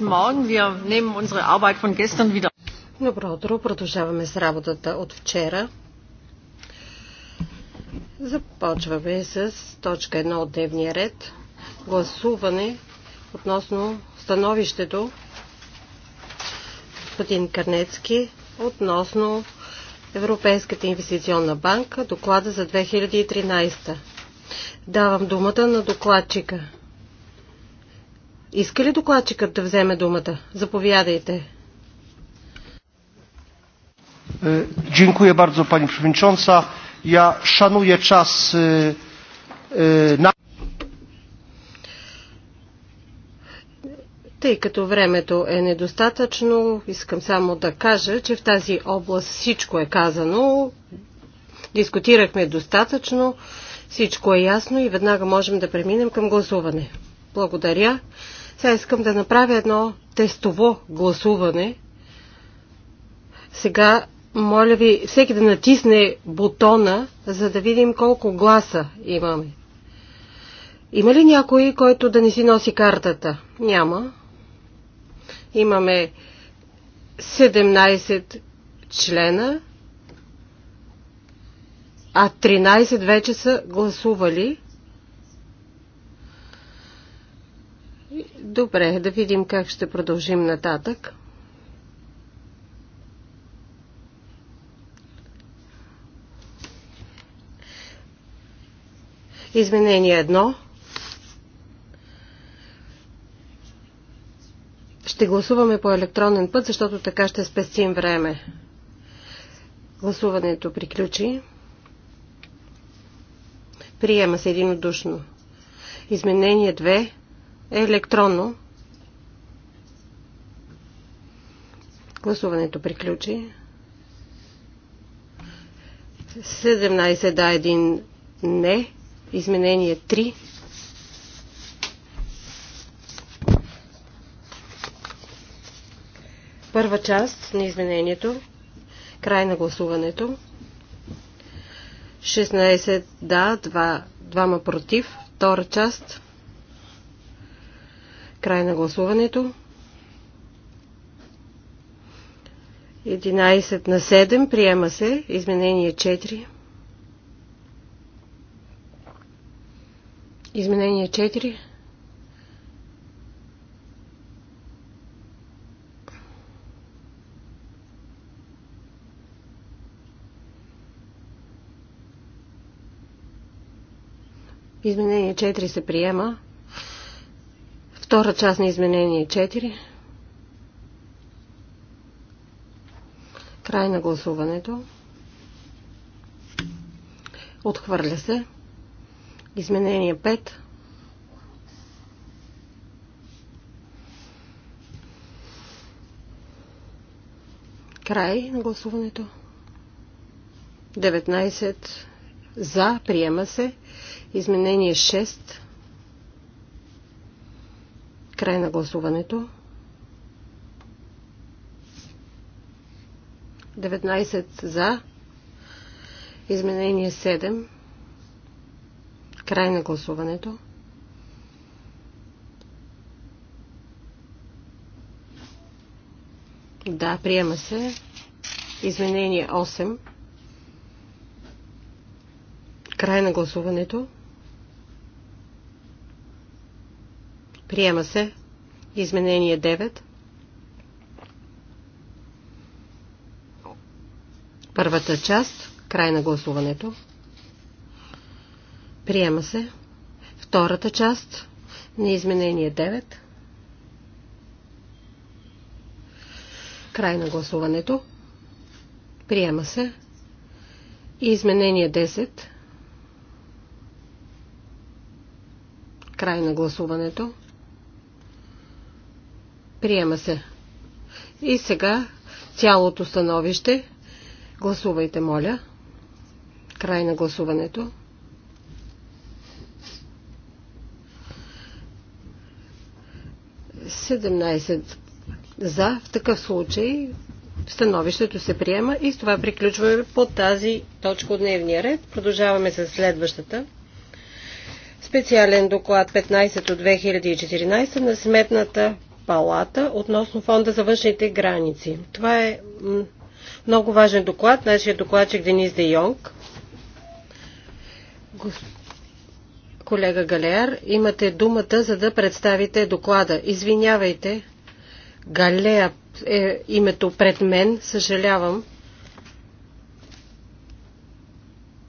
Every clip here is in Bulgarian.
Guten Morgen. Wir nehmen unsere Arbeit von gestern wieder. Добро утро. Продължаваме с работата от вчера. Започваме с точка 1 от дневния ред. Гласуване относно становището господин Карнецки относно Европейската инвестиционна банка, доклада за 2013. Давам думата на докладчика. Иска ли докладчикът да вземе думата? Заповядайте. Е, дякую много, пани Przewodnicząca. Я шануя час е, е, на... Тъй като времето е недостатъчно, искам само да кажа, че в тази област всичко е казано, дискутирахме достатъчно, всичко е ясно и веднага можем да преминем към гласуване. Благодаря. Сега искам да направя едно тестово гласуване. Сега, моля ви, всеки да натисне бутона, за да видим колко гласа имаме. Има ли някой, който да не си носи картата? Няма. Имаме 17 члена, а 13 вече са гласували. Добре, да видим как ще продължим нататък. Изменение едно. Ще гласуваме по електронен път, защото така ще спестим време. Гласуването приключи. Приема се единодушно. Изменение 2 електронно. Гласуването приключи. 17 да, 1 не. Изменение 3. Първа част на изменението. Край на гласуването. 16 да, 2, 2 против. Втора част. Край на гласуването. 11 на 7. Приема се. Изменение 4. Изменение 4. Изменение 4 се приема. Втора част на изменение 4. Край на гласуването. Отхвърля се. Изменение 5. Край на гласуването. 19 за. Приема се. Изменение 6. Край на гласуването. 19 за. Изменение 7. Край на гласуването. Да, приема се. Изменение 8. Край на гласуването. Приема се. Изменение 9. Първата част. Край на гласуването. Приема се. Втората част на изменение 9. Край на гласуването. Приема се. И изменение 10. Край на гласуването. Приема се. И сега цялото становище. Гласувайте, моля. Край на гласуването. Седемнайсет за. В такъв случай становището се приема и с това приключваме по тази точка от дневния ред. Продължаваме с следващата. Специален доклад 15 от 2014 на Сметната палата относно фонда за външните граници. Това е много важен доклад. Нашия докладчик Денис Де Йонг. Колега Галер, имате думата, за да представите доклада. Извинявайте, Галея е името пред мен, съжалявам.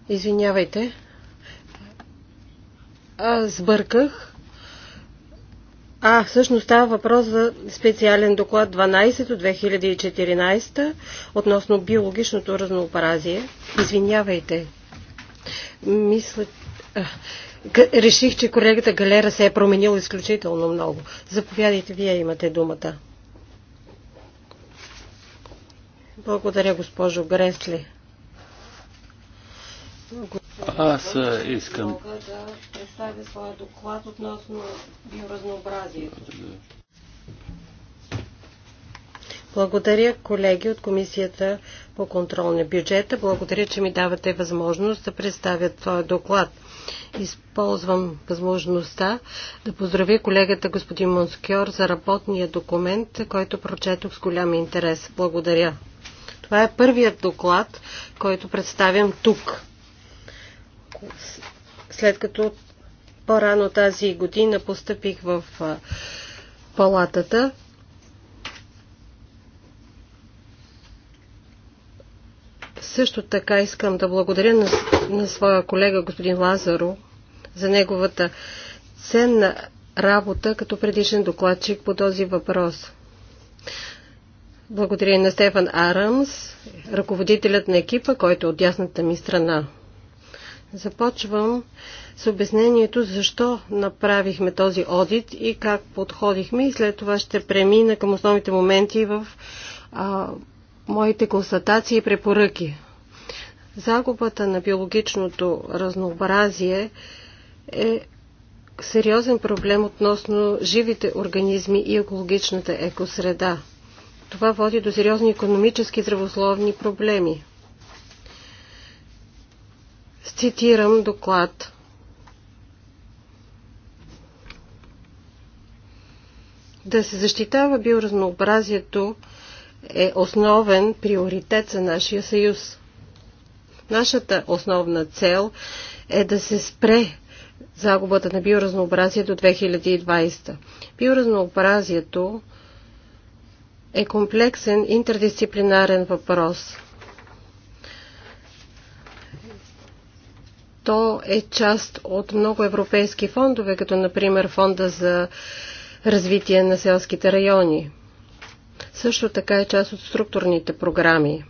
Извинявайте. Аз сбърках. А, всъщност става въпрос за специален доклад 12 от 2014 относно биологичното разнообразие. Извинявайте. Мисля... Реших, че колегата Галера се е променил изключително много. Заповядайте, вие имате думата. Благодаря, госпожо Гресли. Аз искам. Мога да представя своя доклад относно биоразнообразието. Благодаря, колеги от Комисията по контрол на бюджета. Благодаря, че ми давате възможност да представя този доклад. Използвам възможността да поздравя колегата господин Монскьор за работния документ, който прочетох с голям интерес. Благодаря. Това е първият доклад, който представям тук след като по-рано тази година постъпих в палатата. Също така искам да благодаря на, на своя колега господин Лазаро за неговата ценна работа като предишен докладчик по този въпрос. Благодаря и на Стефан Арамс, ръководителят на екипа, който е от дясната ми страна. Започвам с обяснението защо направихме този одит и как подходихме и след това ще премина към основните моменти в а, моите констатации и препоръки. Загубата на биологичното разнообразие е сериозен проблем относно живите организми и екологичната екосреда. Това води до сериозни економически и здравословни проблеми цитирам доклад. Да се защитава биоразнообразието е основен приоритет за нашия съюз. Нашата основна цел е да се спре загубата на биоразнообразие до 2020. Биоразнообразието е комплексен интердисциплинарен въпрос – то е част от много европейски фондове, като например фонда за развитие на селските райони. Също така е част от структурните програми.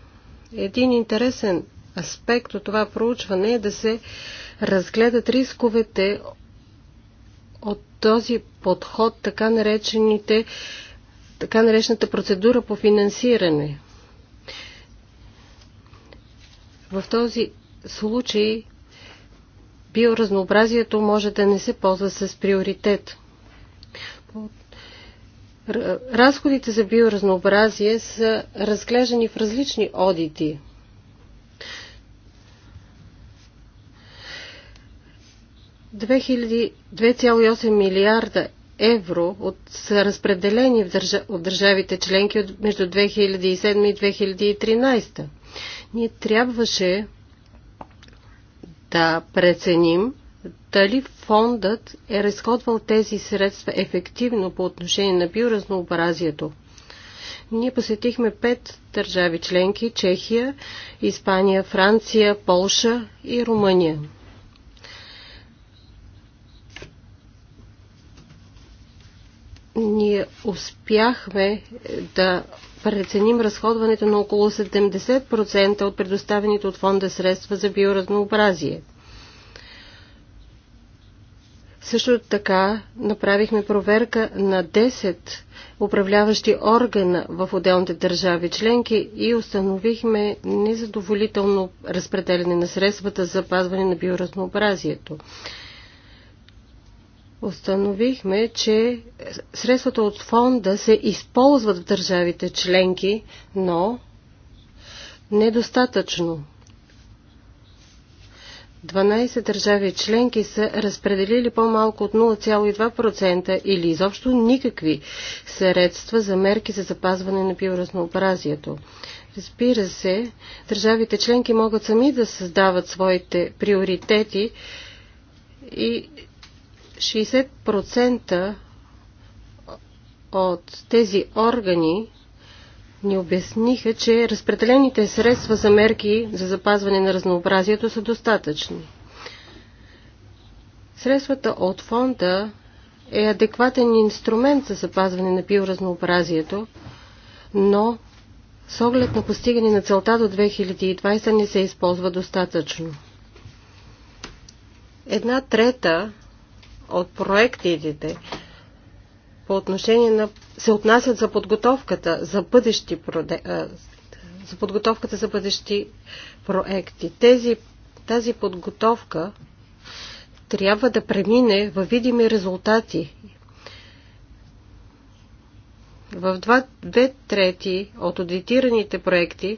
Един интересен аспект от това проучване е да се разгледат рисковете от този подход, така, наречените, така наречената процедура по финансиране. В този случай биоразнообразието може да не се ползва с приоритет. Разходите за биоразнообразие са разглеждани в различни одити. – 2,8 милиарда евро от, са разпределени в държа, от държавите членки от, между 2007 и 2013. Ние трябваше да преценим дали фондът е разходвал тези средства ефективно по отношение на биоразнообразието. Ние посетихме пет държави членки – Чехия, Испания, Франция, Полша и Румъния. Ние успяхме да преценим разходването на около 70% от предоставените от фонда средства за биоразнообразие. Също така направихме проверка на 10 управляващи органа в отделните държави членки и установихме незадоволително разпределение на средствата за пазване на биоразнообразието установихме, че средствата от фонда се използват в държавите членки, но недостатъчно. 12 държави членки са разпределили по-малко от 0,2% или изобщо никакви средства за мерки за запазване на биоразнообразието. Разбира се, държавите членки могат сами да създават своите приоритети и 60% от тези органи ни обясниха, че разпределените средства за мерки за запазване на разнообразието са достатъчни. Средствата от фонда е адекватен инструмент за запазване на биоразнообразието, но с оглед на постигане на целта до 2020 не се използва достатъчно. Една трета от проектите по отношение на се отнасят за подготовката за бъдещи за подготовката за бъдещи проекти. Тези, тази подготовка трябва да премине във видими резултати. В два, две трети от аудитираните проекти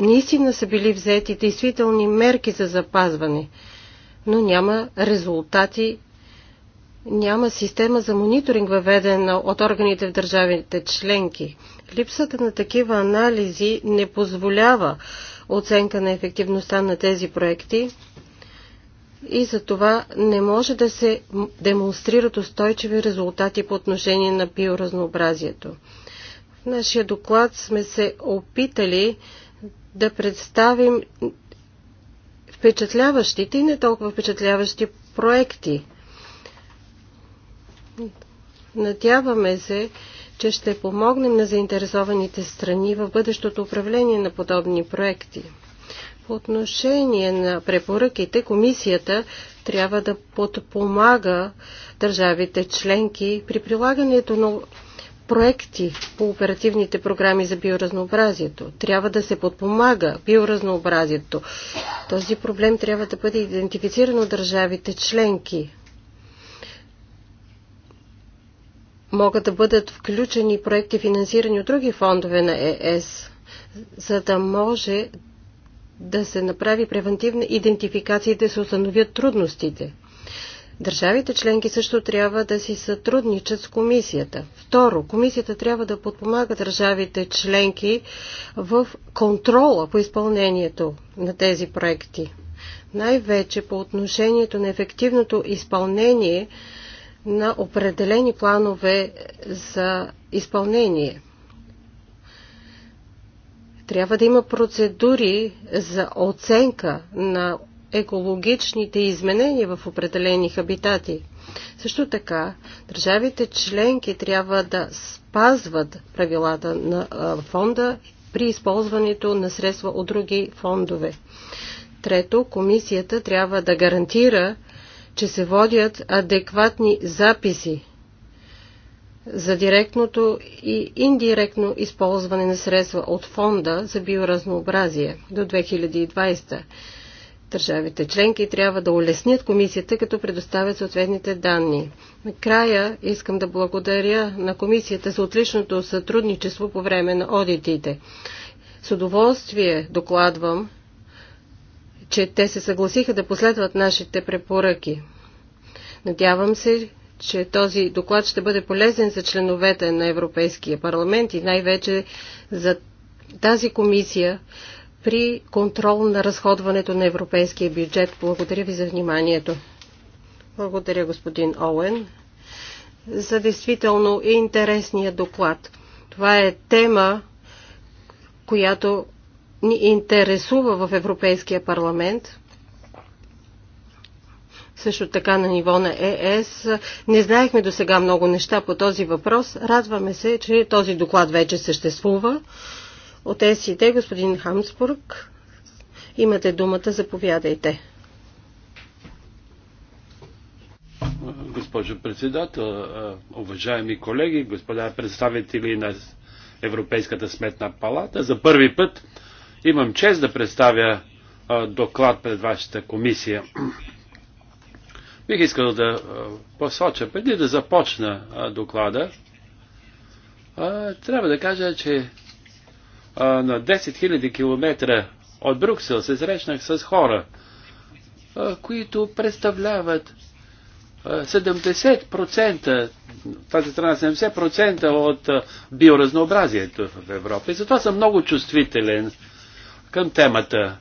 наистина са били взети действителни мерки за запазване, но няма резултати няма система за мониторинг въведена от органите в държавите членки. Липсата на такива анализи не позволява оценка на ефективността на тези проекти и за това не може да се демонстрират устойчиви резултати по отношение на биоразнообразието. В нашия доклад сме се опитали да представим впечатляващите и не толкова впечатляващи проекти Надяваме се, че ще помогнем на заинтересованите страни в бъдещото управление на подобни проекти. По отношение на препоръките, комисията трябва да подпомага държавите членки при прилагането на проекти по оперативните програми за биоразнообразието. Трябва да се подпомага биоразнообразието. Този проблем трябва да бъде идентифициран от държавите членки. могат да бъдат включени проекти финансирани от други фондове на ЕС, за да може да се направи превентивна идентификация и да се установят трудностите. Държавите членки също трябва да си сътрудничат с комисията. Второ, комисията трябва да подпомага държавите членки в контрола по изпълнението на тези проекти. Най-вече по отношението на ефективното изпълнение на определени планове за изпълнение. Трябва да има процедури за оценка на екологичните изменения в определени хабитати. Също така, държавите членки трябва да спазват правилата на фонда при използването на средства от други фондове. Трето, комисията трябва да гарантира, че се водят адекватни записи за директното и индиректно използване на средства от Фонда за биоразнообразие до 2020. Държавите членки трябва да улеснят комисията, като предоставят съответните данни. Накрая искам да благодаря на комисията за отличното сътрудничество по време на одитите. С удоволствие докладвам, че те се съгласиха да последват нашите препоръки. Надявам се, че този доклад ще бъде полезен за членовете на Европейския парламент и най-вече за тази комисия при контрол на разходването на европейския бюджет. Благодаря ви за вниманието. Благодаря, господин Оуен, за действително интересния доклад. Това е тема, която ни интересува в Европейския парламент, също така на ниво на ЕС. Не знаехме до сега много неща по този въпрос. Радваме се, че този доклад вече съществува. От ЕСИТ, господин Хамсбург, имате думата, заповядайте. Госпожо председател, уважаеми колеги, господа представители на Европейската сметна палата, за първи път Имам чест да представя доклад пред вашата комисия. Бих искал да посоча, преди да започна доклада, трябва да кажа, че на 10 000 км от Брюксел се срещнах с хора, които представляват 70%, тази страна 70% от биоразнообразието в Европа. И затова съм много чувствителен към темата,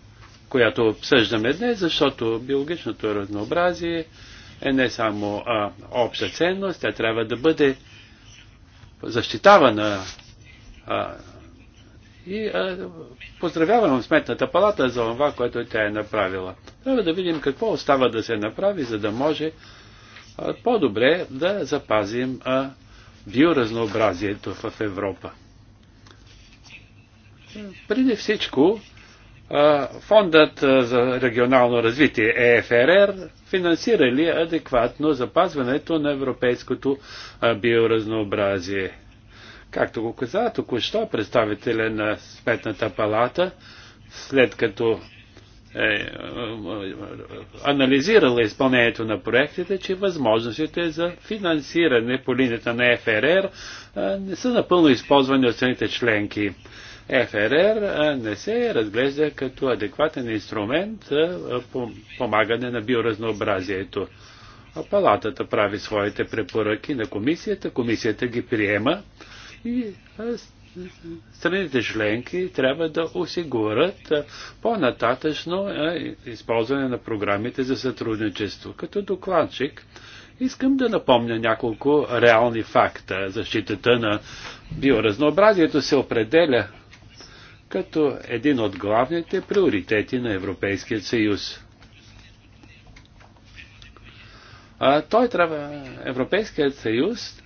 която обсъждаме днес, защото биологичното разнообразие е не само а, обща ценност, тя трябва да бъде защитавана. А, и а, поздравявам Сметната палата за това, което тя е направила. Трябва да видим какво остава да се направи, за да може по-добре да запазим а, биоразнообразието в Европа. Преди всичко, Фондът за регионално развитие ЕФРР финансира ли адекватно запазването на европейското биоразнообразие? Както го каза току-що представителя на Сметната палата, след като е, анализирала изпълнението на проектите, че възможностите за финансиране по линията на ФРР не са напълно използвани от страните членки. ФРР не се разглежда като адекватен инструмент за помагане на биоразнообразието. Палатата прави своите препоръки на комисията, комисията ги приема и страните членки трябва да осигурят по-нататъчно използване на програмите за сътрудничество. Като докладчик искам да напомня няколко реални факта. Защитата на биоразнообразието се определя като един от главните приоритети на Европейския съюз. А, той трябва, Европейският съюз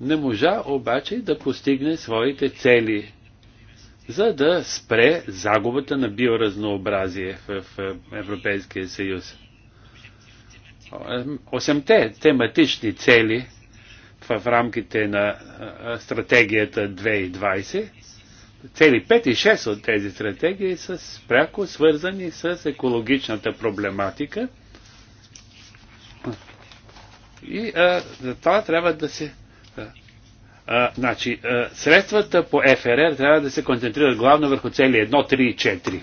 не можа обаче да постигне своите цели, за да спре загубата на биоразнообразие в, Европейския съюз. Осемте тематични цели в рамките на стратегията 2020 цели 5 и 6 от тези стратегии са пряко свързани с екологичната проблематика. И а, за това трябва да се. А, а, значи, а, средствата по ФРР трябва да се концентрират главно върху цели 1, 3 и 4.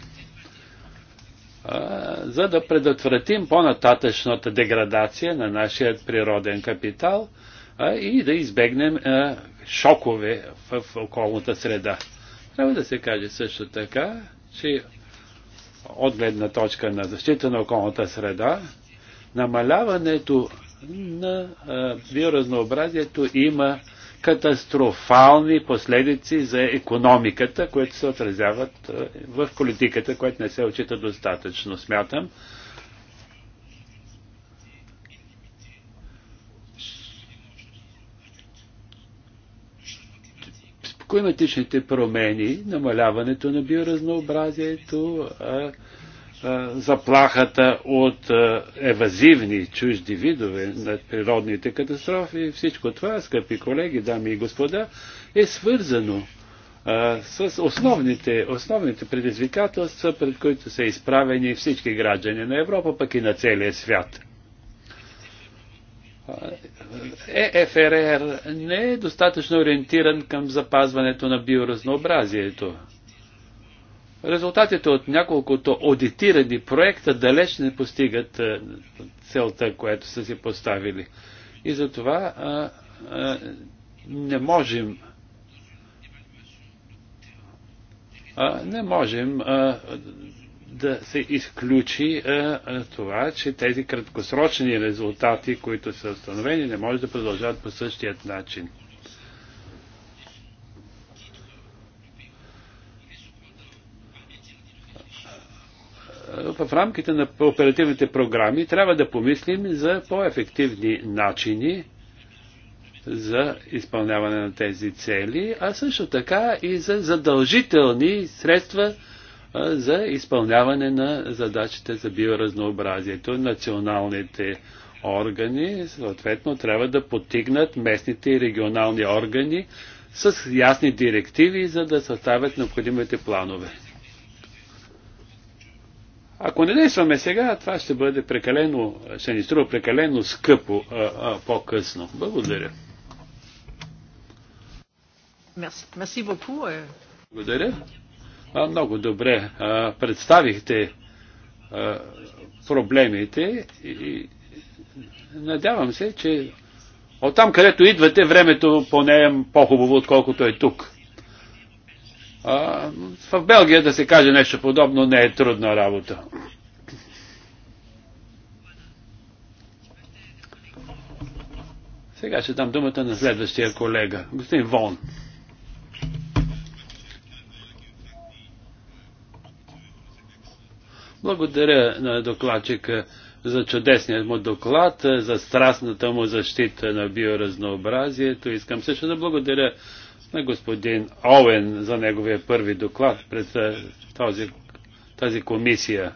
А, за да предотвратим по-нататъчната деградация на нашия природен капитал а, и да избегнем а, шокове в, в околната среда. Трябва да се каже също така, че от гледна точка на защита на околната среда, намаляването на биоразнообразието има катастрофални последици за економиката, които се отразяват в политиката, която не се очита достатъчно. Смятам, климатичните промени, намаляването на биоразнообразието, а, а, заплахата от а, евазивни чужди видове на природните катастрофи, всичко това, скъпи колеги, дами и господа, е свързано с основните, основните предизвикателства, пред които са изправени всички граждани на Европа, пък и на целия свят. ЕФРР е не е достатъчно ориентиран към запазването на биоразнообразието. Резултатите от няколкото аудитирани проекта далеч не постигат е, целта, която са си поставили. И затова а, е, а, не можем а, не можем а, да се изключи а, а, това, че тези краткосрочни резултати, които са установени, не може да продължават по същият начин. В рамките на оперативните програми трябва да помислим за по-ефективни начини за изпълняване на тези цели, а също така и за задължителни средства, за изпълняване на задачите за биоразнообразието. Националните органи съответно трябва да потигнат местните и регионални органи с ясни директиви, за да съставят необходимите планове. Ако не действаме сега, това ще бъде прекалено, ще ни струва прекалено скъпо по-късно. Благодаря. Merci. Merci beaucoup. Euh. Благодаря. Много добре представихте проблемите и надявам се, че от там, където идвате, времето поне е по-хубаво, отколкото е тук. А, в Белгия да се каже нещо подобно не е трудна работа. Сега ще дам думата на следващия колега, господин Вон. Благодаря на докладчика за чудесният му доклад, за страстната му защита на биоразнообразието. Искам също да благодаря на господин Оуен за неговия първи доклад пред този, тази комисия.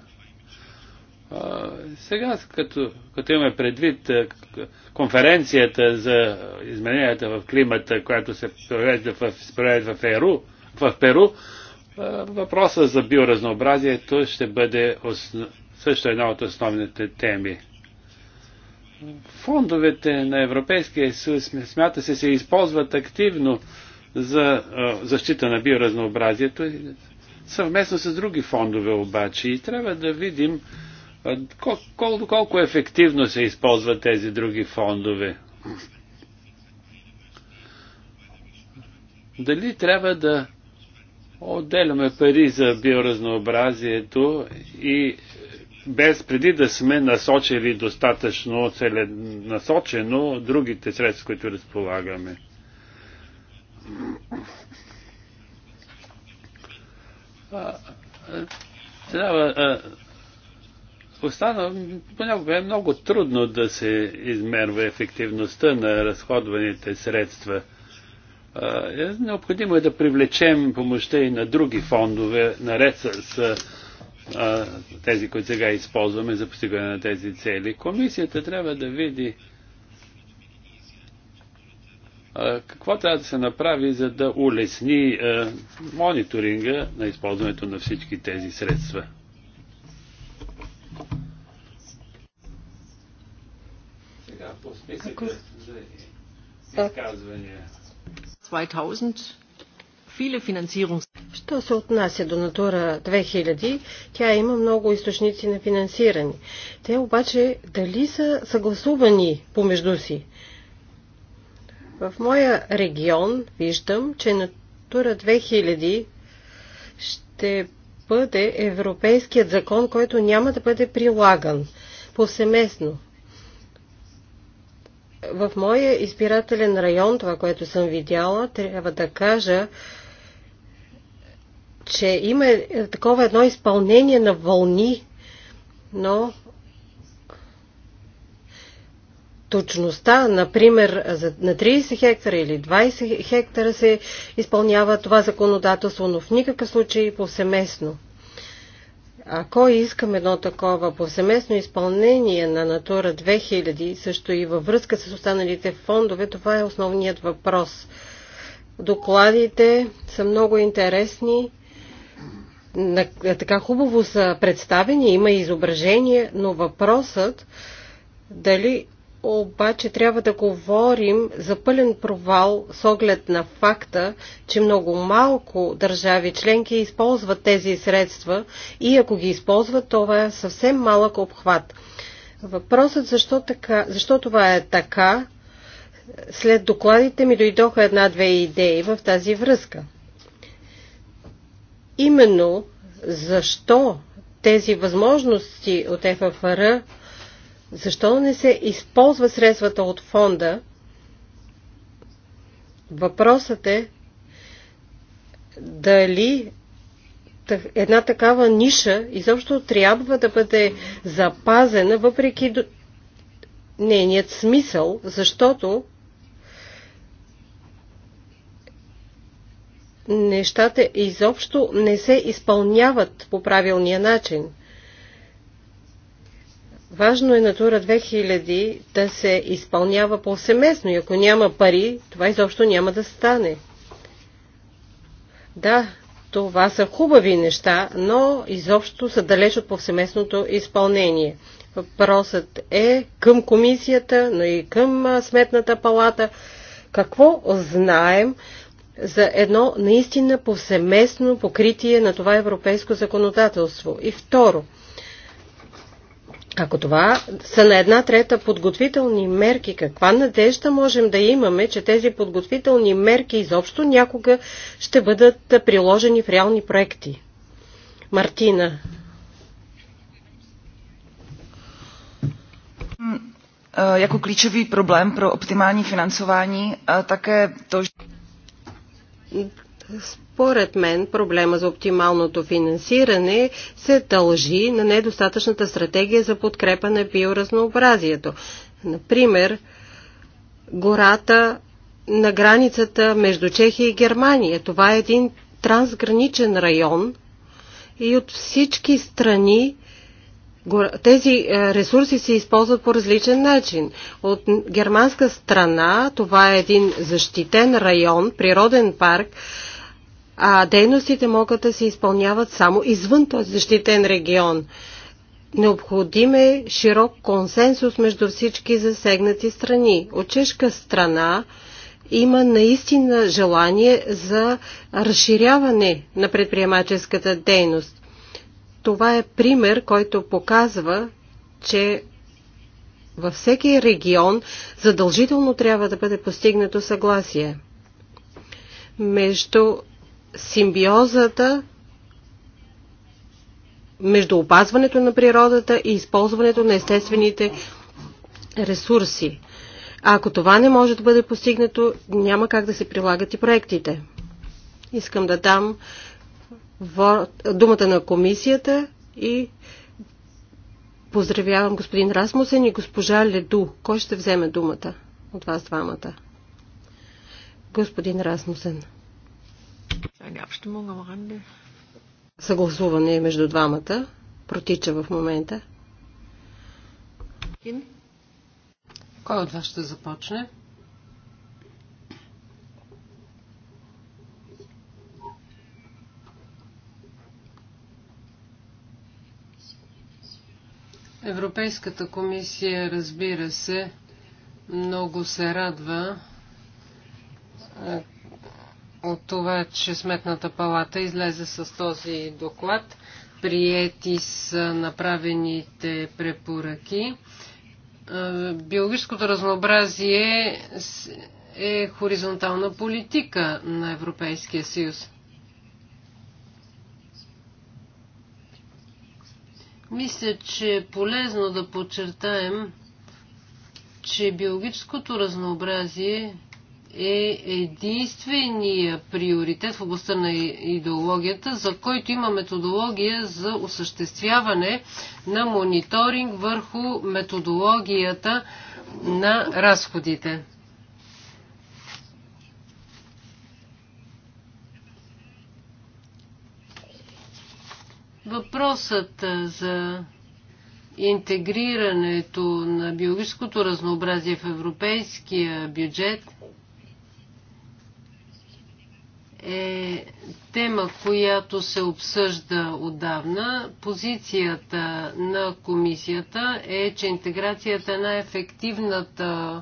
А, сега, като, като имаме предвид конференцията за измененията в климата, която се провежда в, в, Еру, в Перу, Въпросът за биоразнообразието ще бъде основ... също една от основните теми. Фондовете на Европейския съюз смята се се използват активно за защита на биоразнообразието съвместно с други фондове обаче и трябва да видим кол, кол, колко ефективно се използват тези други фондове. Дали трябва да Отделяме пари за биоразнообразието и без преди да сме насочили достатъчно целенасочено другите средства, които разполагаме. Трябва. остана, понякога е много трудно да се измерва ефективността на разходваните средства – е, необходимо е да привлечем помощта и на други фондове, наред с тези, които сега използваме за постигане на тези цели. Комисията трябва да види какво трябва да се направи, за да улесни мониторинга на използването на всички тези средства. Сега по списъка за изказвания. Що се отнася до Натура 2000, тя има много източници на финансиране. Те обаче дали са съгласувани помежду си? В моя регион виждам, че Натура 2000 ще бъде европейският закон, който няма да бъде прилаган повсеместно в моя избирателен район, това, което съм видяла, трябва да кажа, че има такова едно изпълнение на вълни, но точността, например, на 30 хектара или 20 хектара се изпълнява това законодателство, но в никакъв случай повсеместно. Ако искаме едно такова повсеместно изпълнение на Натура 2000, също и във връзка с останалите фондове, това е основният въпрос. Докладите са много интересни, е, така хубаво са представени, има изображение, но въпросът дали обаче трябва да говорим за пълен провал с оглед на факта, че много малко държави членки използват тези средства и ако ги използват, това е съвсем малък обхват. Въпросът защо, така, защо това е така, след докладите ми дойдоха една-две идеи в тази връзка. Именно защо тези възможности от ФФР защо не се използва средствата от фонда? Въпросът е дали една такава ниша изобщо трябва да бъде запазена, въпреки нейният смисъл, защото нещата изобщо не се изпълняват по правилния начин. Важно е Натура 2000 да се изпълнява повсеместно и ако няма пари, това изобщо няма да стане. Да, това са хубави неща, но изобщо са далеч от повсеместното изпълнение. Въпросът е към комисията, но и към сметната палата. Какво знаем за едно наистина повсеместно покритие на това европейско законодателство? И второ – ако това са на една трета подготвителни мерки, каква надежда можем да имаме, че тези подготвителни мерки изобщо някога ще бъдат приложени в реални проекти? Мартина. Е, jako klíčový problém pro optimální financování také to, според мен проблема за оптималното финансиране се дължи на недостатъчната стратегия за подкрепа на биоразнообразието. Например, гората на границата между Чехия и Германия. Това е един трансграничен район и от всички страни тези е, ресурси се използват по различен начин. От германска страна това е един защитен район, природен парк, а дейностите могат да се изпълняват само извън този защитен регион. Необходим е широк консенсус между всички засегнати страни. От чешка страна има наистина желание за разширяване на предприемаческата дейност. Това е пример, който показва, че във всеки регион задължително трябва да бъде постигнато съгласие между симбиозата между опазването на природата и използването на естествените ресурси. А ако това не може да бъде постигнато, няма как да се прилагат и проектите. Искам да дам думата на комисията и поздравявам господин Расмусен и госпожа Леду. Кой ще вземе думата от вас двамата? Господин Расмусен. Съгласуване между двамата протича в момента. Кой от вас ще започне? Европейската комисия, разбира се, много се радва, от това, че Сметната палата излезе с този доклад. Приети са направените препоръки. Е, биологическото разнообразие е хоризонтална политика на Европейския съюз. Мисля, че е полезно да подчертаем, че биологическото разнообразие е единствения приоритет в областта на идеологията, за който има методология за осъществяване на мониторинг върху методологията на разходите. Въпросът за интегрирането на биологическото разнообразие в европейския бюджет – е тема, която се обсъжда отдавна. Позицията на комисията е, че интеграцията е най-ефективната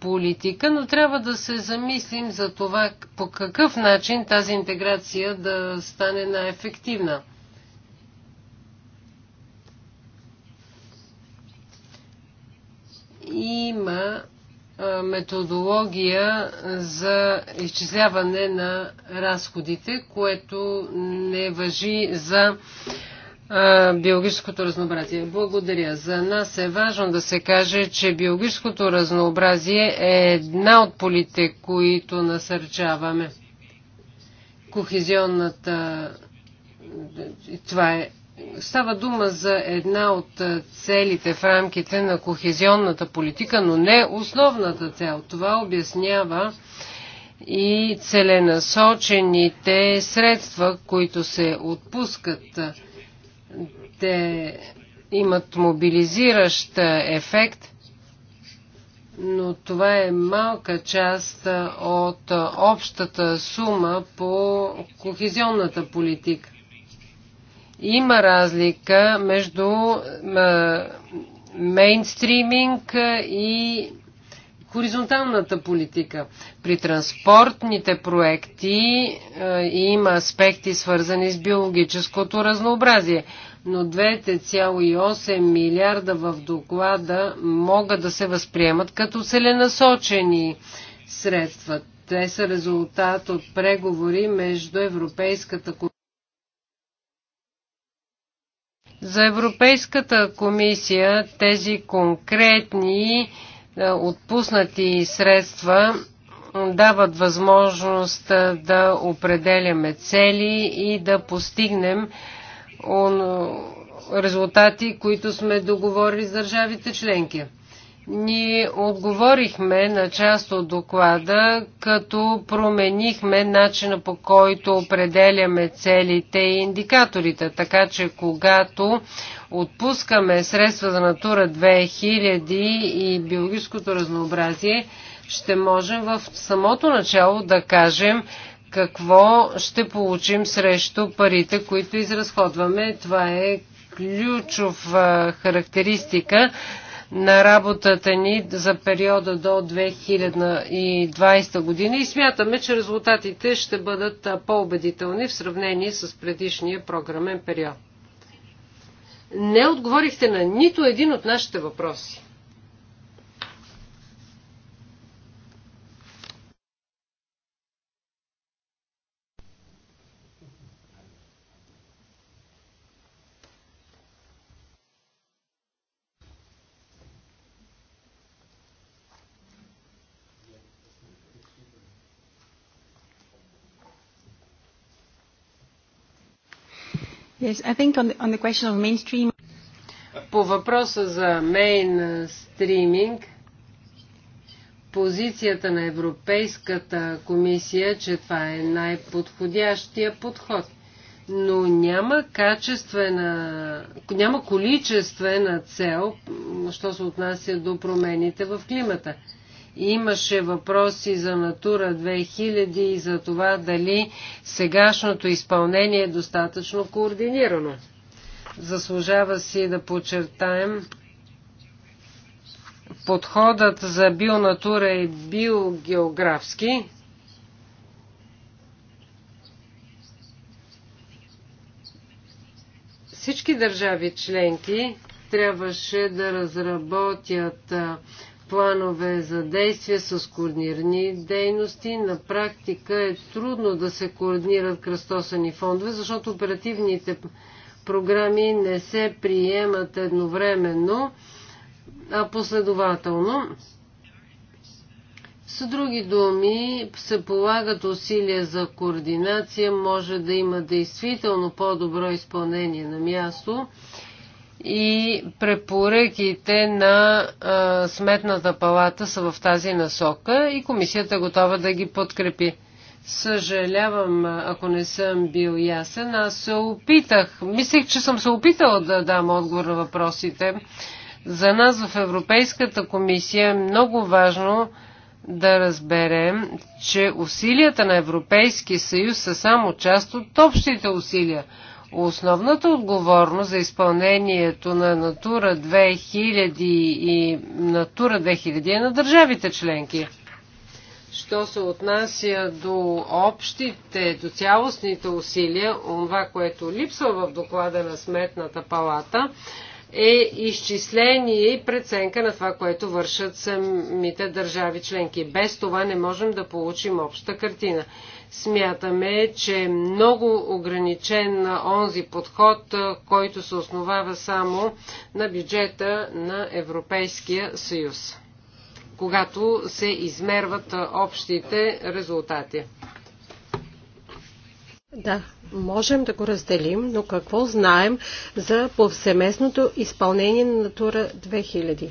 политика, но трябва да се замислим за това по какъв начин тази интеграция да стане най-ефективна. Има е, методология за изчисляване на разходите, което не въжи за е, биологическото разнообразие. Благодаря. За нас е важно да се каже, че биологическото разнообразие е една от полите, които насърчаваме. Кохезионната това е Става дума за една от целите в рамките на кохезионната политика, но не основната цел. Това обяснява и целенасочените средства, които се отпускат. Те имат мобилизиращ ефект, но това е малка част от общата сума по кохезионната политика. Има разлика между мейнстриминг и хоризонталната политика. При транспортните проекти има аспекти свързани с биологическото разнообразие, но 2,8 милиарда в доклада могат да се възприемат като целенасочени средства. Те са резултат от преговори между Европейската комисия за Европейската комисия тези конкретни е, отпуснати средства дават възможност е, да определяме цели и да постигнем резултати, които сме договорили с държавите членки. Ние отговорихме на част от доклада, като променихме начина по който определяме целите и индикаторите, така че когато отпускаме средства за Натура 2000 и биологическото разнообразие, ще можем в самото начало да кажем какво ще получим срещу парите, които изразходваме. Това е ключов характеристика на работата ни за периода до 2020 година и смятаме, че резултатите ще бъдат по-убедителни в сравнение с предишния програмен период. Не отговорихте на нито един от нашите въпроси. Yes, I think on the, on the question of mainstream... По въпроса за мейнстриминг, позицията на Европейската комисия, че това е най-подходящия подход. Но няма качествена, няма количествена цел, що се отнася до промените в климата. Имаше въпроси за Натура 2000 и за това дали сегашното изпълнение е достатъчно координирано. Заслужава си да подчертаем, подходът за бионатура е биогеографски. Всички държави членки трябваше да разработят планове за действие с координирани дейности. На практика е трудно да се координират кръстосани фондове, защото оперативните програми не се приемат едновременно, а последователно. С други думи, се полагат усилия за координация, може да има действително по-добро изпълнение на място и препоръките на а, Сметната палата са в тази насока и комисията е готова да ги подкрепи. Съжалявам, ако не съм бил ясен. Аз се опитах, мислех, че съм се опитала да дам отговор на въпросите. За нас в Европейската комисия е много важно да разберем, че усилията на Европейския съюз са само част от общите усилия. Основната отговорност за изпълнението на Натура 2000 и Натура 2000 е на държавите членки. Що се отнася до общите, до цялостните усилия, това, което липсва в доклада на Сметната палата, е изчисление и преценка на това, което вършат самите държави членки. Без това не можем да получим обща картина. Смятаме, че е много ограничен на онзи подход, който се основава само на бюджета на Европейския съюз, когато се измерват общите резултати. Да, можем да го разделим, но какво знаем за повсеместното изпълнение на Натура 2000?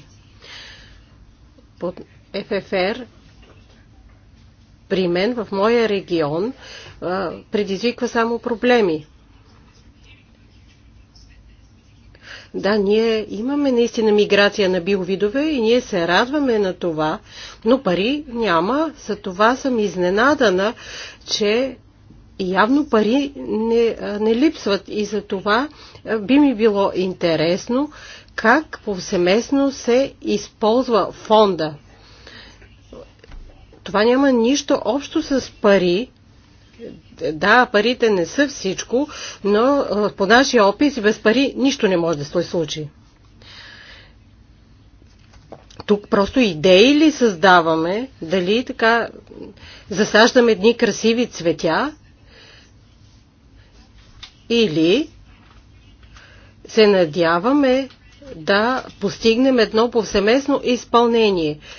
Под ФФР при мен, в моя регион, предизвиква само проблеми. Да, ние имаме наистина миграция на биовидове и ние се радваме на това, но пари няма. За това съм изненадана, че явно пари не, не липсват и за това би ми било интересно как повсеместно се използва фонда това няма нищо общо с пари. Да, парите не са всичко, но по нашия опис без пари нищо не може да се случи. Тук просто идеи ли създаваме, дали така засаждаме едни красиви цветя или се надяваме да постигнем едно повсеместно изпълнение –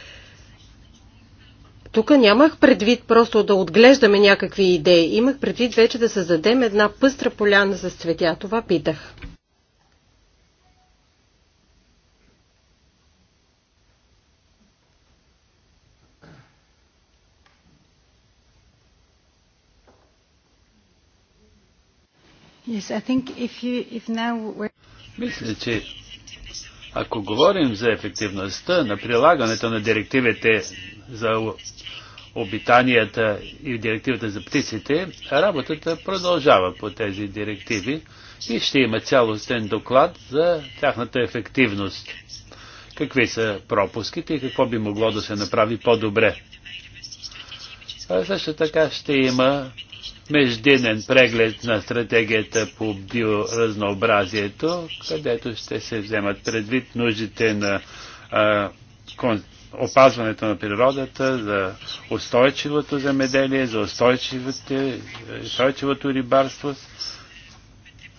тук нямах предвид просто да отглеждаме някакви идеи. Имах предвид вече да създадем една пъстра поляна за цветя. Това питах. Yes, I think if you, if now we're... Мисля, че ако говорим за ефективността на прилагането на директивите за обитанията и директивата за птиците, работата продължава по тези директиви и ще има цялостен доклад за тяхната ефективност. Какви са пропуските и какво би могло да се направи по-добре. Също така ще има междинен преглед на стратегията по биоразнообразието, където ще се вземат предвид нуждите на а, кон, опазването на природата, за устойчивото замеделие за устойчивото рибарство.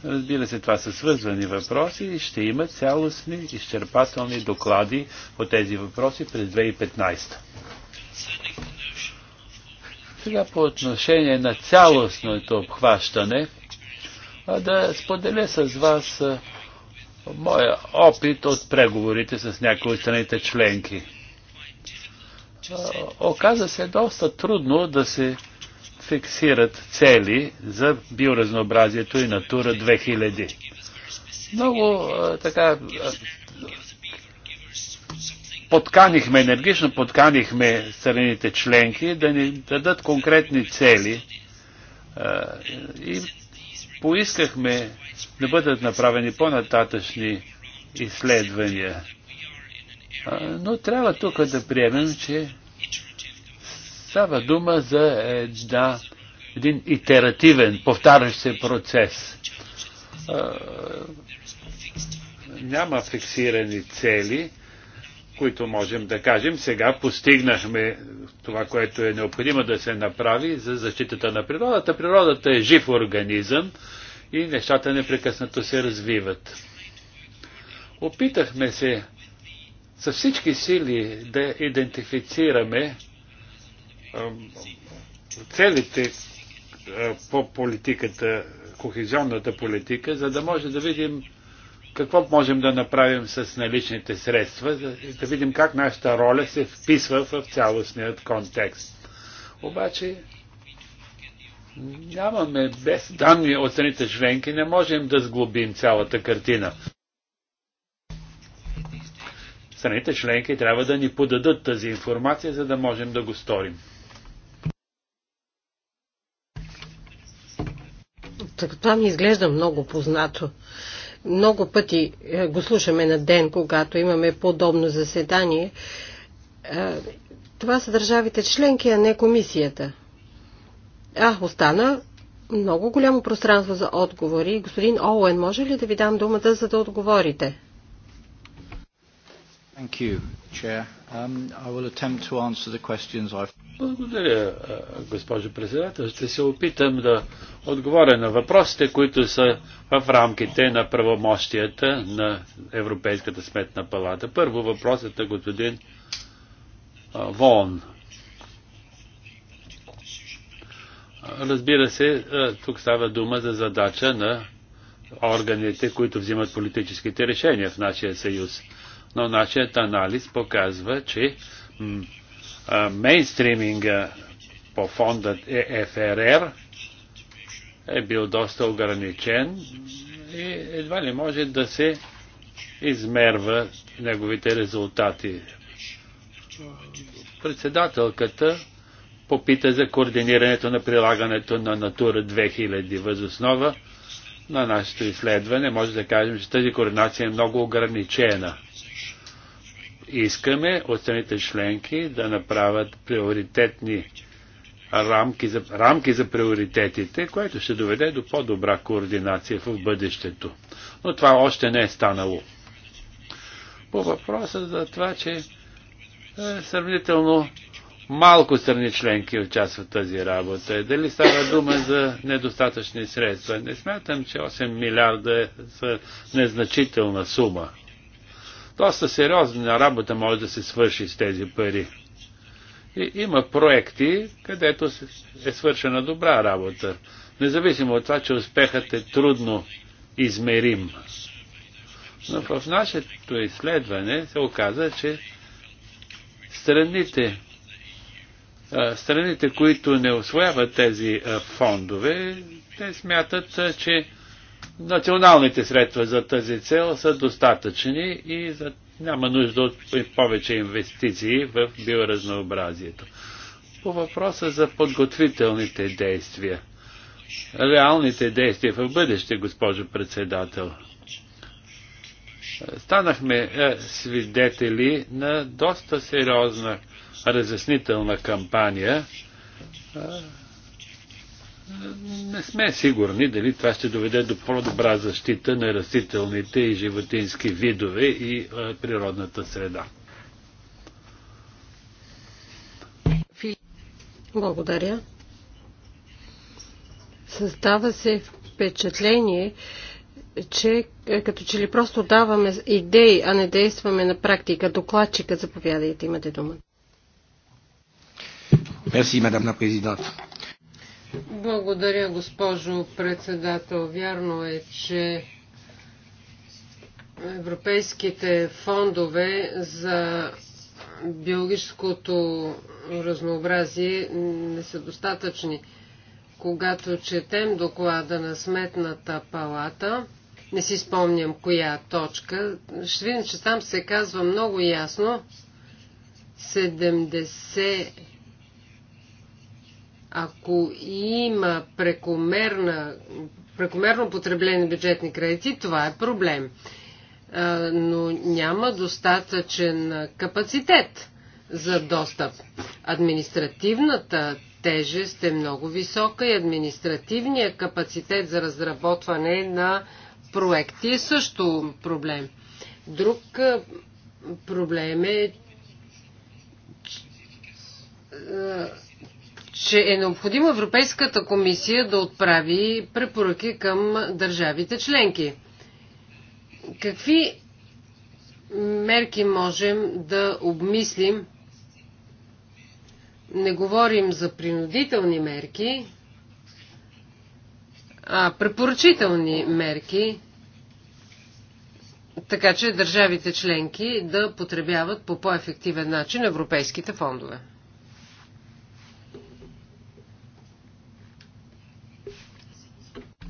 Разбира се, това са свързвани въпроси и ще има цялостни, изчерпателни доклади по тези въпроси през 2015. Сега по отношение на цялостното обхващане, да споделя с вас моя опит от преговорите с някои от страните членки. Оказа се доста трудно да се фиксират цели за биоразнообразието и Натура 2000. Много така подканихме, енергично подканихме страните членки да ни дадат конкретни цели и поискахме да бъдат направени по-нататъчни изследвания. но трябва тук да приемем, че става дума за една, един итеративен, повтарящ се процес. А, няма фиксирани цели които можем да кажем, сега постигнахме това, което е необходимо да се направи за защитата на природата. Природата е жив организъм и нещата непрекъснато се развиват. Опитахме се с всички сили да идентифицираме целите по политиката, кохезионната политика, за да може да видим какво можем да направим с наличните средства, да, да видим как нашата роля се вписва в цялостният контекст. Обаче нямаме без данни от страните членки, не можем да сглобим цялата картина. Страните членки трябва да ни подадат тази информация, за да можем да го сторим. Това ми изглежда много познато. Много пъти е, го слушаме на ден, когато имаме подобно заседание. Е, това са държавите членки, а не комисията. А, остана много голямо пространство за отговори. Господин Оуен, може ли да ви дам думата, за да отговорите? Thank you, Chair. Um, I will attempt to answer the questions I've... Благодаря, госпожо председател. Ще се опитам да отговоря на въпросите, които са в рамките на правомощията на Европейската сметна палата. Първо въпросът е господин Вон. Разбира се, тук става дума за задача на органите, които взимат политическите решения в нашия съюз. Но нашият анализ показва, че мейнстриминга по фондът ЕФРР е бил доста ограничен и едва ли може да се измерва неговите резултати. Председателката попита за координирането на прилагането на Натура 2000 възоснова на нашето изследване. Може да кажем, че тази координация е много ограничена искаме от страните членки да направят приоритетни рамки за, рамки за приоритетите, което ще доведе до по-добра координация в бъдещето. Но това още не е станало. По въпроса за това, че е, сравнително малко страни членки участват в тази работа. Дали става дума за недостатъчни средства? Не смятам, че 8 милиарда е незначителна сума. Доста сериозна работа може да се свърши с тези пари. И има проекти, където е свършена добра работа, независимо от това, че успехът е трудно измерим. Но в нашето изследване се оказа, че страните, страните които не освояват тези фондове, те смятат, че националните средства за тази цел са достатъчни и за, няма нужда от повече инвестиции в биоразнообразието. По въпроса за подготвителните действия. Реалните действия в бъдеще, госпожо председател. Станахме е, свидетели на доста сериозна разяснителна кампания е, не сме сигурни дали това ще доведе до по-добра защита на растителните и животински видове и природната среда. Благодаря. Създава се впечатление, че е, като че ли просто даваме идеи, а не действаме на практика. Докладчика, заповядайте, имате дума. Мерси, мадам на президент. Благодаря, госпожо председател. Вярно е, че европейските фондове за биологическото разнообразие не са достатъчни. Когато четем доклада на Сметната палата, не си спомням коя точка, ще видим, че там се казва много ясно 70 ако има прекомерно потребление на бюджетни кредити, това е проблем. Но няма достатъчен капацитет за достъп. Административната тежест е много висока и административният капацитет за разработване на проекти е също проблем. Друг проблем е че е необходимо Европейската комисия да отправи препоръки към държавите членки. Какви мерки можем да обмислим? Не говорим за принудителни мерки, а препоръчителни мерки, така че държавите членки да потребяват по по-ефективен начин европейските фондове.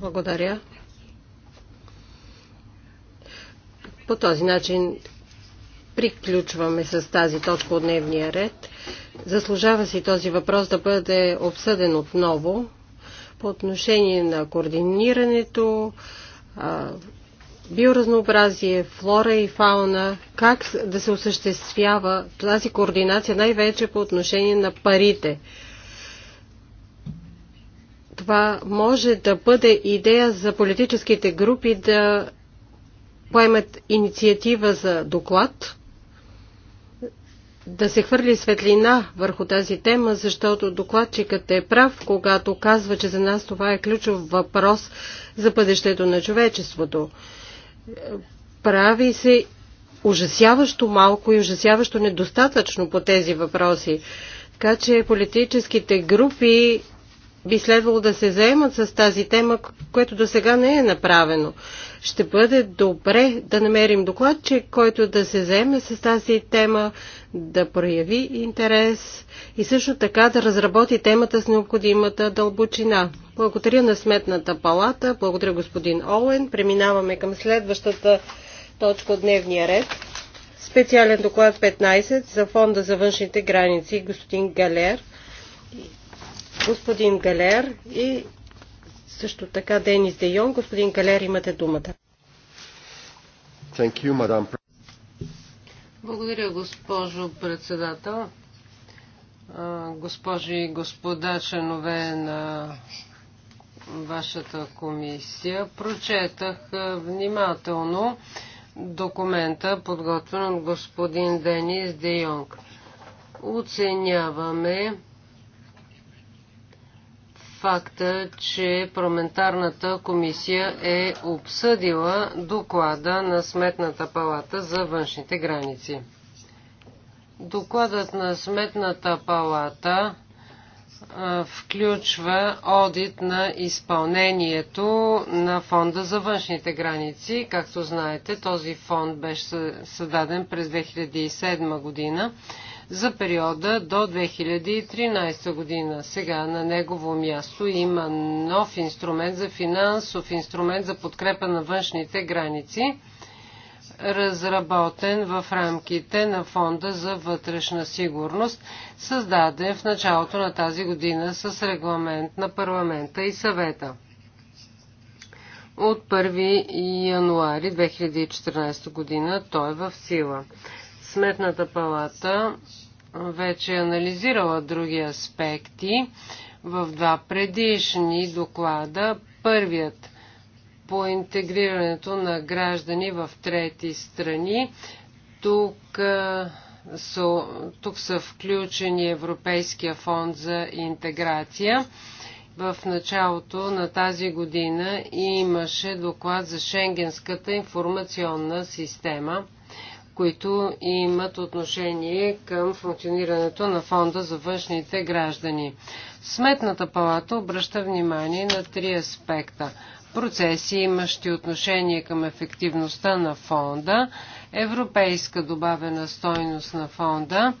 Благодаря. По този начин приключваме с тази точка от дневния ред. Заслужава си този въпрос да бъде обсъден отново по отношение на координирането, биоразнообразие, флора и фауна, как да се осъществява тази координация най-вече по отношение на парите това може да бъде идея за политическите групи да поемат инициатива за доклад, да се хвърли светлина върху тази тема, защото докладчикът е прав, когато казва, че за нас това е ключов въпрос за бъдещето на човечеството. Прави се ужасяващо малко и ужасяващо недостатъчно по тези въпроси. Така че политическите групи би следвало да се заемат с тази тема, което до сега не е направено. Ще бъде добре да намерим докладчик, който да се заеме с тази тема, да прояви интерес и също така да разработи темата с необходимата дълбочина. Благодаря на Сметната палата, благодаря господин Олен. Преминаваме към следващата точка от дневния ред. Специален доклад 15 за Фонда за външните граници, господин Галер господин Галер и също така Денис Де Йон. Господин Галер, имате думата. Thank you, madam. Благодаря, госпожо председател. Госпожи и господа, членове на вашата комисия, прочетах внимателно документа, подготвен от господин Денис Де Йонг. Оценяваме факта, че парламентарната комисия е обсъдила доклада на Сметната палата за външните граници. Докладът на Сметната палата включва одит на изпълнението на Фонда за външните граници. Както знаете, този фонд беше създаден през 2007 година за периода до 2013 година. Сега на негово място има нов инструмент за финансов инструмент за подкрепа на външните граници, разработен в рамките на Фонда за вътрешна сигурност, създаден в началото на тази година с регламент на парламента и съвета от 1 януари 2014 година той е в сила. Сметната палата вече е анализирала други аспекти в два предишни доклада. Първият по интегрирането на граждани в трети страни. Тук са, тук са включени Европейския фонд за интеграция. В началото на тази година имаше доклад за Шенгенската информационна система които имат отношение към функционирането на фонда за външните граждани. Сметната палата обръща внимание на три аспекта. Процеси, имащи отношение към ефективността на фонда, европейска добавена стойност на фонда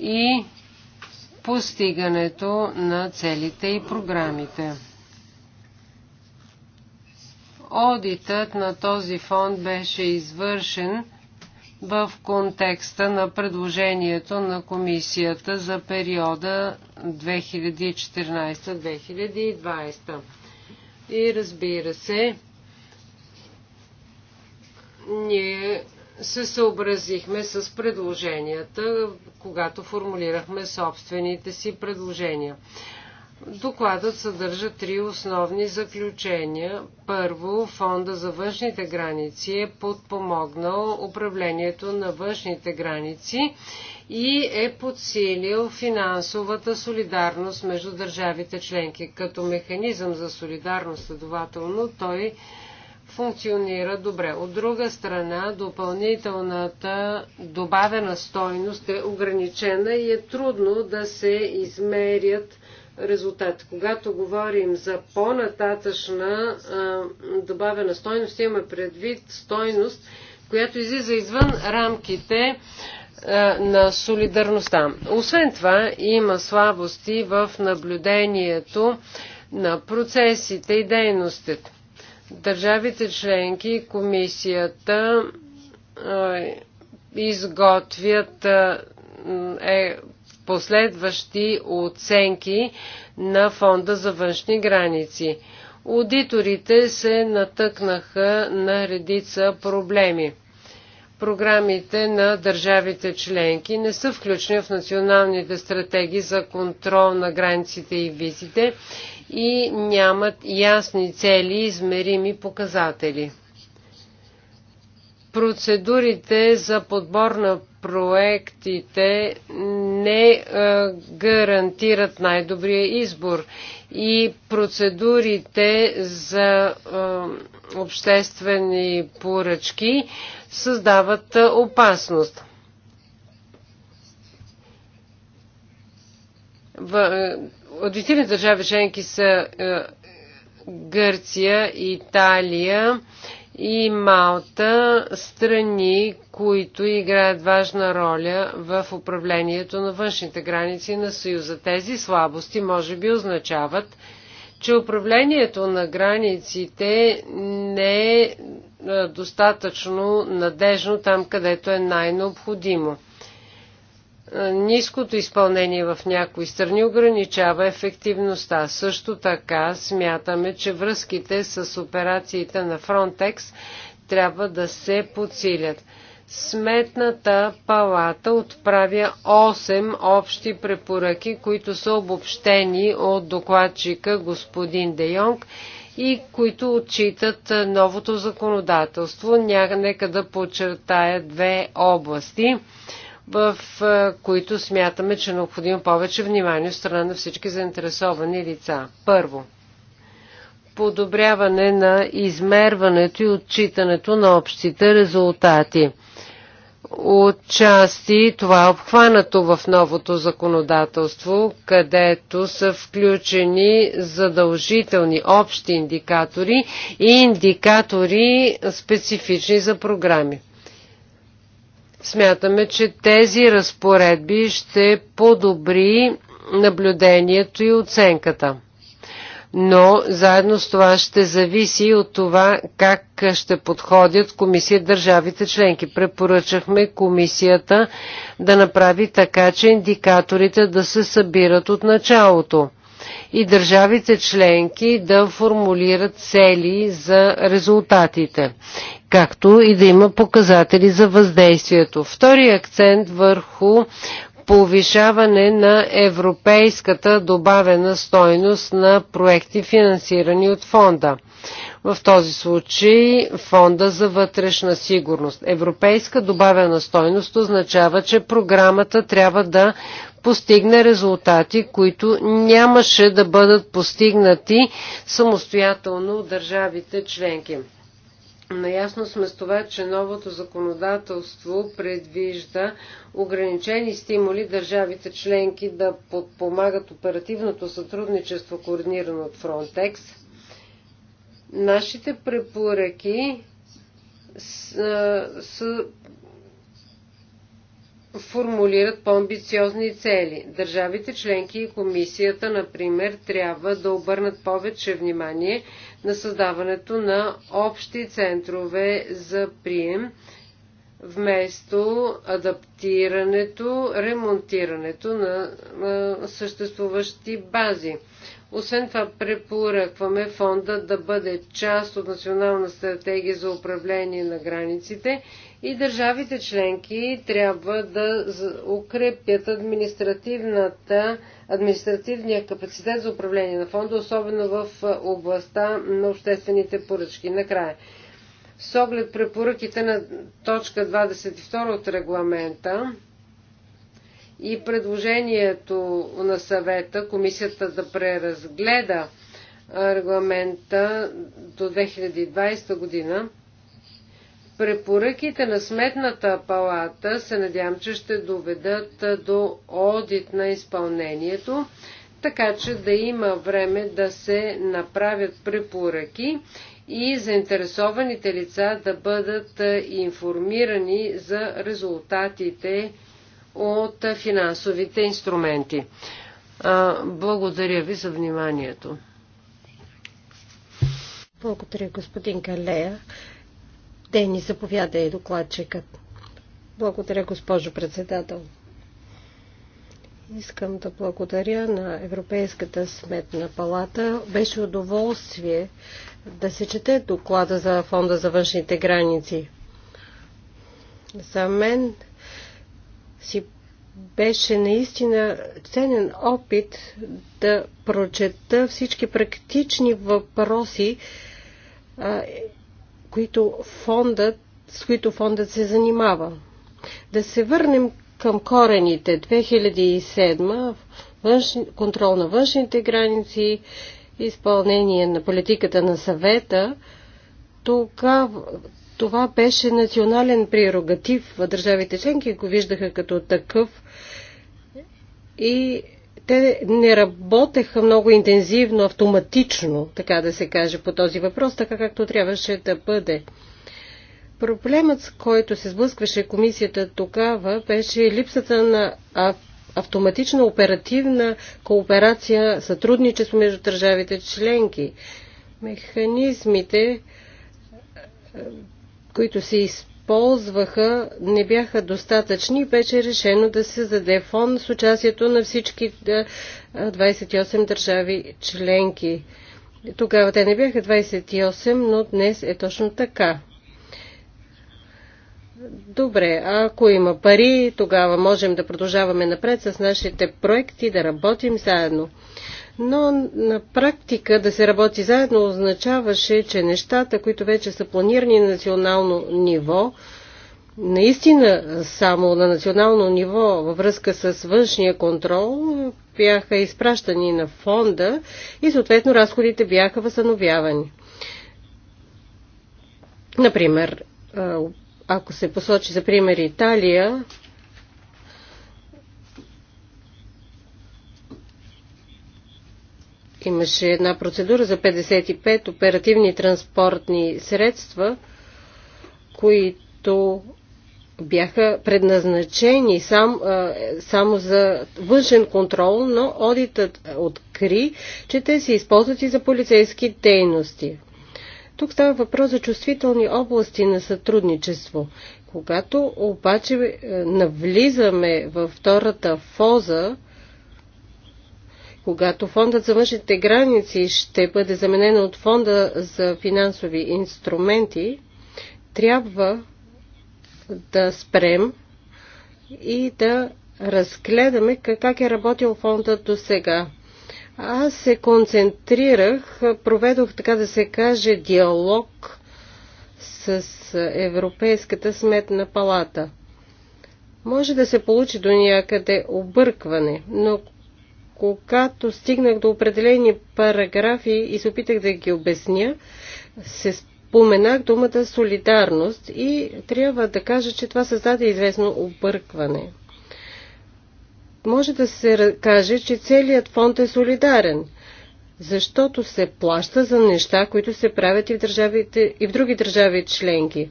и постигането на целите и програмите. Одитът на този фонд беше извършен в контекста на предложението на комисията за периода 2014-2020. И разбира се, ние се съобразихме с предложенията, когато формулирахме собствените си предложения. Докладът съдържа три основни заключения. Първо, Фонда за външните граници е подпомогнал управлението на външните граници и е подсилил финансовата солидарност между държавите членки. Като механизъм за солидарност, следователно, той функционира добре. От друга страна, допълнителната добавена стойност е ограничена и е трудно да се измерят резултат. Когато говорим за по-нататъчна добавена стойност, имаме предвид стойност, която излиза извън рамките на солидарността. Освен това, има слабости в наблюдението на процесите и дейностите. Държавите членки, комисията изготвят е, последващи оценки на Фонда за външни граници. Аудиторите се натъкнаха на редица проблеми. Програмите на държавите членки не са включени в националните стратегии за контрол на границите и визите и нямат ясни цели и измерими показатели. Процедурите за подбор на проектите не е, гарантират най-добрия избор и процедурите за е, обществени поръчки създават е, опасност. Аудитивни държави членки са Гърция, Италия и Малта страни, които играят важна роля в управлението на външните граници на Съюза. Тези слабости може би означават, че управлението на границите не е достатъчно надежно там, където е най-необходимо. Е, ниското изпълнение в някои страни ограничава ефективността. Също така смятаме, че връзките с операциите на Frontex трябва да се подсилят. Сметната палата отправя 8 общи препоръки, които са обобщени от докладчика господин Де Йонг и които отчитат новото законодателство. Нека да подчертая две области в е, които смятаме, че е необходимо повече внимание от страна на всички заинтересовани лица. Първо, подобряване на измерването и отчитането на общите резултати. Отчасти това е обхванато в новото законодателство, където са включени задължителни общи индикатори и индикатори специфични за програми. Смятаме, че тези разпоредби ще подобри наблюдението и оценката. Но заедно с това ще зависи от това как ще подходят комисия държавите членки. Препоръчахме комисията да направи така, че индикаторите да се събират от началото и държавите членки да формулират цели за резултатите както и да има показатели за въздействието. Втори акцент върху повишаване на европейската добавена стойност на проекти, финансирани от фонда. В този случай фонда за вътрешна сигурност. Европейска добавена стойност означава, че програмата трябва да постигне резултати, които нямаше да бъдат постигнати самостоятелно от държавите членки. Наясно сме с това, че новото законодателство предвижда ограничени стимули държавите членки да подпомагат оперативното сътрудничество, координирано от Frontex. Нашите препоръки са, са формулират по-амбициозни цели. Държавите членки и комисията, например, трябва да обърнат повече внимание на създаването на общи центрове за прием вместо адаптирането, ремонтирането на, на съществуващи бази. Освен това препоръкваме фонда да бъде част от Национална стратегия за управление на границите и държавите членки трябва да укрепят административната административния капацитет за управление на фонда, особено в областта на обществените поръчки. Накрая, с оглед препоръките на точка 22 от регламента и предложението на съвета, комисията да преразгледа регламента до 2020 година, Препоръките на Сметната палата се надявам, че ще доведат до одит на изпълнението, така че да има време да се направят препоръки и заинтересованите лица да бъдат информирани за резултатите от финансовите инструменти. Благодаря ви за вниманието. Благодаря, господин Калея. Те ни заповяда и докладчикът. Благодаря, госпожо председател. Искам да благодаря на Европейската сметна палата. Беше удоволствие да се чете доклада за Фонда за външните граници. За мен си беше наистина ценен опит да прочета всички практични въпроси които фондът, с които фондът се занимава. Да се върнем към корените 2007 външ... контрол на външните граници, изпълнение на политиката на съвета, тогава това беше национален прерогатив. в Държавите членки го виждаха като такъв и те не работеха много интензивно, автоматично, така да се каже, по този въпрос, така както трябваше да бъде. Проблемът, с който се сблъскваше комисията тогава, беше липсата на автоматична оперативна кооперация, сътрудничество между държавите членки. Механизмите, които се използват, ползваха, не бяха достатъчни и беше решено да се заде фон с участието на всички 28 е, държави членки. Тогава те не бяха 28, но днес е точно така. Добре, ако има пари, тогава можем да продължаваме напред с нашите проекти, да работим заедно но на практика да се работи заедно означаваше, че нещата, които вече са планирани на национално ниво, наистина само на национално ниво във връзка с външния контрол бяха изпращани на фонда и съответно разходите бяха възстановявани. Например, ако се посочи за пример Италия, Имаше една процедура за 55 оперативни транспортни средства, които бяха предназначени сам, само за външен контрол, но одитът откри, че те се използват и за полицейски дейности. Тук става въпрос за чувствителни области на сътрудничество. Когато обаче е, навлизаме във втората фоза, когато фондът за външните граници ще бъде заменен от фонда за финансови инструменти, трябва да спрем и да разгледаме как е работил фондът до сега. Аз се концентрирах, проведох, така да се каже, диалог с Европейската сметна палата. Може да се получи до някъде объркване, но когато стигнах до определени параграфи и се опитах да ги обясня, се споменах думата солидарност и трябва да кажа, че това създаде известно объркване. Може да се каже, че целият фонд е солидарен, защото се плаща за неща, които се правят и в, държавите, и в други държави членки.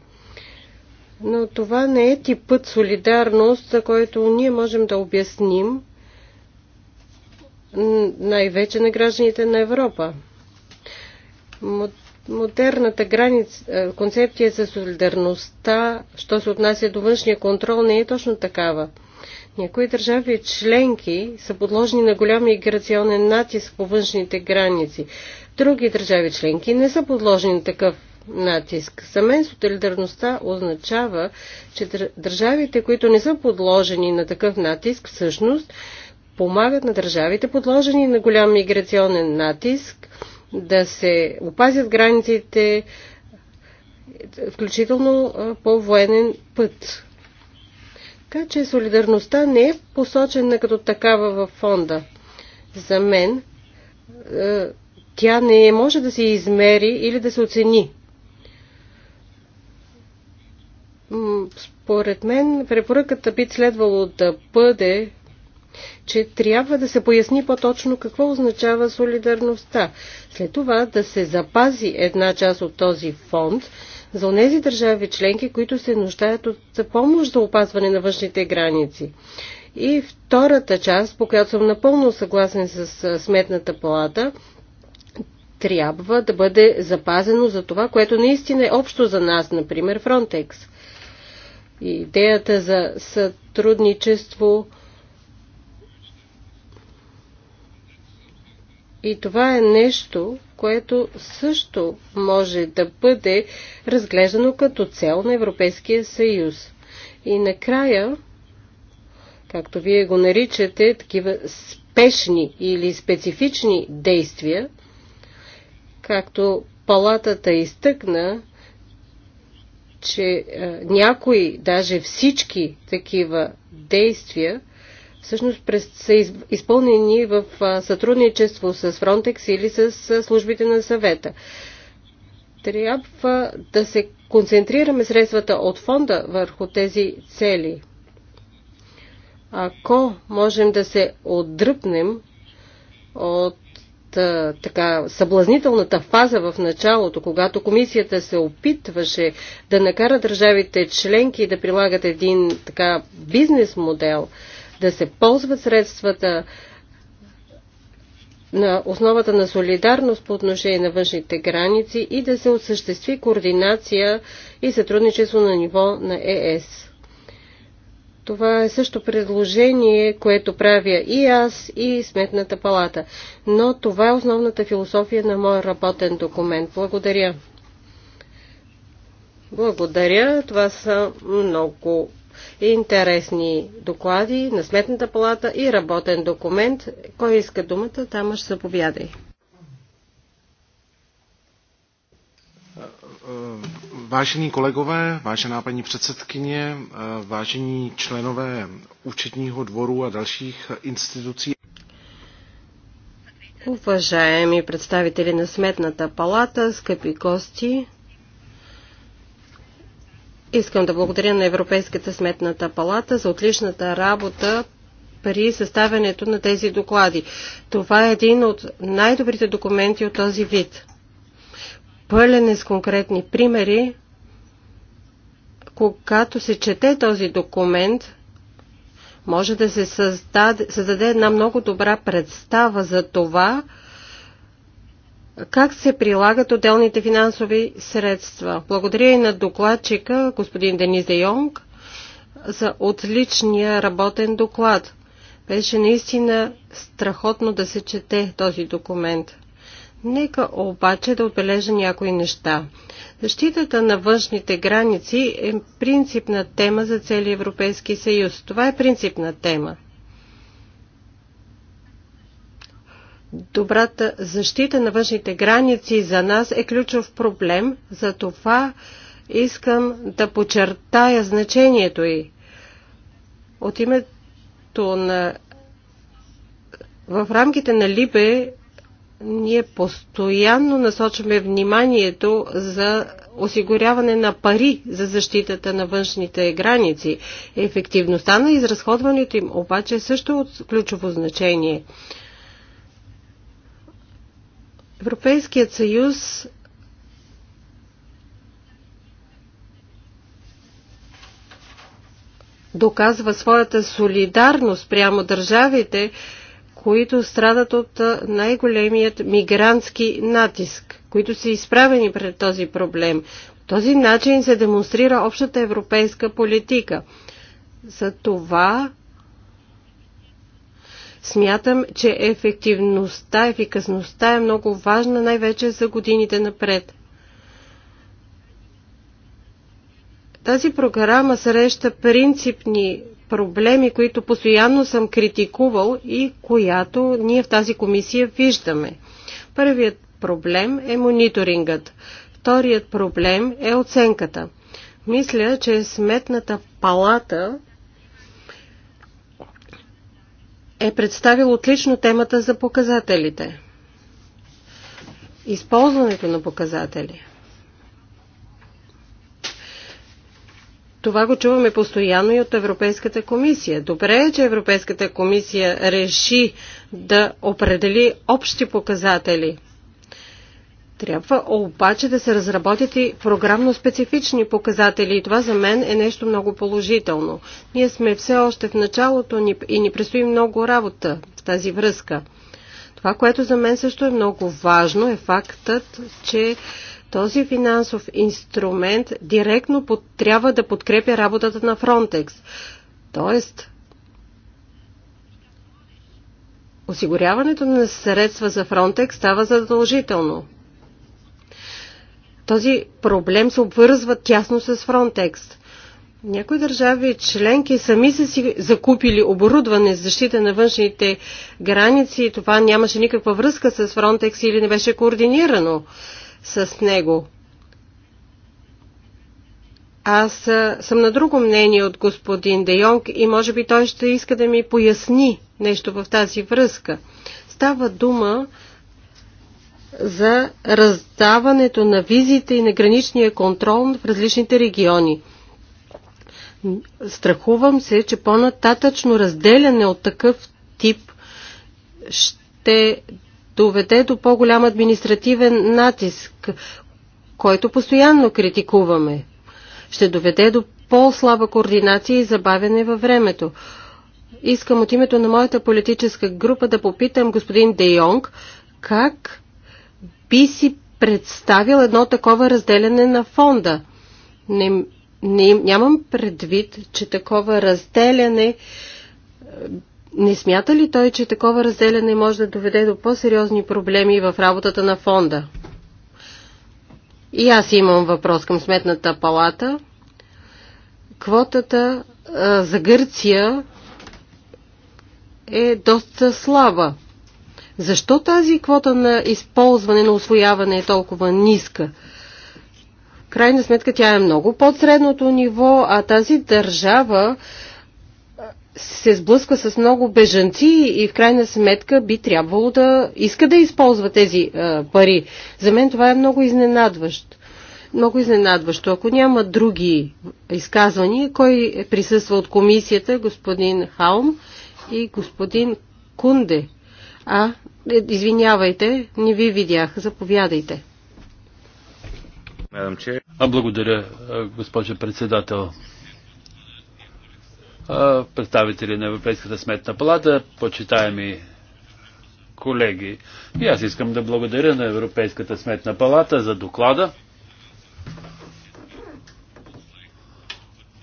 Но това не е типът солидарност, за който ние можем да обясним най-вече на гражданите на Европа. Модерната граница, е, концепция за солидарността, що се отнася до външния контрол, не е точно такава. Някои държави членки са подложени на голям миграционен натиск по външните граници. Други държави членки не са подложени на такъв натиск. За мен солидарността означава, че държавите, които не са подложени на такъв натиск, всъщност помагат на държавите, подложени на голям миграционен натиск, да се опазят границите, включително по военен път. Така че солидарността не е посочена като такава във фонда. За мен тя не може да се измери или да се оцени. Според мен препоръката би следвало да бъде че трябва да се поясни по-точно какво означава солидарността. След това да се запази една част от този фонд за онези държави членки, които се нуждаят от помощ за опазване на външните граници. И втората част, по която съм напълно съгласен с Сметната палата, трябва да бъде запазено за това, което наистина е общо за нас, например Фронтекс. Идеята за сътрудничество И това е нещо, което също може да бъде разглеждано като цел на Европейския съюз. И накрая, както вие го наричате, такива спешни или специфични действия, както палатата изтъкна, че някои, даже всички такива действия – всъщност през, са изпълнени в сътрудничество с Фронтекс или с службите на съвета. Трябва да се концентрираме средствата от фонда върху тези цели. Ако можем да се отдръпнем от така съблазнителната фаза в началото, когато комисията се опитваше да накара държавите членки да прилагат един така бизнес модел – да се ползват средствата на основата на солидарност по отношение на външните граници и да се осъществи координация и сътрудничество на ниво на ЕС. Това е също предложение, което правя и аз, и Сметната палата. Но това е основната философия на моя работен документ. Благодаря. Благодаря. Това са много интересни доклади на Сметната палата и работен документ. Кой иска думата, там ще заповядай. Vážení kolegové, vážená paní předsedkyně, vážení členové účetního dvoru a dalších institucí. Уважаеми представители на Сметната палата, скъпи гости, Искам да благодаря на Европейската сметната палата за отличната работа при съставянето на тези доклади. Това е един от най-добрите документи от този вид. Пълен е с конкретни примери. Когато се чете този документ, може да се създаде, създаде една много добра представа за това, как се прилагат отделните финансови средства. Благодаря и на докладчика, господин Денис Де Йонг, за отличния работен доклад. Беше наистина страхотно да се чете този документ. Нека обаче да отбележа някои неща. Защитата на външните граници е принципна тема за целия Европейски съюз. Това е принципна тема. Добрата защита на външните граници за нас е ключов проблем, за това искам да подчертая значението й. От името на... В рамките на Либе ние постоянно насочваме вниманието за осигуряване на пари за защитата на външните граници. Ефективността на изразходването им обаче е също от ключово значение. Европейският съюз доказва своята солидарност прямо държавите, които страдат от най-големият мигрантски натиск, които са изправени пред този проблем. В този начин се демонстрира общата европейска политика. За това Смятам, че ефективността, ефикасността е много важна, най-вече за годините напред. Тази програма среща принципни проблеми, които постоянно съм критикувал и която ние в тази комисия виждаме. Първият проблем е мониторингът. Вторият проблем е оценката. Мисля, че Сметната палата е представил отлично темата за показателите. Използването на показатели. Това го чуваме постоянно и от Европейската комисия. Добре е, че Европейската комисия реши да определи общи показатели – трябва обаче да се разработят и програмно специфични показатели и това за мен е нещо много положително. Ние сме все още в началото и ни предстои много работа в тази връзка. Това, което за мен също е много важно, е фактът, че този финансов инструмент директно под, трябва да подкрепя работата на Frontex. Тоест, осигуряването на средства за Frontex става задължително този проблем се обвързва тясно с фронтекс. Някои държави членки сами са си закупили оборудване за защита на външните граници и това нямаше никаква връзка с Фронтекс или не беше координирано с него. Аз съм на друго мнение от господин Де Йонг и може би той ще иска да ми поясни нещо в тази връзка. Става дума за раздаването на визите и на граничния контрол в различните региони. Страхувам се, че по-нататъчно разделяне от такъв тип ще доведе до по-голям административен натиск, който постоянно критикуваме. Ще доведе до по-слаба координация и забавяне във времето. Искам от името на моята политическа група да попитам господин Де Йонг как би си представил едно такова разделяне на фонда. Не, не, нямам предвид, че такова разделяне. Е, не смята ли той, че такова разделяне може да доведе до по-сериозни проблеми в работата на фонда? И аз имам въпрос към Сметната палата. Квотата а, е, за Гърция е доста слаба. Защо тази квота на използване, на освояване е толкова ниска? Крайна сметка тя е много под средното ниво, а тази държава се сблъсква с много бежанци и в крайна сметка би трябвало да иска да използва тези е, пари. За мен това е много изненадващо. Много изненадващо. Ако няма други изказвания, кой е присъства от комисията? Господин Халм и господин Кунде. А, е, извинявайте, не ви видях. Заповядайте. А благодаря, госпожа председател. Представители на Европейската сметна палата, почитаеми колеги. И аз искам да благодаря на Европейската сметна палата за доклада.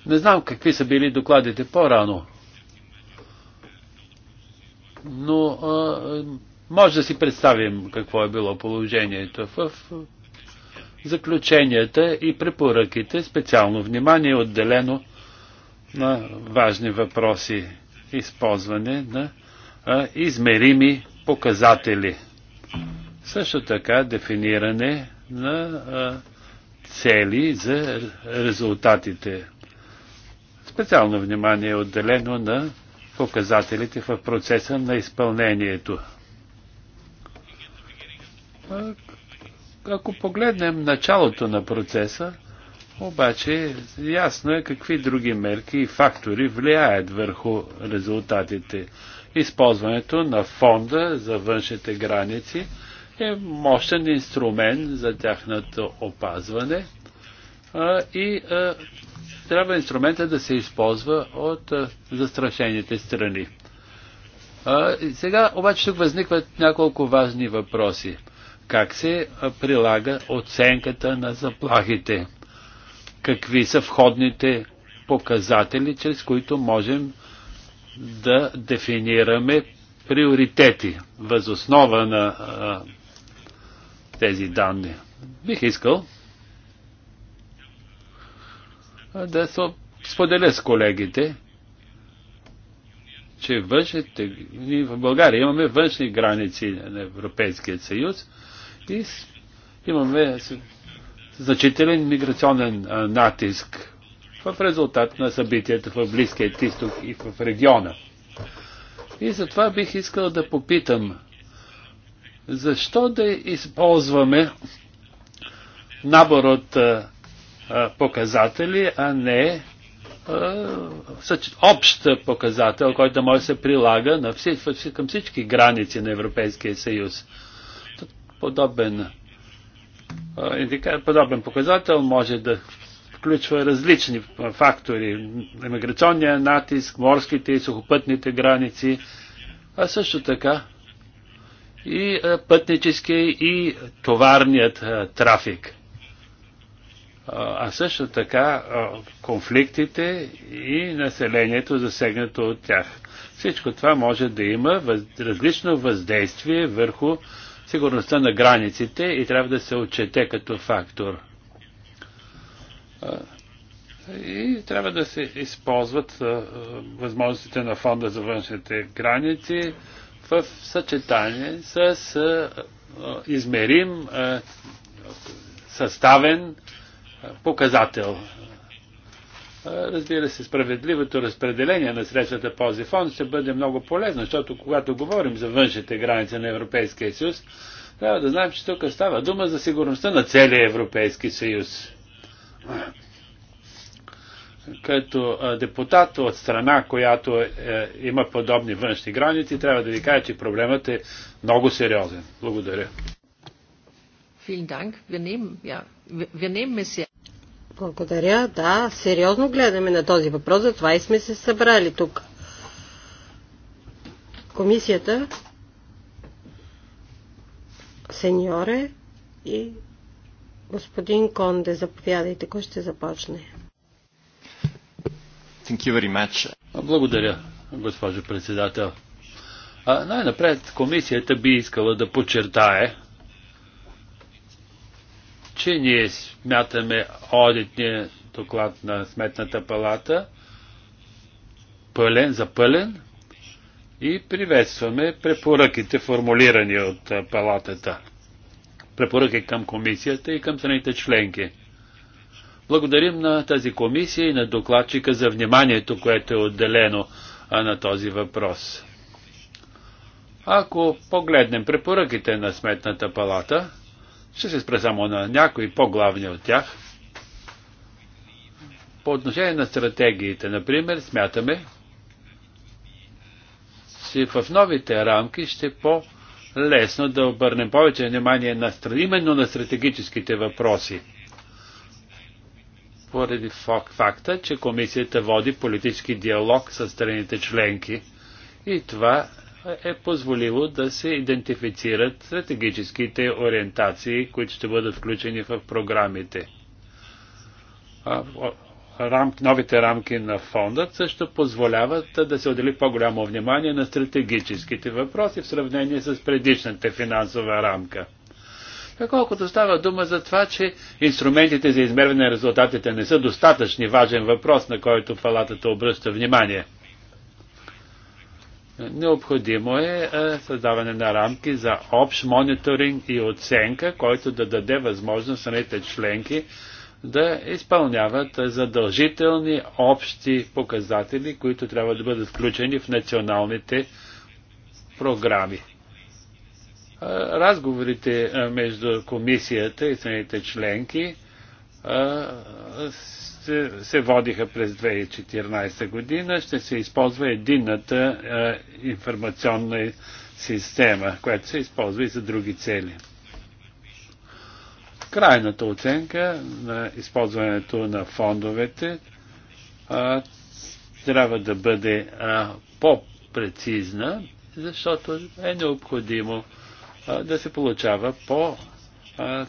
Не знам какви са били докладите по-рано, но а, може да си представим какво е било положението в заключенията и препоръките. Специално внимание е отделено на важни въпроси. Използване на а, измерими показатели. Също така дефиниране на а, цели за резултатите. Специално внимание е отделено на показателите в процеса на изпълнението. Ако погледнем началото на процеса, обаче ясно е какви други мерки и фактори влияят върху резултатите. Използването на фонда за външните граници е мощен инструмент за тяхното опазване а, и а, трябва инструмента да се използва от а, застрашените страни. А, сега обаче тук възникват няколко важни въпроси как се прилага оценката на заплахите, какви са входните показатели, чрез които можем да дефинираме приоритети възоснова на а, тези данни. Бих искал да се споделя с колегите, че външните, в България имаме външни граници на Европейския съюз и имаме значителен миграционен натиск в резултат на събитията в Близкия изток и в региона. И затова бих искал да попитам, защо да използваме набор от а, показатели, а не а, общ показател, който може да се прилага на всички, към всички граници на Европейския съюз подобен, подобен показател може да включва различни фактори. Емиграционния натиск, морските и сухопътните граници, а също така и пътнически и товарният трафик. А също така конфликтите и населението засегнато от тях. Всичко това може да има въз... различно въздействие върху сигурността на границите и трябва да се отчете като фактор. И трябва да се използват възможностите на фонда за външните граници в съчетание с измерим съставен показател Разбира се, справедливото разпределение на средствата по този фонд ще бъде много полезно, защото когато говорим за външните граници на Европейския съюз, трябва да знаем, че тук става дума за сигурността на целия Европейски съюз. Като депутат от страна, която е, има подобни външни граници, трябва да ви кажа, че проблемът е много сериозен. Благодаря. Vielen Dank. Wir nehmen, ja, wir nehmen es ja. Благодаря. Да, сериозно гледаме на този въпрос, затова и сме се събрали тук. Комисията, сеньоре и господин Конде, заповядайте, кой ще започне? Thank you very much. Благодаря, госпожо председател. най-напред комисията би искала да подчертае, че ние смятаме одитния доклад на Сметната палата пълен, за пълен и приветстваме препоръките, формулирани от палатата. Препоръки към комисията и към страните членки. Благодарим на тази комисия и на докладчика за вниманието, което е отделено на този въпрос. Ако погледнем препоръките на Сметната палата, ще се спра само на някои по-главни от тях. По отношение на стратегиите, например, смятаме, че в новите рамки ще е по-лесно да обърнем повече внимание на, именно на стратегическите въпроси. Поради факта, че комисията води политически диалог с страните членки и това е позволило да се идентифицират стратегическите ориентации, които ще бъдат включени в програмите. новите рамки на фонда също позволяват да се отдели по-голямо внимание на стратегическите въпроси в сравнение с предишната финансова рамка. Колкото става дума за това, че инструментите за измерване на резултатите не са достатъчни важен въпрос, на който палатата обръща внимание – Необходимо е, е създаване на рамки за общ мониторинг и оценка, който да даде възможност на членки да изпълняват задължителни общи показатели, които трябва да бъдат включени в националните програми. Е, разговорите е, между комисията и страните членки ще се водиха през 2014 година, ще се използва единната е, информационна система, която се използва и за други цели. Крайната оценка на използването на фондовете а, трябва да бъде по-прецизна, защото е необходимо а, да се получава по а,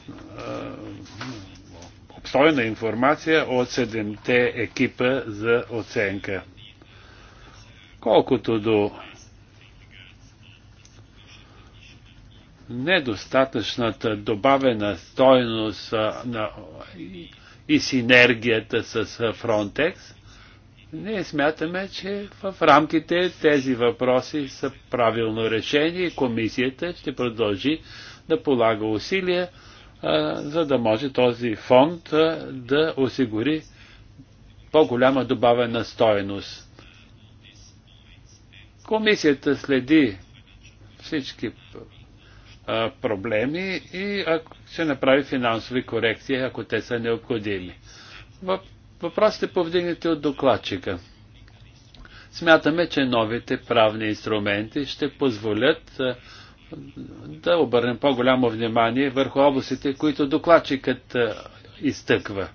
обстойна информация от седемте екипа за оценка. Колкото до недостатъчната добавена стойност на, и синергията с Frontex, ние смятаме, че в рамките тези въпроси са правилно решени и комисията ще продължи да полага усилия за да може този фонд да осигури по-голяма добавена стоеност. Комисията следи всички проблеми и ще направи финансови корекции, ако те са необходими. Въпросите повдигнете от докладчика. Смятаме, че новите правни инструменти ще позволят да обърнем по-голямо внимание върху областите, които докладчикът изтъква.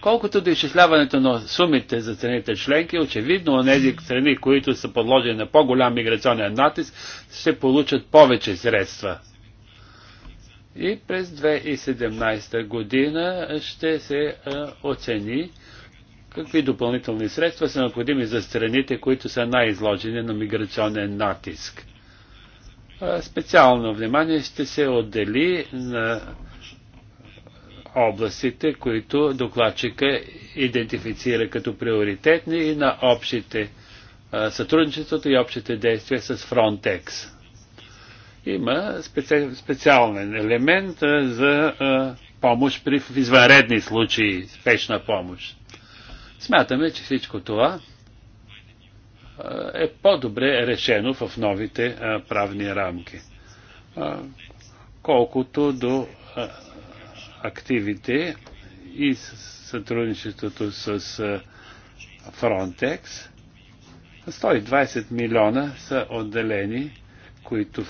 Колкото до изчисляването на сумите за страните членки, очевидно тези страни, които са подложени на по-голям миграционен натиск, ще получат повече средства. И през 2017 година ще се оцени какви допълнителни средства са необходими за страните, които са най-изложени на миграционен натиск. Специално внимание ще се отдели на областите, които докладчика идентифицира като приоритетни и на общите сътрудничеството и общите действия с Frontex. Има специ... специален елемент за помощ при извънредни случаи, спешна помощ. Смятаме, че всичко това е по-добре решено в новите правни рамки. Колкото до активите и сътрудничеството с Frontex, 120 милиона са отделени, които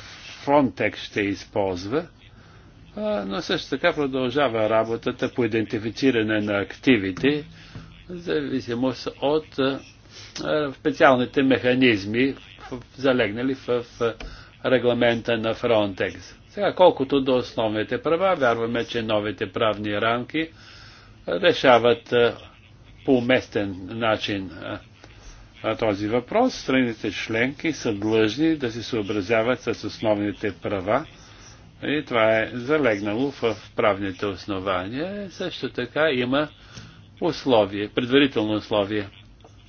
Frontex ще използва, но също така продължава работата по идентифициране на активите, в зависимост от е, специалните механизми, залегнали в регламента на Фронтекс. Сега, колкото до основните права, вярваме, че новите правни рамки решават е, по уместен начин е, този въпрос. Страните членки са длъжни да се съобразяват с основните права и това е залегнало в правните основания. Също така има условия, предварително условие –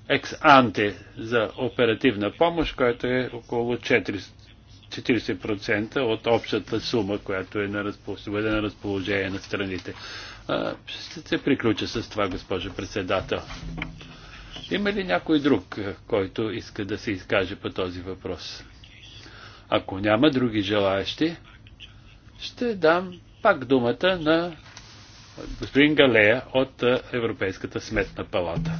екс-анте за оперативна помощ, която е около 40% от общата сума, която е на, разположение, на разположение на страните. А, ще се приключа с това, госпожо председател. Има ли някой друг, който иска да се изкаже по този въпрос? Ако няма други желаящи, ще дам пак думата на господин Галея от Европейската сметна палата.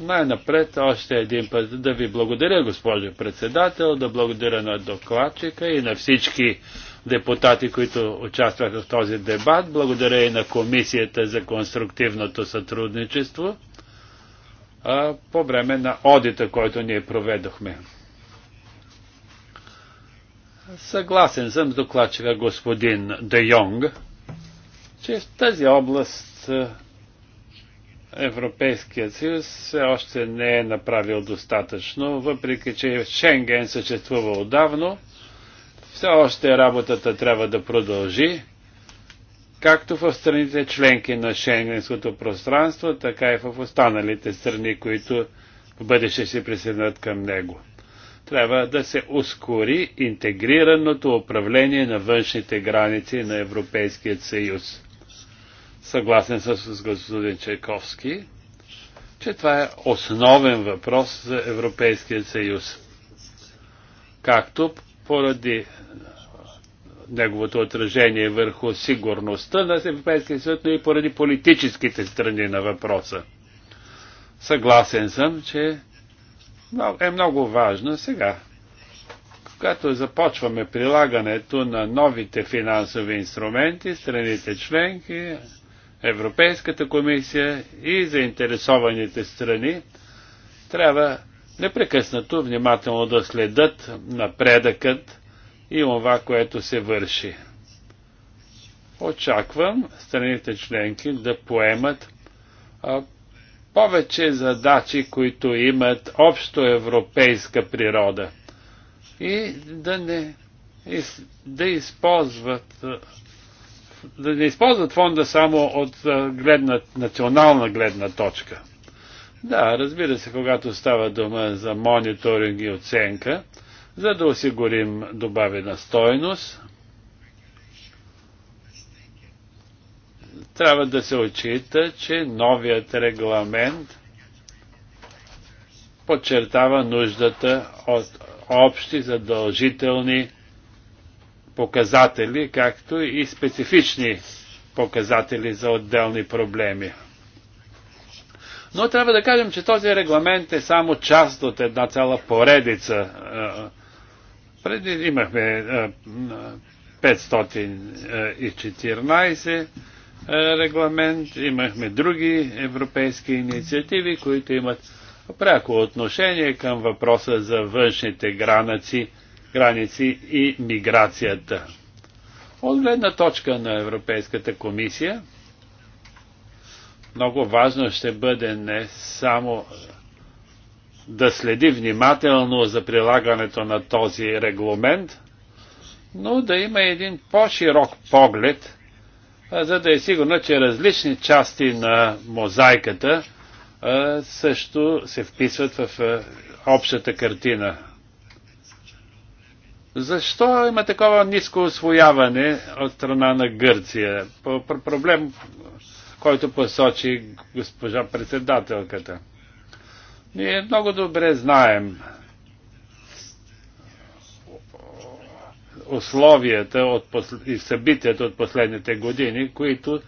Най-напред още един път да ви благодаря, госпожо председател, да благодаря на докладчика и на всички депутати, които участваха в този дебат. Благодаря и на комисията за конструктивното сътрудничество а, по време на одита, който ние проведохме. Съгласен съм с докладчика господин Де Йонг, че в тази област Европейският съюз все още не е направил достатъчно, въпреки че Шенген съществува отдавно. Все още работата трябва да продължи, както в страните членки на Шенгенското пространство, така и в останалите страни, които в бъдеще се присъединят към него. Трябва да се ускори интегрираното управление на външните граници на Европейският съюз съгласен с господин Чайковски, че това е основен въпрос за Европейския съюз. Както поради неговото отражение върху сигурността на Европейския съюз, но и поради политическите страни на въпроса. Съгласен съм, че е много важно сега, когато започваме прилагането на новите финансови инструменти, страните членки, Европейската комисия и заинтересованите страни трябва непрекъснато внимателно да следят напредъкът и това, което се върши. Очаквам страните членки да поемат а, повече задачи, които имат общо европейска природа и да не да използват да не използват фонда само от гледна, национална гледна точка. Да, разбира се, когато става дума за мониторинг и оценка, за да осигурим добавена стойност, трябва да се очита, че новият регламент подчертава нуждата от общи задължителни показатели, както и специфични показатели за отделни проблеми. Но трябва да кажем, че този регламент е само част от една цяла поредица. Е, преди имахме 514 е, е, регламент, имахме други европейски инициативи, които имат пряко отношение към въпроса за външните граници граници и миграцията. От гледна точка на Европейската комисия, много важно ще бъде не само да следи внимателно за прилагането на този регламент, но да има един по-широк поглед, за да е сигурно, че различни части на мозайката също се вписват в общата картина защо има такова ниско освояване от страна на Гърция? по Проблем, който посочи госпожа председателката. Ние много добре знаем условията от посл... и събитията от последните години, които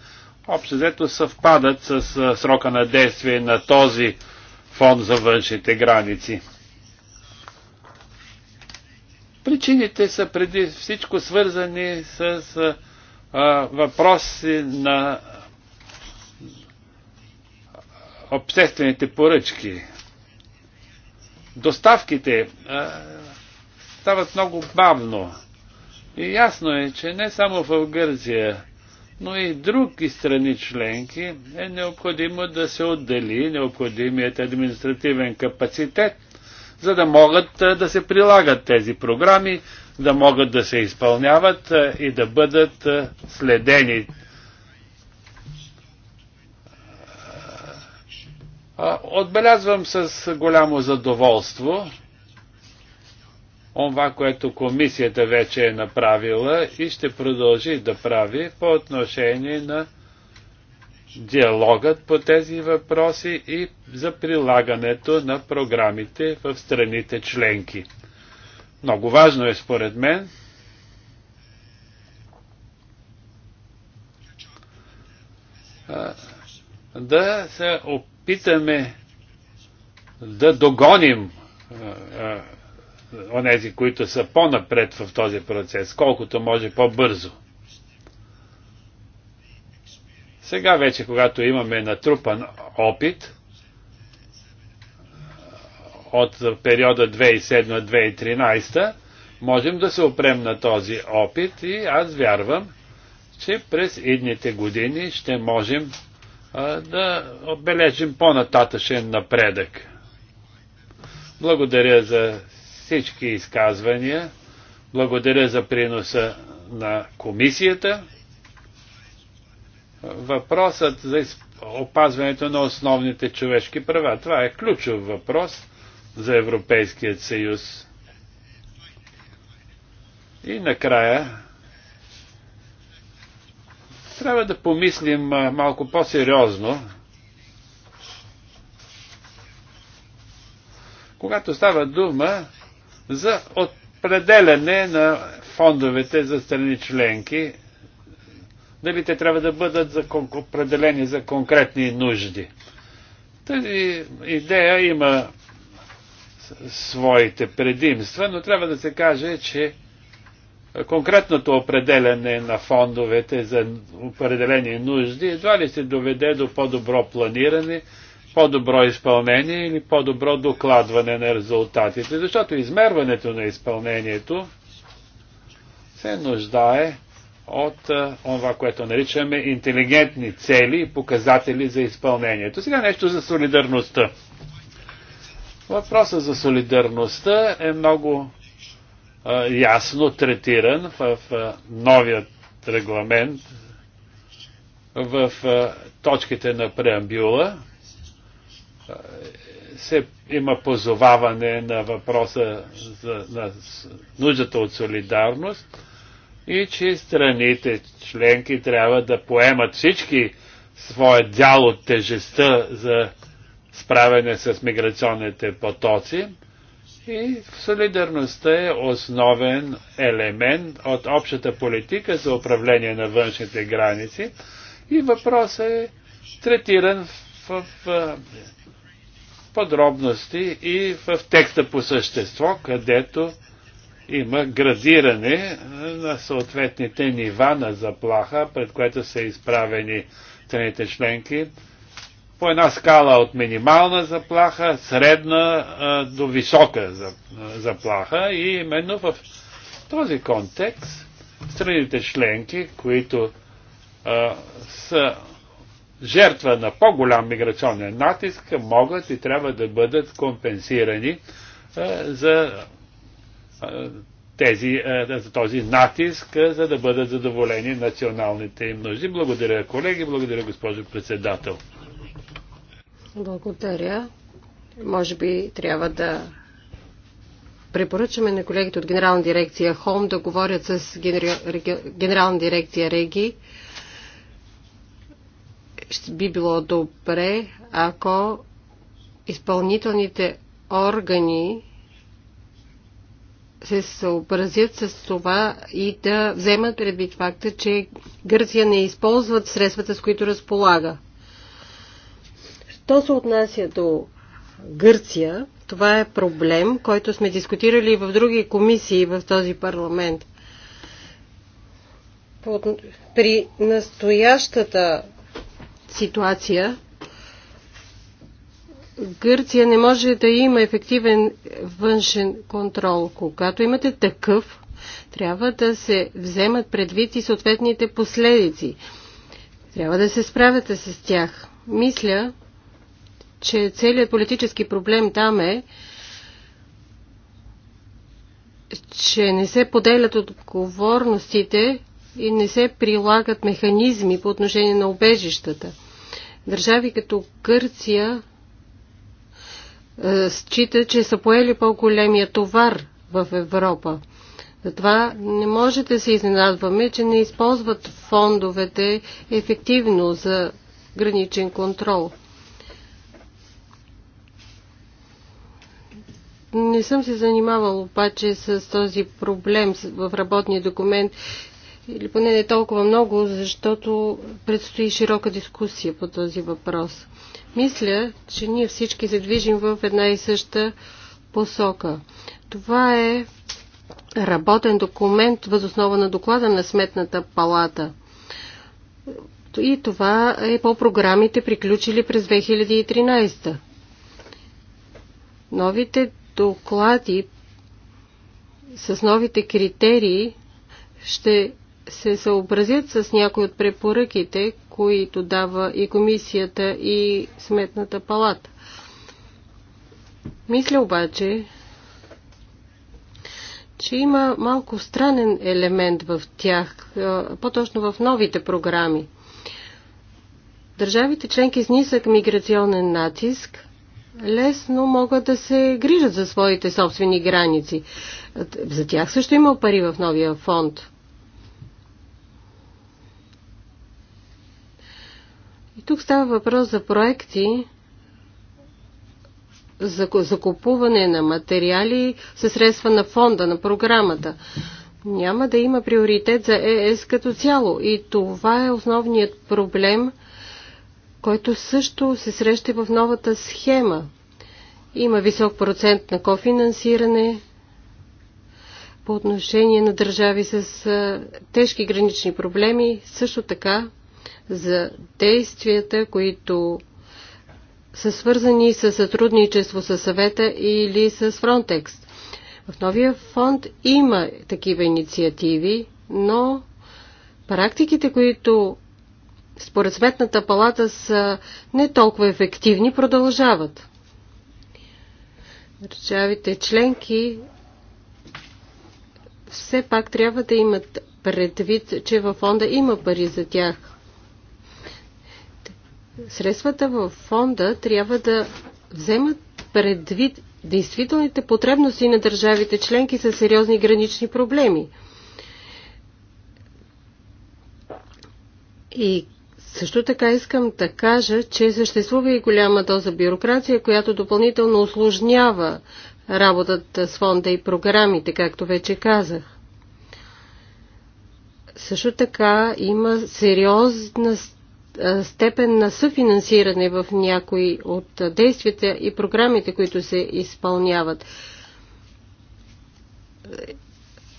общо взето съвпадат с срока на действие на този фонд за външните граници. Причините са преди всичко свързани с а, въпроси на обществените поръчки. Доставките а, стават много бавно. И ясно е, че не само в Гърция, но и други страни членки е необходимо да се отдели необходимият административен капацитет за да могат да се прилагат тези програми, да могат да се изпълняват и да бъдат следени. Отбелязвам с голямо задоволство онва, което комисията вече е направила и ще продължи да прави по отношение на диалогът по тези въпроси и за прилагането на програмите в страните членки. Много важно е според мен да се опитаме да догоним онези, които са по-напред в този процес, колкото може по-бързо. Сега вече, когато имаме натрупан опит от периода 2007-2013, можем да се опрем на този опит и аз вярвам, че през идните години ще можем а, да отбележим по-нататъчен напредък. Благодаря за всички изказвания, благодаря за приноса на комисията въпросът за опазването на основните човешки права. Това е ключов въпрос за Европейският съюз. И накрая трябва да помислим малко по-сериозно, когато става дума за определене на фондовете за страни членки дали те трябва да бъдат за определени за конкретни нужди. Тази идея има своите предимства, но трябва да се каже, че конкретното определене на фондовете за определени нужди едва ли се доведе до по-добро планиране, по-добро изпълнение или по-добро докладване на резултатите, защото измерването на изпълнението се нуждае от това, е, което наричаме интелигентни цели и показатели за изпълнението. Сега нещо за солидарността. Въпросът за солидарността е много а, е, ясно третиран в а, е, новият регламент, в а, точките на преамбюла. А, се има позоваване на въпроса за на нуждата от солидарност и че страните членки трябва да поемат всички своя дял от тежестта за справяне с миграционните потоци. И солидарността е основен елемент от общата политика за управление на външните граници. И въпросът е третиран в, в подробности и в текста по същество, където има градиране на съответните нива на заплаха, пред което са изправени страните членки. По една скала от минимална заплаха, средна до висока заплаха и именно в този контекст страните членки, които а, са жертва на по-голям миграционен натиск, могат и трябва да бъдат компенсирани а, за тези, този натиск, за да бъдат задоволени националните им нужди. Благодаря, колеги, благодаря, госпожо председател. Благодаря. Може би трябва да препоръчаме на колегите от Генерална дирекция ХОМ да говорят с Генерална дирекция РЕГИ. Ще би било добре, ако изпълнителните органи се съобразят с това и да вземат предвид факта, че Гърция не използват средствата, с които разполага. Що се отнася до Гърция, това е проблем, който сме дискутирали в други комисии в този парламент. При настоящата ситуация Гърция не може да има ефективен външен контрол. Когато имате такъв, трябва да се вземат предвид и съответните последици. Трябва да се справяте с тях. Мисля, че целият политически проблем там е, че не се поделят отговорностите и не се прилагат механизми по отношение на обежищата. Държави като Гърция е, счита, че са поели по-големия товар в Европа. Затова не може да се изненадваме, че не използват фондовете ефективно за граничен контрол. Не съм се занимавал обаче с този проблем в работния документ или поне не толкова много, защото предстои широка дискусия по този въпрос. Мисля, че ние всички се движим в една и съща посока. Това е работен документ възоснова на доклада на Сметната палата. И това е по програмите, приключили през 2013. Новите доклади с новите критерии ще се съобразят с някои от препоръките, които дава и комисията, и сметната палата. Мисля обаче, че има малко странен елемент в тях, по-точно в новите програми. Държавите членки с нисък миграционен натиск лесно могат да се грижат за своите собствени граници. За тях също има пари в новия фонд. Тук става въпрос за проекти за закупуване на материали със средства на фонда, на програмата. Няма да има приоритет за ЕС като цяло и това е основният проблем, който също се среща в новата схема. Има висок процент на кофинансиране, по отношение на държави с тежки гранични проблеми, също така за действията, които са свързани с сътрудничество с съвета или с Фронтекст. В новия фонд има такива инициативи, но практиките, които според Сметната палата са не толкова ефективни, продължават. Държавите членки все пак трябва да имат предвид, че във фонда има пари за тях средствата в фонда трябва да вземат предвид действителните потребности на държавите членки са сериозни гранични проблеми. И също така искам да кажа, че съществува и голяма доза бюрокрация, която допълнително осложнява работата с фонда и програмите, както вече казах. Също така има сериозна степен на съфинансиране в някои от действията и програмите, които се изпълняват.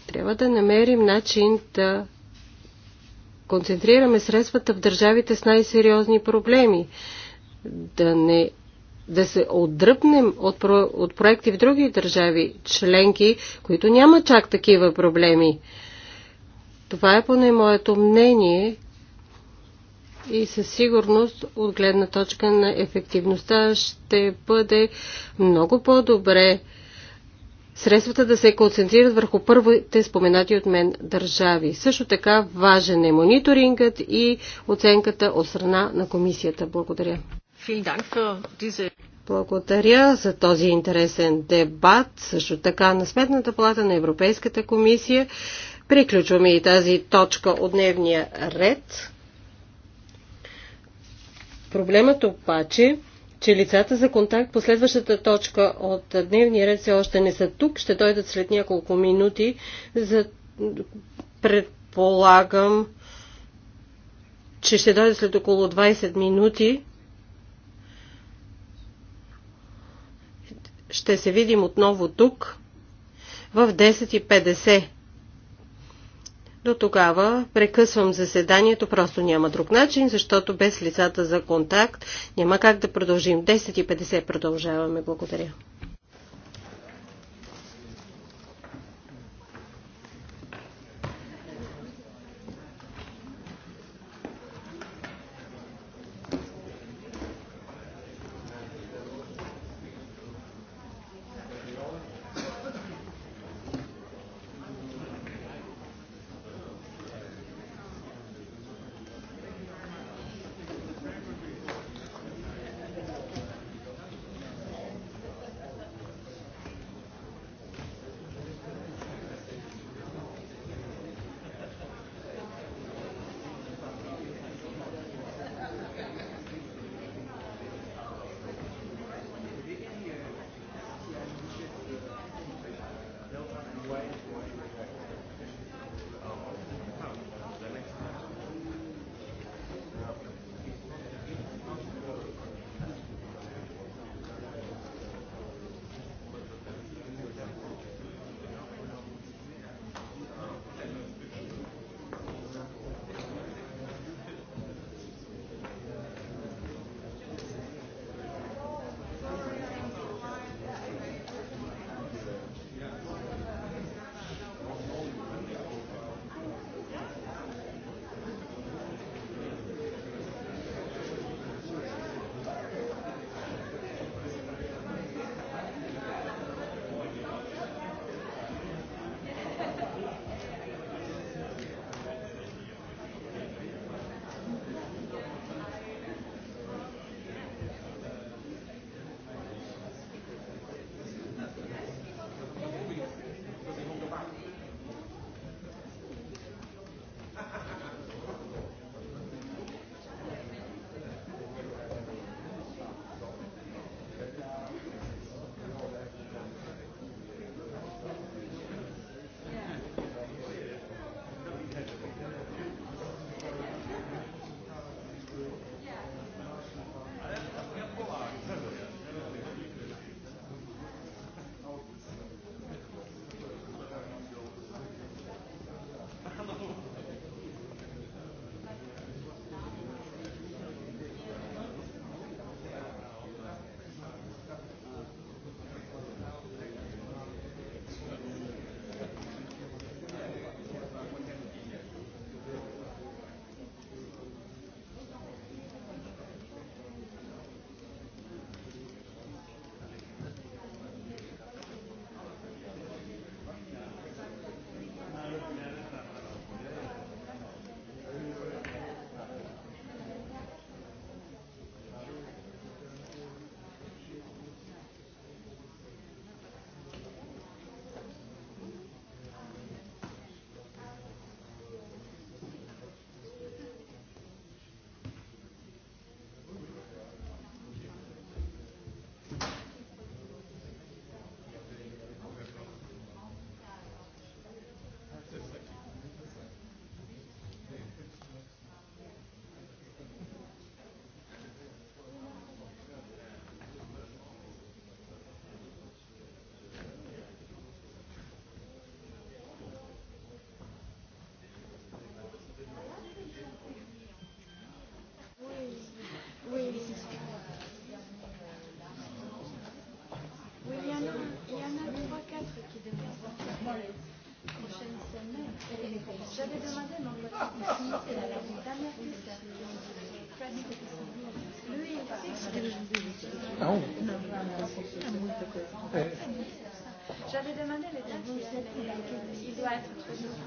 Трябва да намерим начин да концентрираме средствата в държавите с най-сериозни проблеми, да не да се отдръпнем от, про, от проекти в други държави, членки, които няма чак такива проблеми. Това е поне моето мнение и със сигурност от гледна точка на ефективността ще бъде много по-добре средствата да се концентрират върху първите споменати от мен държави. Също така важен е мониторингът и оценката от страна на комисията. Благодаря. Благодаря за този интересен дебат, също така на Сметната плата на Европейската комисия. Приключваме и тази точка от дневния ред. Проблемът обаче, че лицата за контакт по следващата точка от дневния ред все още не са тук, ще дойдат след няколко минути, за предполагам, че ще дойдат след около 20 минути. Ще се видим отново тук в 10.50. До тогава прекъсвам заседанието, просто няма друг начин, защото без лицата за контакт няма как да продължим. 10.50 продължаваме. Благодаря. Thank you.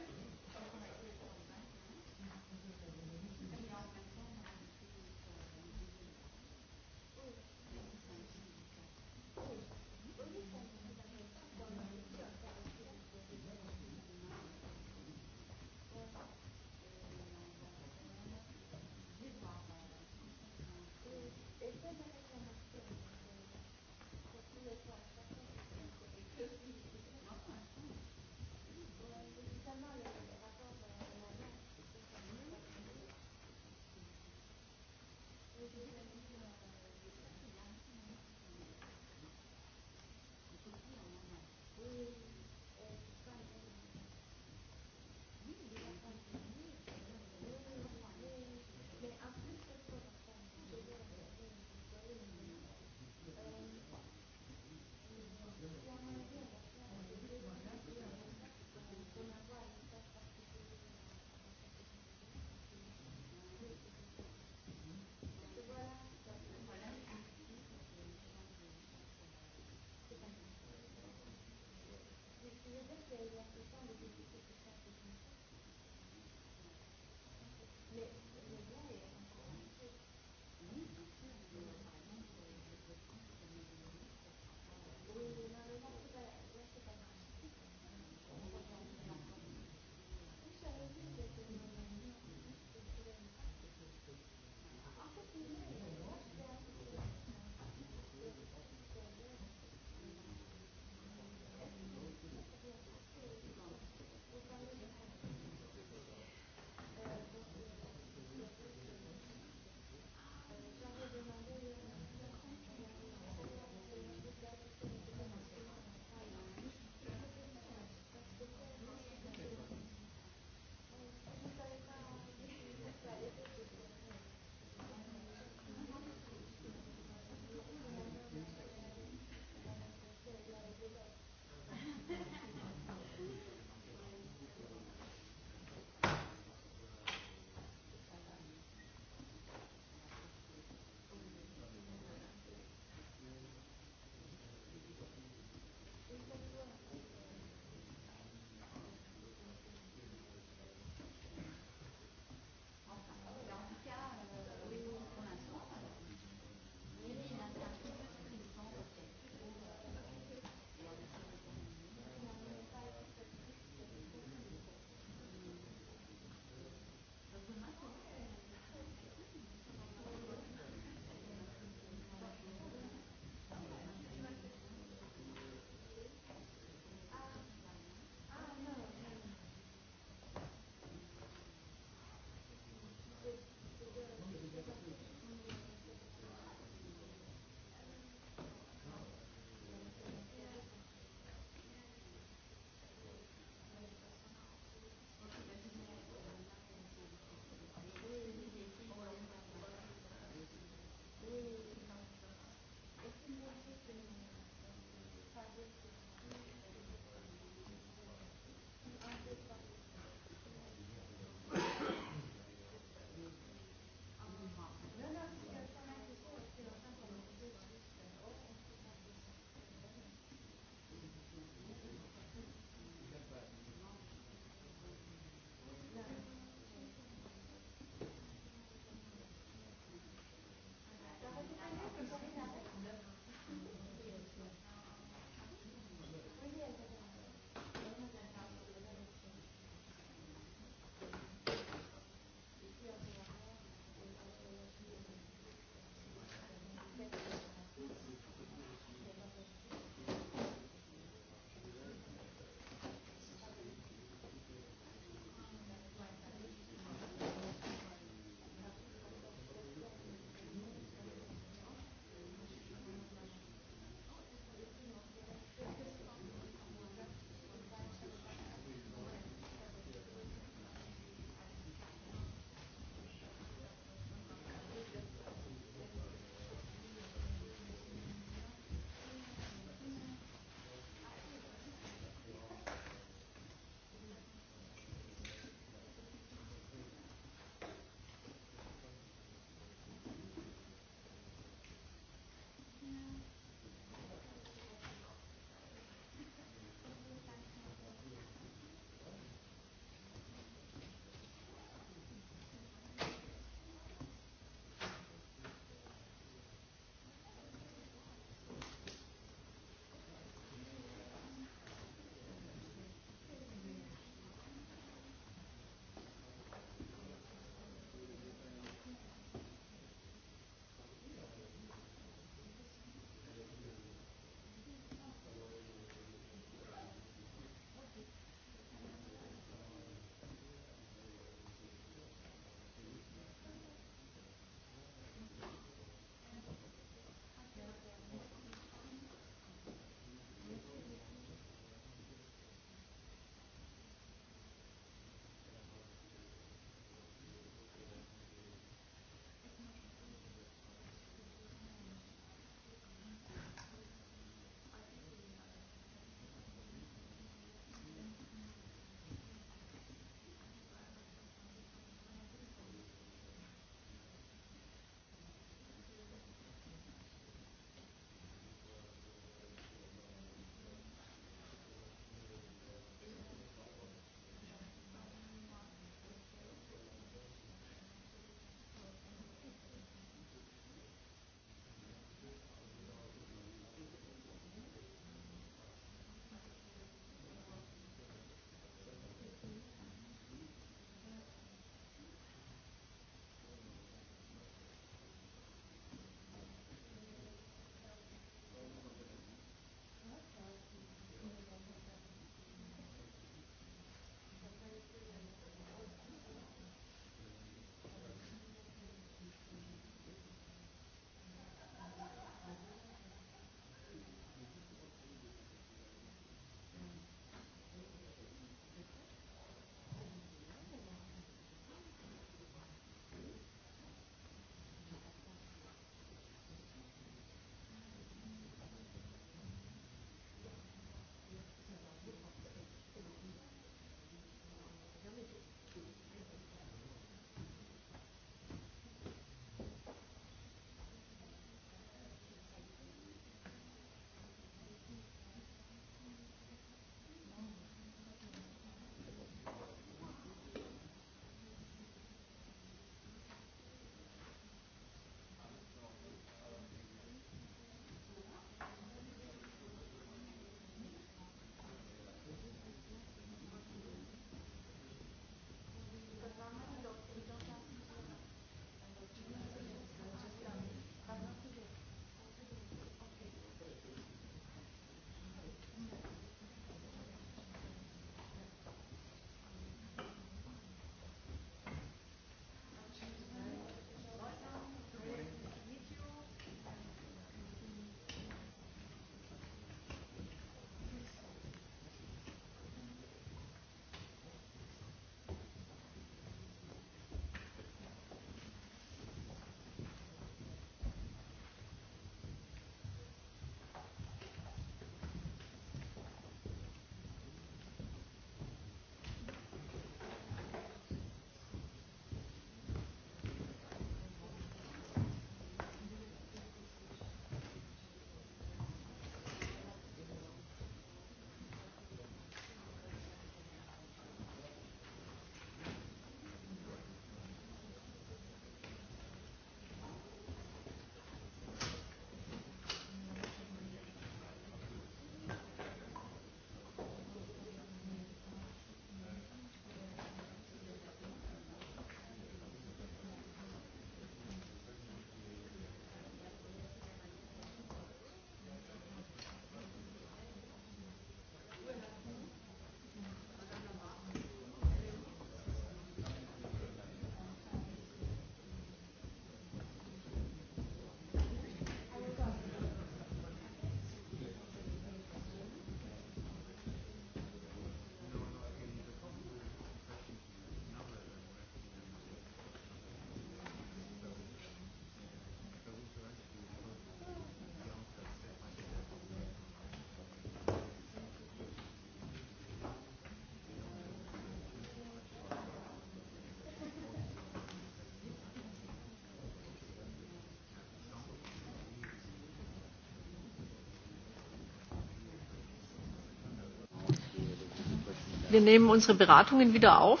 Wir nehmen unsere Beratungen wieder auf.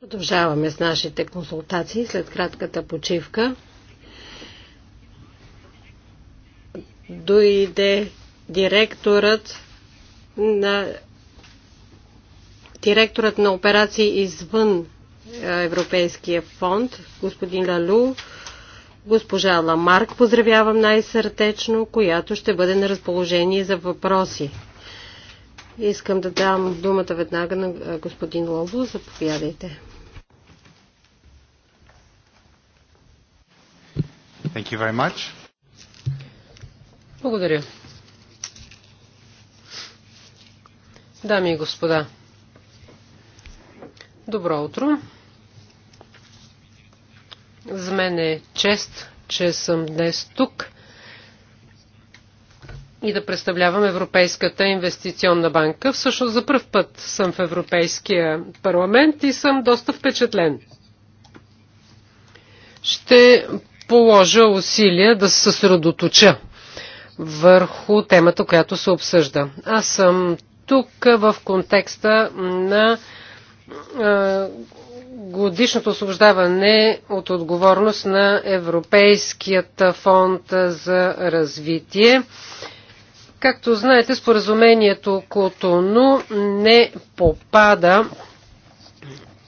Продължаваме с нашите консултации след кратката почивка. Дойде директорът на директорът на операции извън е, Европейския фонд, господин Лалу, госпожа Ламарк, поздравявам най-сърдечно, която ще бъде на разположение за въпроси. Искам да дам думата веднага на господин Лобо. Заповядайте. Thank you very much. Благодаря. Дами и господа, добро утро. За мен е чест, че съм днес тук и да представлявам Европейската инвестиционна банка. Всъщност за първ път съм в Европейския парламент и съм доста впечатлен. Ще положа усилия да се съсредоточа върху темата, която се обсъжда. Аз съм тук в контекста на годишното освобождаване от отговорност на Европейският фонд за развитие. Както знаете, споразумението Котону не попада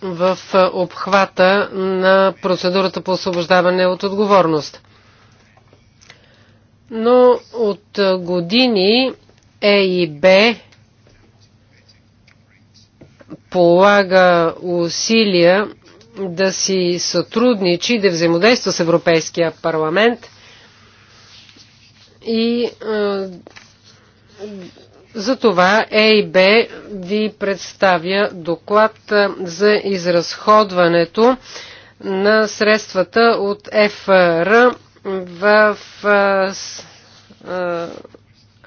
в обхвата на процедурата по освобождаване от отговорност. Но от години Е и Б полага усилия да си сътрудничи, да взаимодейства с Европейския парламент и затова ЕИБ ви представя доклад за изразходването на средствата от ФР в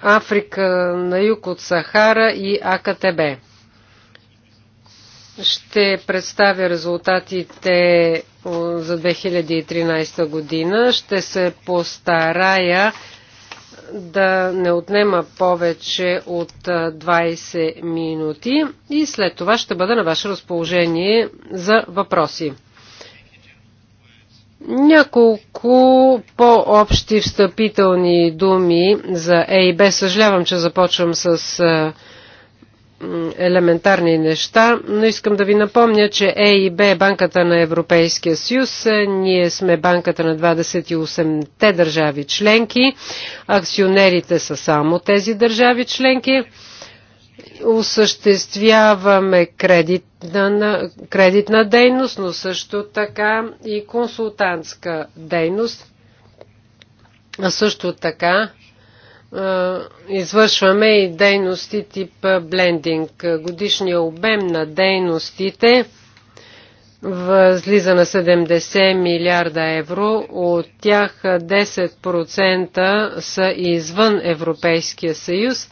Африка на юг от Сахара и АКТБ. Ще представя резултатите за 2013 година. Ще се постарая да не отнема повече от 20 минути и след това ще бъда на ваше разположение за въпроси. Няколко по-общи встъпителни думи за ЕИБ. Съжалявам, че започвам с елементарни неща, но искам да ви напомня, че Е и Б е банката на Европейския съюз. Ние сме банката на 28-те държави членки. Акционерите са само тези държави членки. Осъществяваме кредитна, кредитна дейност, но също така и консултантска дейност. А също така е, извършваме и дейности тип блендинг. Годишният обем на дейностите възлиза на 70 милиарда евро. От тях 10% са извън Европейския съюз.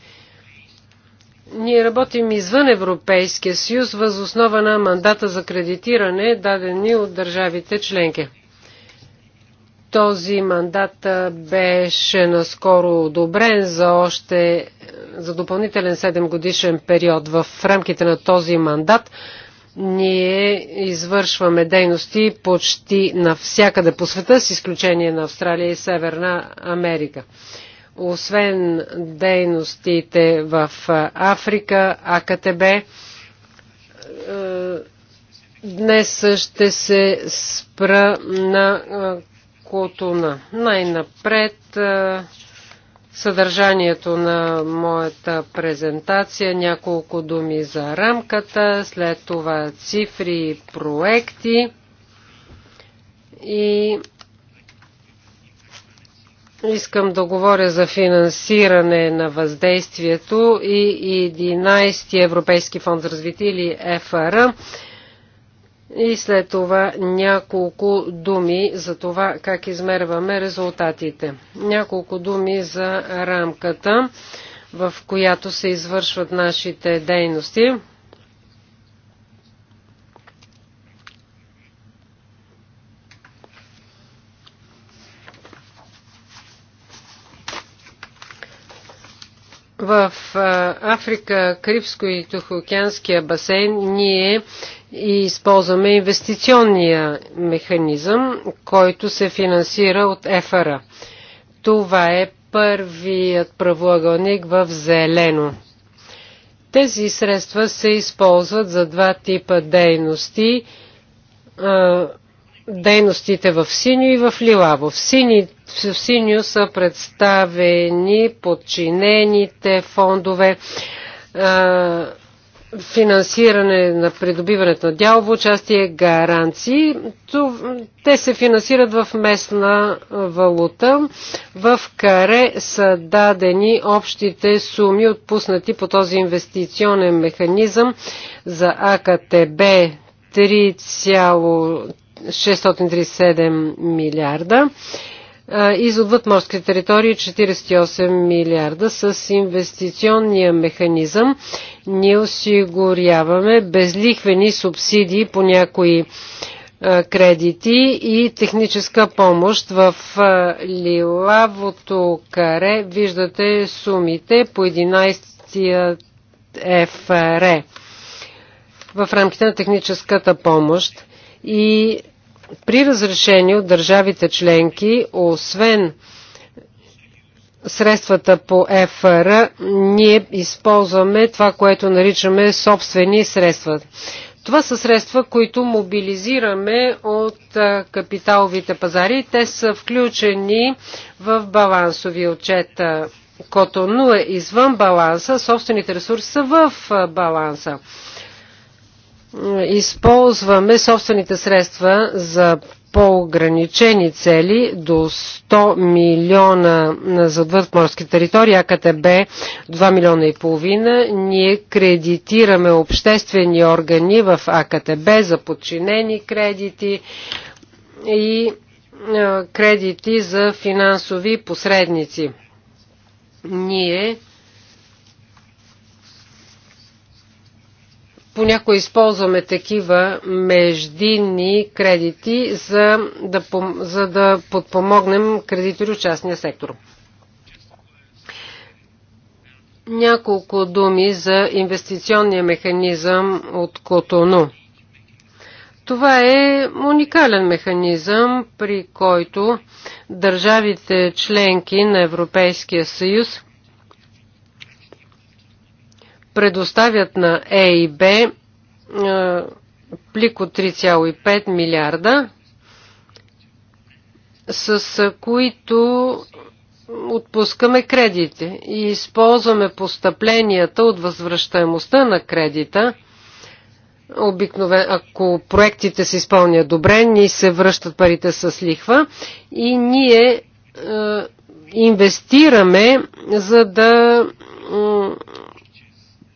Ние работим извън Европейския съюз възоснова на мандата за кредитиране, дадени от държавите членки. Този мандат беше наскоро одобрен за още за допълнителен 7 годишен период. В рамките на този мандат ние извършваме дейности почти навсякъде по света, с изключение на Австралия и Северна Америка. Освен дейностите в Африка, АКТБ, днес ще се спра на Котуна. Най-напред съдържанието на моята презентация, няколко думи за рамката, след това цифри и проекти и искам да говоря за финансиране на въздействието и 11 Европейски фонд за развитие или ФР и след това няколко думи за това как измерваме резултатите. Няколко думи за рамката, в която се извършват нашите дейности. В Африка, Карибско и Тухоокеанския басейн ние и използваме инвестиционния механизъм, който се финансира от ЕФРА. Това е първият правоъгълник в зелено. Тези средства се използват за два типа дейности. Дейностите в синьо и в лилаво. В, сини, в синьо са представени подчинените фондове, финансиране на придобиването на дялово участие, гаранции. Те се финансират в местна валута. В каре са дадени общите суми, отпуснати по този инвестиционен механизъм за АКТБ 3,637 милиарда из отвъд морските територии 48 милиарда. С инвестиционния механизъм ние осигуряваме безлихвени субсидии по някои кредити и техническа помощ. В лилавото каре виждате сумите по 11 ФР в рамките на техническата помощ и при разрешение от държавите членки, освен средствата по ФР, ние използваме това, което наричаме собствени средства. Това са средства, които мобилизираме от капиталовите пазари. Те са включени в балансови отчет Котону е извън баланса, собствените ресурси са в баланса използваме собствените средства за по-ограничени цели до 100 милиона за отвъдморски територии, АКТБ 2 милиона и половина. Ние кредитираме обществени органи в АКТБ за подчинени кредити и кредити за финансови посредници. Ние понякога използваме такива междинни кредити, за да, за да подпомогнем кредитори от частния сектор. Няколко думи за инвестиционния механизъм от Котону. Това е уникален механизъм, при който държавите членки на Европейския съюз предоставят на ЕИБ е, плик от 3,5 милиарда, с които отпускаме кредити и използваме постъпленията от възвръщаемостта на кредита. Обикновен, ако проектите се изпълнят добре, ни се връщат парите с лихва и ние е, инвестираме, за да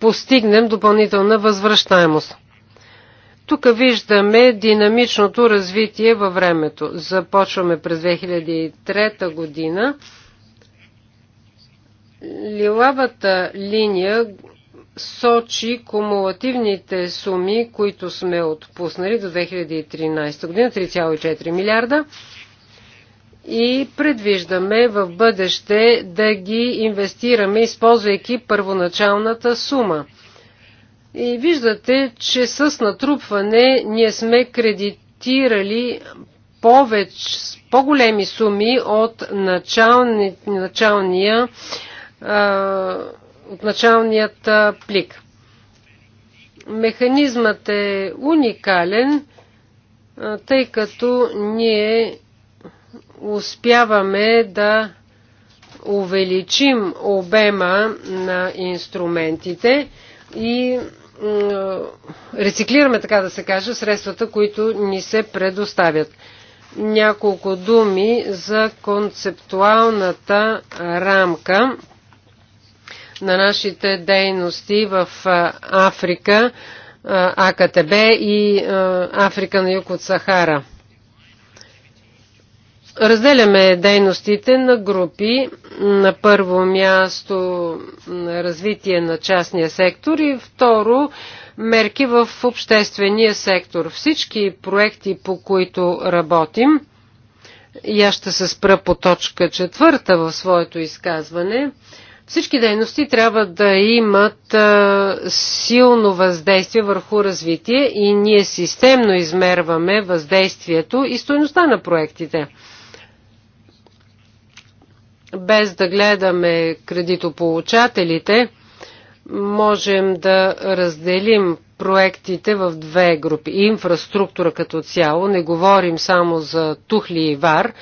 постигнем допълнителна възвръщаемост. Тук виждаме динамичното развитие във времето. Започваме през 2003 година. Лилавата линия сочи кумулативните суми, които сме отпуснали до 2013 година 3,4 милиарда и предвиждаме в бъдеще да ги инвестираме, използвайки първоначалната сума. И виждате, че с натрупване ние сме кредитирали повече, по-големи суми от начални, началния, от началният плик. Механизмът е уникален, тъй като ние успяваме да увеличим обема на инструментите и рециклираме, така да се каже, средствата, които ни се предоставят. Няколко думи за концептуалната рамка на нашите дейности в Африка, АКТБ и Африка на юг от Сахара. Разделяме дейностите на групи. На първо място на развитие на частния сектор и второ мерки в обществения сектор. Всички проекти, по които работим, и аз ще се спра по точка четвърта в своето изказване, всички дейности трябва да имат силно въздействие върху развитие и ние системно измерваме въздействието и стоеността на проектите без да гледаме кредитополучателите, можем да разделим проектите в две групи. Инфраструктура като цяло, не говорим само за тухли и вар,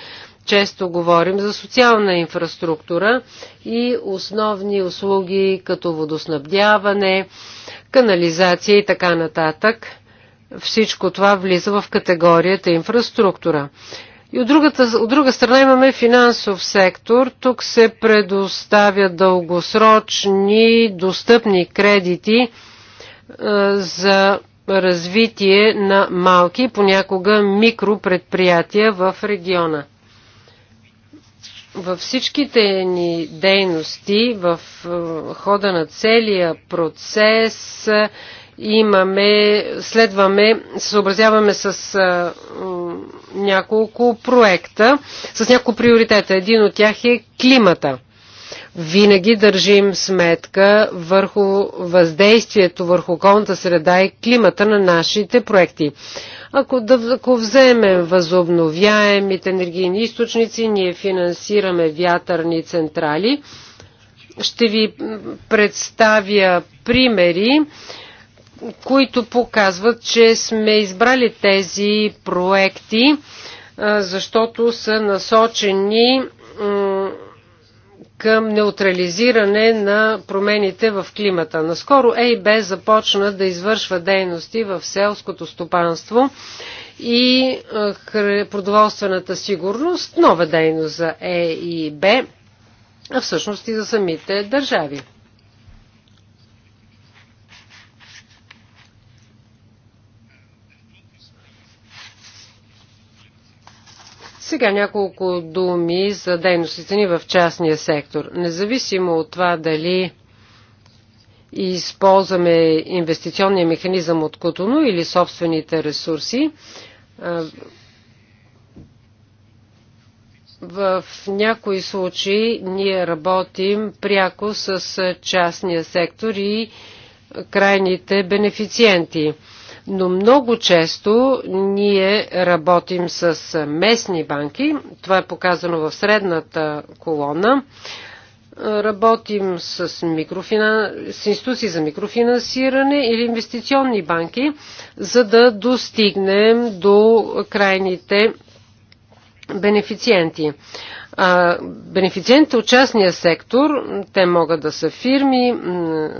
често говорим за социална инфраструктура и основни услуги като водоснабдяване, канализация и така нататък. Всичко това влиза в категорията инфраструктура. И от, другата, от друга страна имаме финансов сектор. Тук се предоставят дългосрочни, достъпни кредити е, за развитие на малки, понякога микропредприятия в региона. Във всичките ни дейности, в е, хода на целия процес, имаме, следваме, се съобразяваме с а, няколко проекта, с няколко приоритета. Един от тях е климата. Винаги държим сметка върху въздействието върху околната среда и климата на нашите проекти. Ако, да, ако вземем възобновяемите енергийни източници, ние финансираме вятърни централи. Ще ви представя примери които показват, че сме избрали тези проекти, защото са насочени към неутрализиране на промените в климата. Наскоро ЕИБ започна да извършва дейности в селското стопанство и продоволствената сигурност, нова дейност за ЕИБ, а всъщност и за самите държави. Сега няколко думи за дейностите ни в частния сектор. Независимо от това дали използваме инвестиционния механизъм от Котоно или собствените ресурси, в някои случаи ние работим пряко с частния сектор и крайните бенефициенти. Но много често ние работим с местни банки. Това е показано в средната колона. Работим с, микрофина... с институции за микрофинансиране или инвестиционни банки, за да достигнем до крайните бенефициенти. бенефициентите от частния сектор, те могат да са фирми,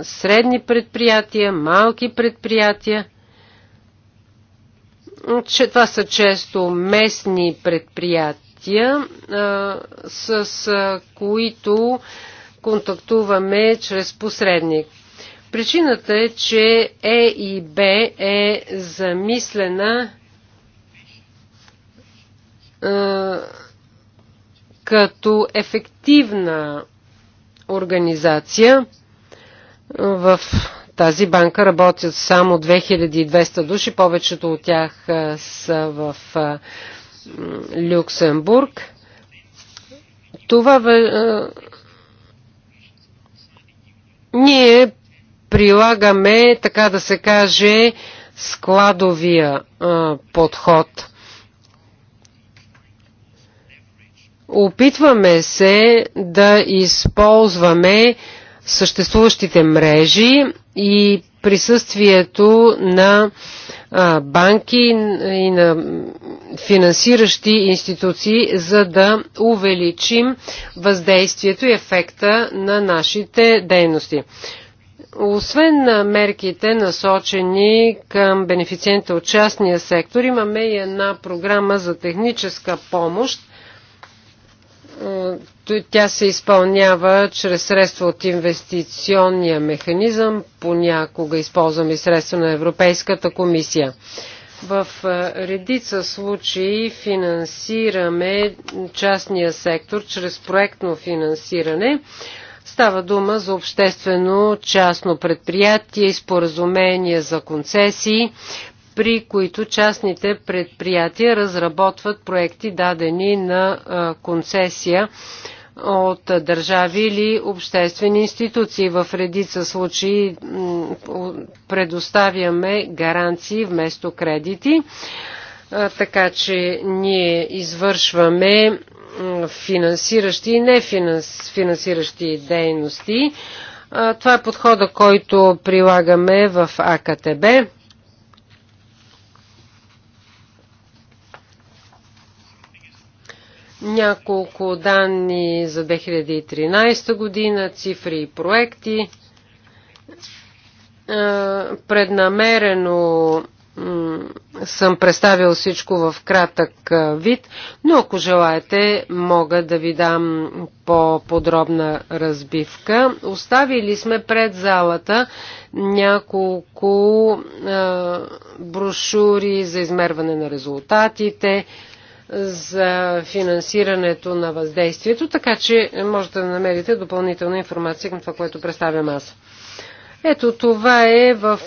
средни предприятия, малки предприятия че това са често местни предприятия, с които контактуваме чрез посредник. Причината е, че Е и Б е замислена като ефективна организация в тази банка работят само 2200 души, повечето от тях са в Люксембург. Това ние прилагаме, така да се каже, складовия подход. Опитваме се да използваме съществуващите мрежи и присъствието на банки и на финансиращи институции, за да увеличим въздействието и ефекта на нашите дейности. Освен на мерките насочени към бенефициента от частния сектор, имаме и една програма за техническа помощ, тя се изпълнява чрез средства от инвестиционния механизъм, понякога използваме средства на Европейската комисия. В редица случаи финансираме частния сектор чрез проектно финансиране. Става дума за обществено частно предприятие и споразумение за концесии, при които частните предприятия разработват проекти дадени на концесия от държави или обществени институции. В редица случаи предоставяме гаранции вместо кредити, така че ние извършваме финансиращи и нефинансиращи дейности. Това е подхода, който прилагаме в АКТБ. Няколко данни за 2013 година, цифри и проекти. Е, преднамерено съм представил всичко в кратък е, вид, но ако желаете, мога да ви дам по-подробна разбивка. Оставили сме пред залата няколко е, брошури за измерване на резултатите, за финансирането на въздействието, така че можете да намерите допълнителна информация към това, което представям аз. Ето това е в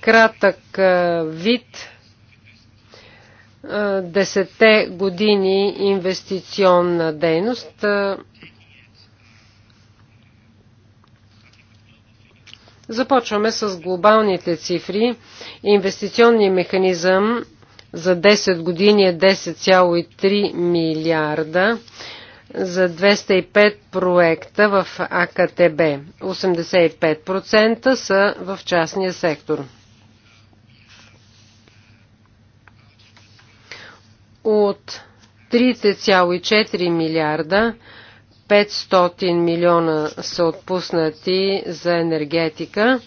кратък вид десете години инвестиционна дейност. Започваме с глобалните цифри. Инвестиционния механизъм за 10 години е 10,3 милиарда за 205 проекта в АКТБ. 85% са в частния сектор. От 3,4 милиарда 500 милиона са отпуснати за енергетика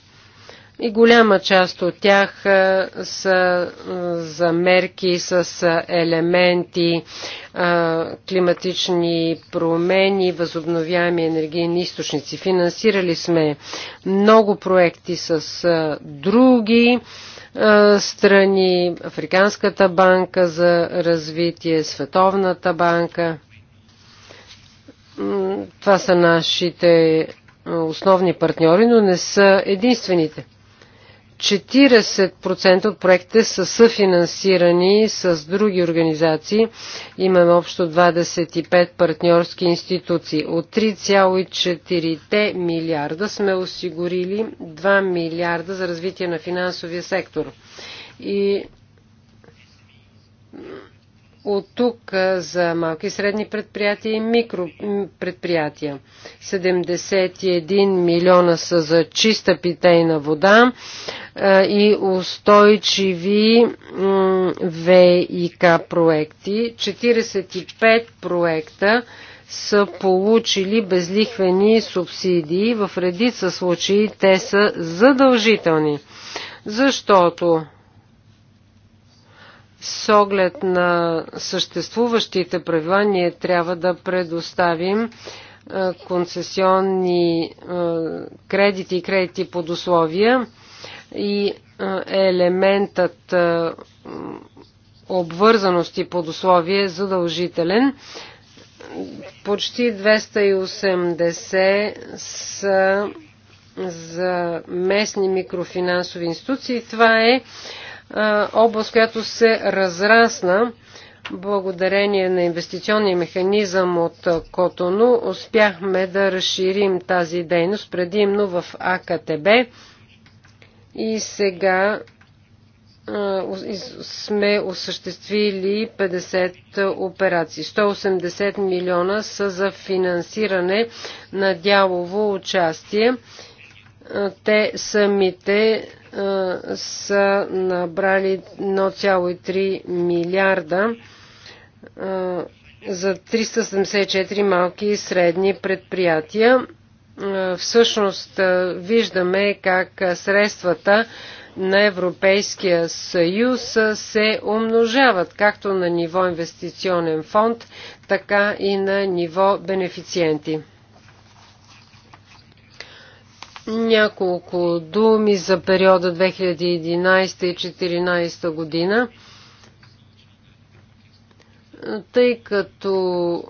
и голяма част от тях е, са е, за мерки с е, елементи климатични промени, възобновяеми енергийни източници. Финансирали сме много проекти с други страни, Африканската банка за развитие, Световната банка. Това са нашите основни партньори, но не са единствените. 40% от проектите са съфинансирани с други организации. Имаме общо 25 партньорски институции. От 3,4 милиарда сме осигурили 2 милиарда за развитие на финансовия сектор. И от тук за малки и средни предприятия и микропредприятия. 71 милиона са за чиста питейна вода и устойчиви ВИК проекти. 45 проекта са получили безлихвени субсидии. В редица случаи те са задължителни, защото с оглед на съществуващите правила, ние трябва да предоставим концесионни кредити и кредити под условия и елементът обвързаност и под условие е задължителен. Почти 280 са за местни микрофинансови институции. Това е е, област, която се разрасна благодарение на инвестиционния механизъм от Котону. Успяхме да разширим тази дейност предимно в АКТБ и сега е, сме осъществили 50 операции. 180 милиона са за финансиране на дялово участие те самите са набрали 1,3 милиарда за 374 малки и средни предприятия. Всъщност виждаме как средствата на Европейския съюз се умножават както на ниво инвестиционен фонд, така и на ниво бенефициенти. Няколко думи за периода 2011 и 2014 година. Тъй като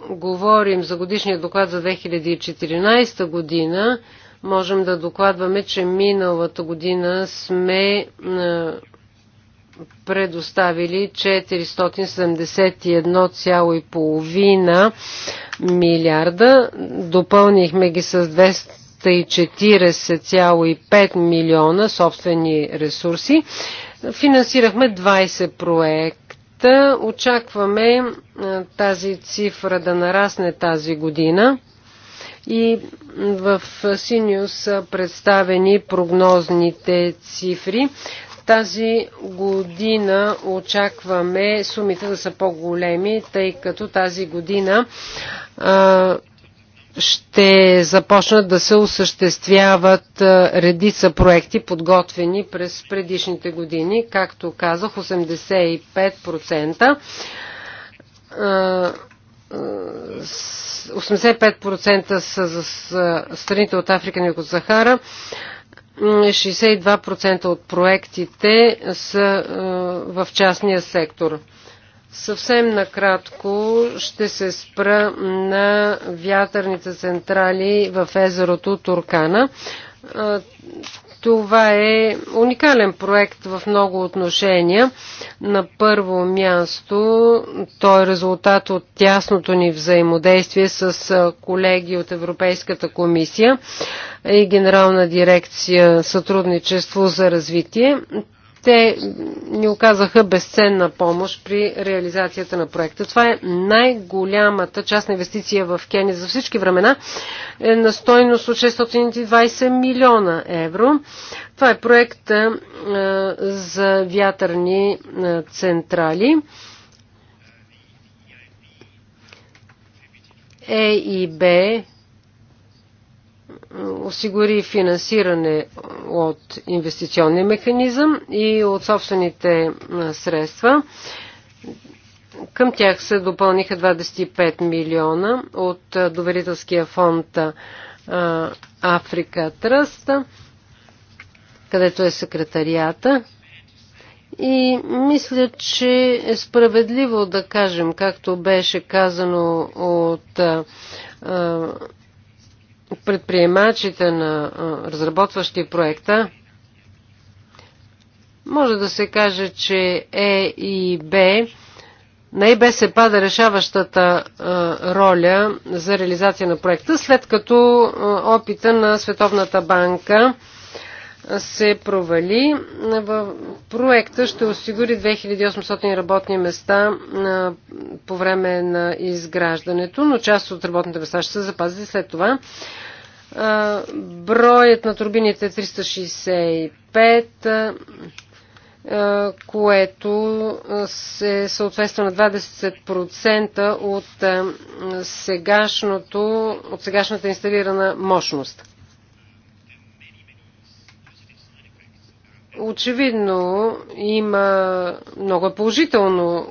говорим за годишния доклад за 2014 година, можем да докладваме, че миналата година сме е, предоставили 471,5 милиарда. Допълнихме ги с 200 240,5 милиона собствени ресурси. Финансирахме 20 проекта. Очакваме тази цифра да нарасне тази година. И в синьо са представени прогнозните цифри. Тази година очакваме сумите да са по-големи, тъй като тази година а, ще започнат да се осъществяват редица проекти, подготвени през предишните години. Както казах, 85% 85% са за страните от Африка и от Сахара. 62% от проектите са в частния сектор. Съвсем накратко ще се спра на вятърните централи в езерото Туркана. Това е уникален проект в много отношения. На първо място той е резултат от тясното ни взаимодействие с колеги от Европейската комисия и Генерална дирекция Сътрудничество за развитие. Те ни оказаха безценна помощ при реализацията на проекта. Това е най-голямата частна инвестиция в Кения за всички времена е на стойност от 620 милиона евро. Това е проект е, за вятърни е, централи. Е и Б осигури финансиране от инвестиционния механизъм и от собствените средства. Към тях се допълниха 25 милиона от доверителския фонд Африка Тръст, където е секретарията. И мисля, че е справедливо да кажем, както беше казано от предприемачите на разработващи проекта, може да се каже, че Е и Б на ЕБ се пада решаващата роля за реализация на проекта, след като опита на Световната банка се провали. В проекта ще осигури 2800 работни места по време на изграждането, но част от работните места ще се запазят след това. Броят на турбините е 365 което се съответства на 20% от, сегашното, от сегашната инсталирана мощност. Очевидно има много е положително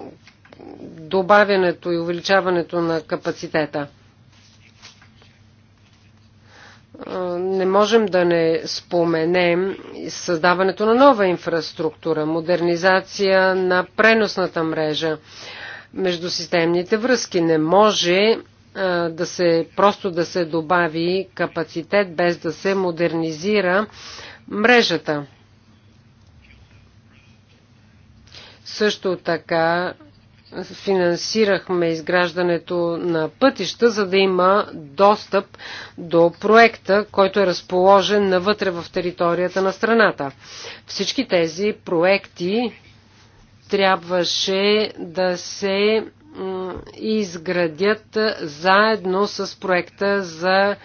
добавянето и увеличаването на капацитета. Не можем да не споменем създаването на нова инфраструктура, модернизация на преносната мрежа, междусистемните връзки. Не може да се, просто да се добави капацитет без да се модернизира мрежата. Също така финансирахме изграждането на пътища, за да има достъп до проекта, който е разположен навътре в територията на страната. Всички тези проекти трябваше да се изградят заедно с проекта за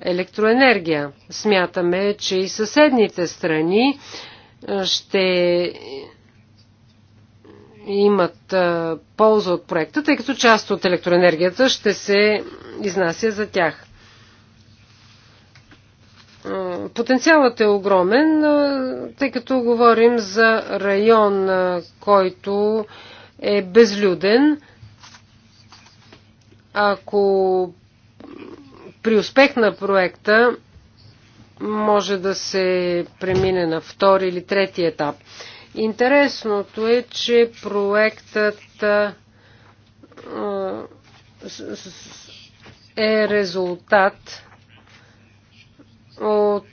електроенергия. Смятаме, че и съседните страни ще имат полза от проекта, тъй като част от електроенергията ще се изнася за тях. Потенциалът е огромен, тъй като говорим за район, който е безлюден. Ако при успех на проекта може да се премине на втори или трети етап. Интересното е, че проектът е резултат от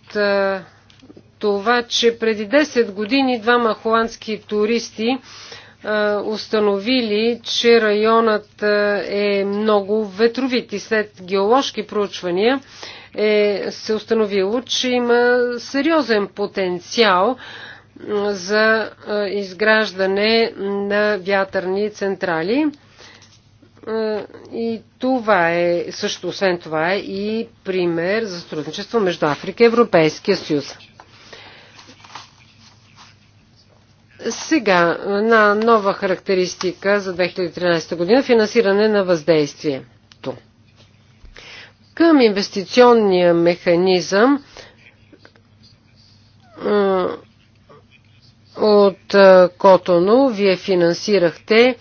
това, че преди 10 години двама холандски туристи установили, че районът е много ветровит и след геоложки проучвания е се установило, че има сериозен потенциал за изграждане на вятърни централи. И това е, също освен това е и пример за сътрудничество между Африка и Европейския съюз. Сега, на нова характеристика за 2013 година финансиране на въздействието. Към инвестиционния механизъм от е, Котоно. Вие финансирахте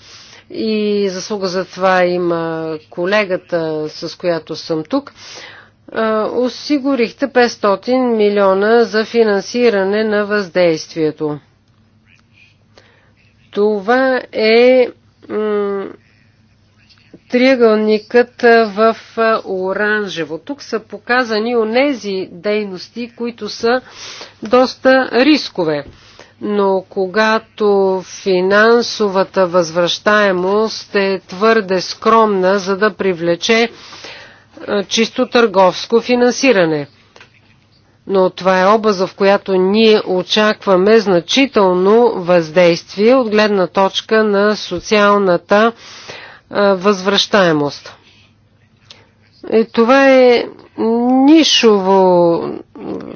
и заслуга за това има колегата, с която съм тук. Е, осигурихте 500 милиона за финансиране на въздействието. Това е триъгълникът в е, оранжево. Тук са показани онези дейности, които са доста рискове но когато финансовата възвръщаемост е твърде скромна, за да привлече е, чисто търговско финансиране. Но това е област, в която ние очакваме значително въздействие от гледна точка на социалната е, възвръщаемост. И е, това е нишово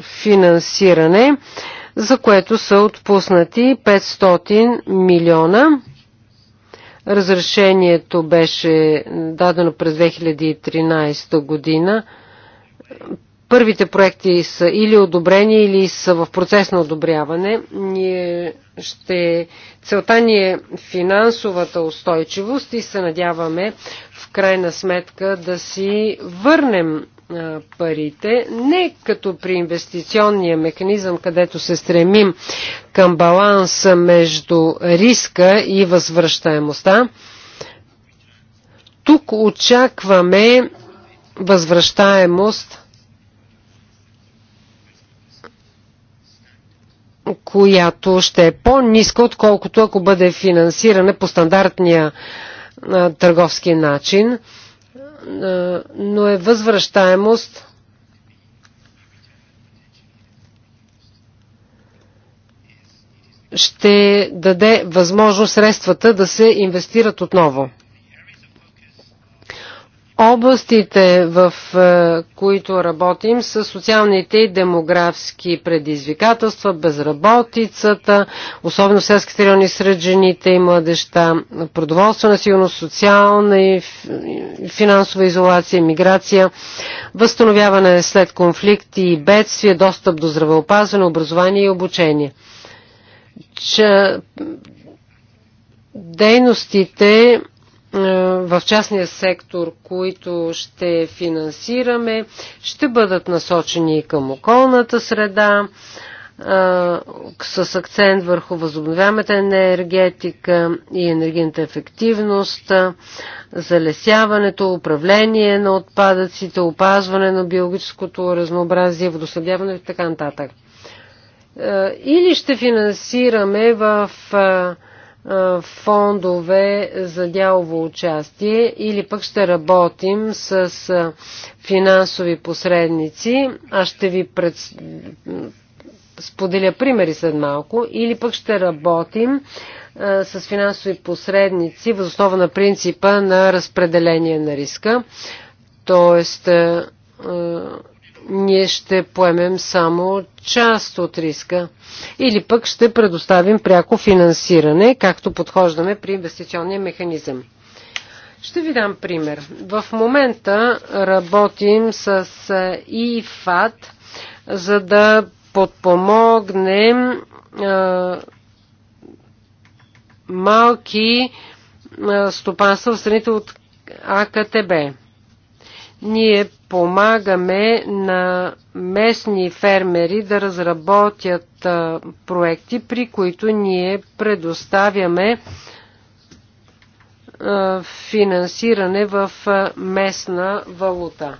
финансиране за което са отпуснати 500 милиона. Разрешението беше дадено през 2013 година. Първите проекти са или одобрени, или са в процес на одобряване. Ние ще... Целта ни е финансовата устойчивост и се надяваме в крайна сметка да си върнем парите, не като при инвестиционния механизъм, където се стремим към баланса между риска и възвръщаемостта. Тук очакваме възвръщаемост, която ще е по-ниска, отколкото ако бъде финансиране по стандартния търговски начин. Е, но е възвръщаемост. Ще даде възможност средствата да се инвестират отново. Областите, в е, които работим, са социалните и демографски предизвикателства, безработицата, особено в селските райони сред жените и младеща, продоволствена сигурност, социална и финансова изолация, миграция, възстановяване след конфликти и бедствия, достъп до здравеопазване, образование и обучение. Че дейностите в частния сектор, които ще финансираме, ще бъдат насочени към околната среда, с акцент върху възобновяемата енергетика и енергийната ефективност, залесяването, управление на отпадъците, опазване на биологическото разнообразие, водоснабдяване и така нататък. Или ще финансираме в фондове за дялово участие или пък ще работим с финансови посредници. Аз ще ви пред... споделя примери след малко. Или пък ще работим с финансови посредници в основа на принципа на разпределение на риска. Тоест, ние ще поемем само част от риска или пък ще предоставим пряко финансиране, както подхождаме при инвестиционния механизъм. Ще ви дам пример. В момента работим с ИФАТ, за да подпомогнем малки стопанства в страните от АКТБ. Ние помагаме на местни фермери да разработят проекти, при които ние предоставяме финансиране в местна валута.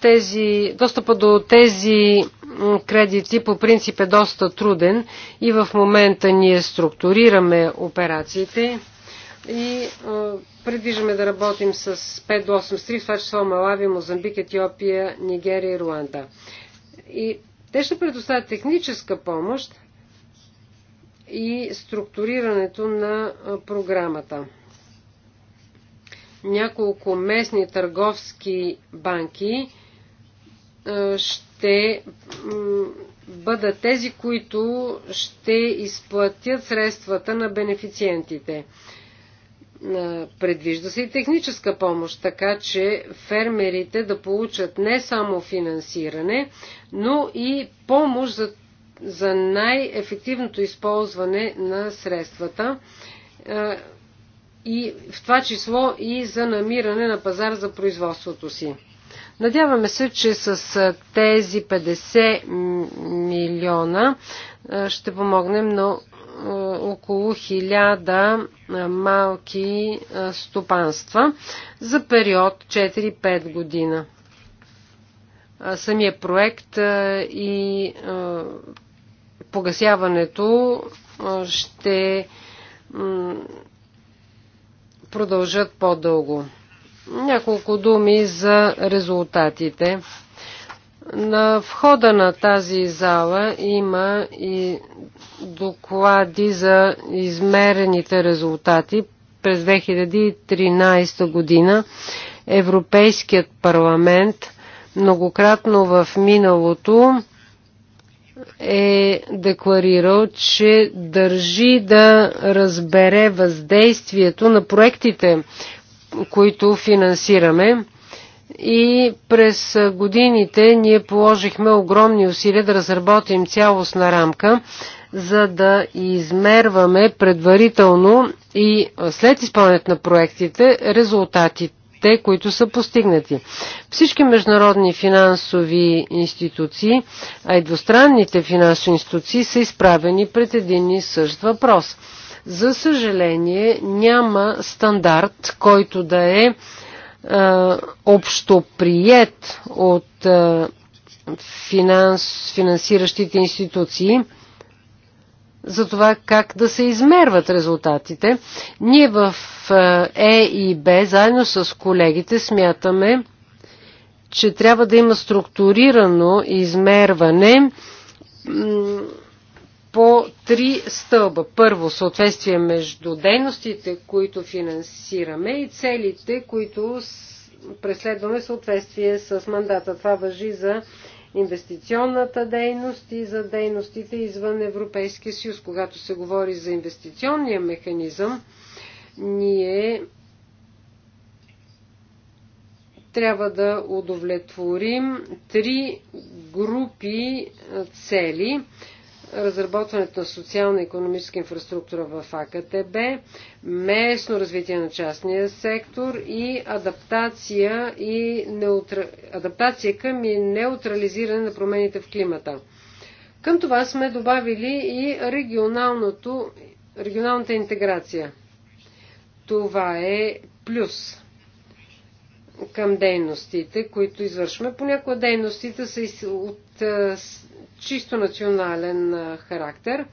Тези, достъпа до тези кредити по принцип е доста труден и в момента ние структурираме операциите и е, предвиждаме да работим с 5 до 8 страни, в това число Малави, Мозамбик, Етиопия, Нигерия и Руанда. И те ще предоставят техническа помощ и структурирането на е, програмата. Няколко местни търговски банки е, ще ще бъдат тези, които ще изплатят средствата на бенефициентите. Предвижда се и техническа помощ, така че фермерите да получат не само финансиране, но и помощ за, за най-ефективното използване на средствата и в това число и за намиране на пазар за производството си. Надяваме се, че с тези 50 милиона ще помогнем на около 1000 малки стопанства за период 4-5 година. Самия проект и погасяването ще продължат по-дълго. Няколко думи за резултатите. На входа на тази зала има и доклади за измерените резултати през 2013 година. Европейският парламент многократно в миналото е декларирал, че държи да разбере въздействието на проектите, които финансираме. И през годините ние положихме огромни усилия да разработим цялостна рамка, за да измерваме предварително и след изпълнението на проектите резултатите, които са постигнати. Всички международни финансови институции, а и двустранните финансови институции са изправени пред един и същ въпрос – за съжаление, няма стандарт, който да е, е общо прият от е, финанс, финансиращите институции за това как да се измерват резултатите. Ние в Е, е и Б, заедно с колегите, смятаме, че трябва да има структурирано измерване по три стълба. Първо, съответствие между дейностите, които финансираме и целите, които преследваме в съответствие с мандата. Това въжи за инвестиционната дейност и за дейностите извън Европейския съюз. Когато се говори за инвестиционния механизъм, ние трябва да удовлетворим три групи цели разработването на социална-економическа инфраструктура в АКТБ, местно развитие на частния сектор и адаптация, и неутра... адаптация към и неутрализиране на промените в климата. Към това сме добавили и регионалното, регионалната интеграция. Това е плюс към дейностите, които извършваме. Понякога дейностите са от чисто национален характер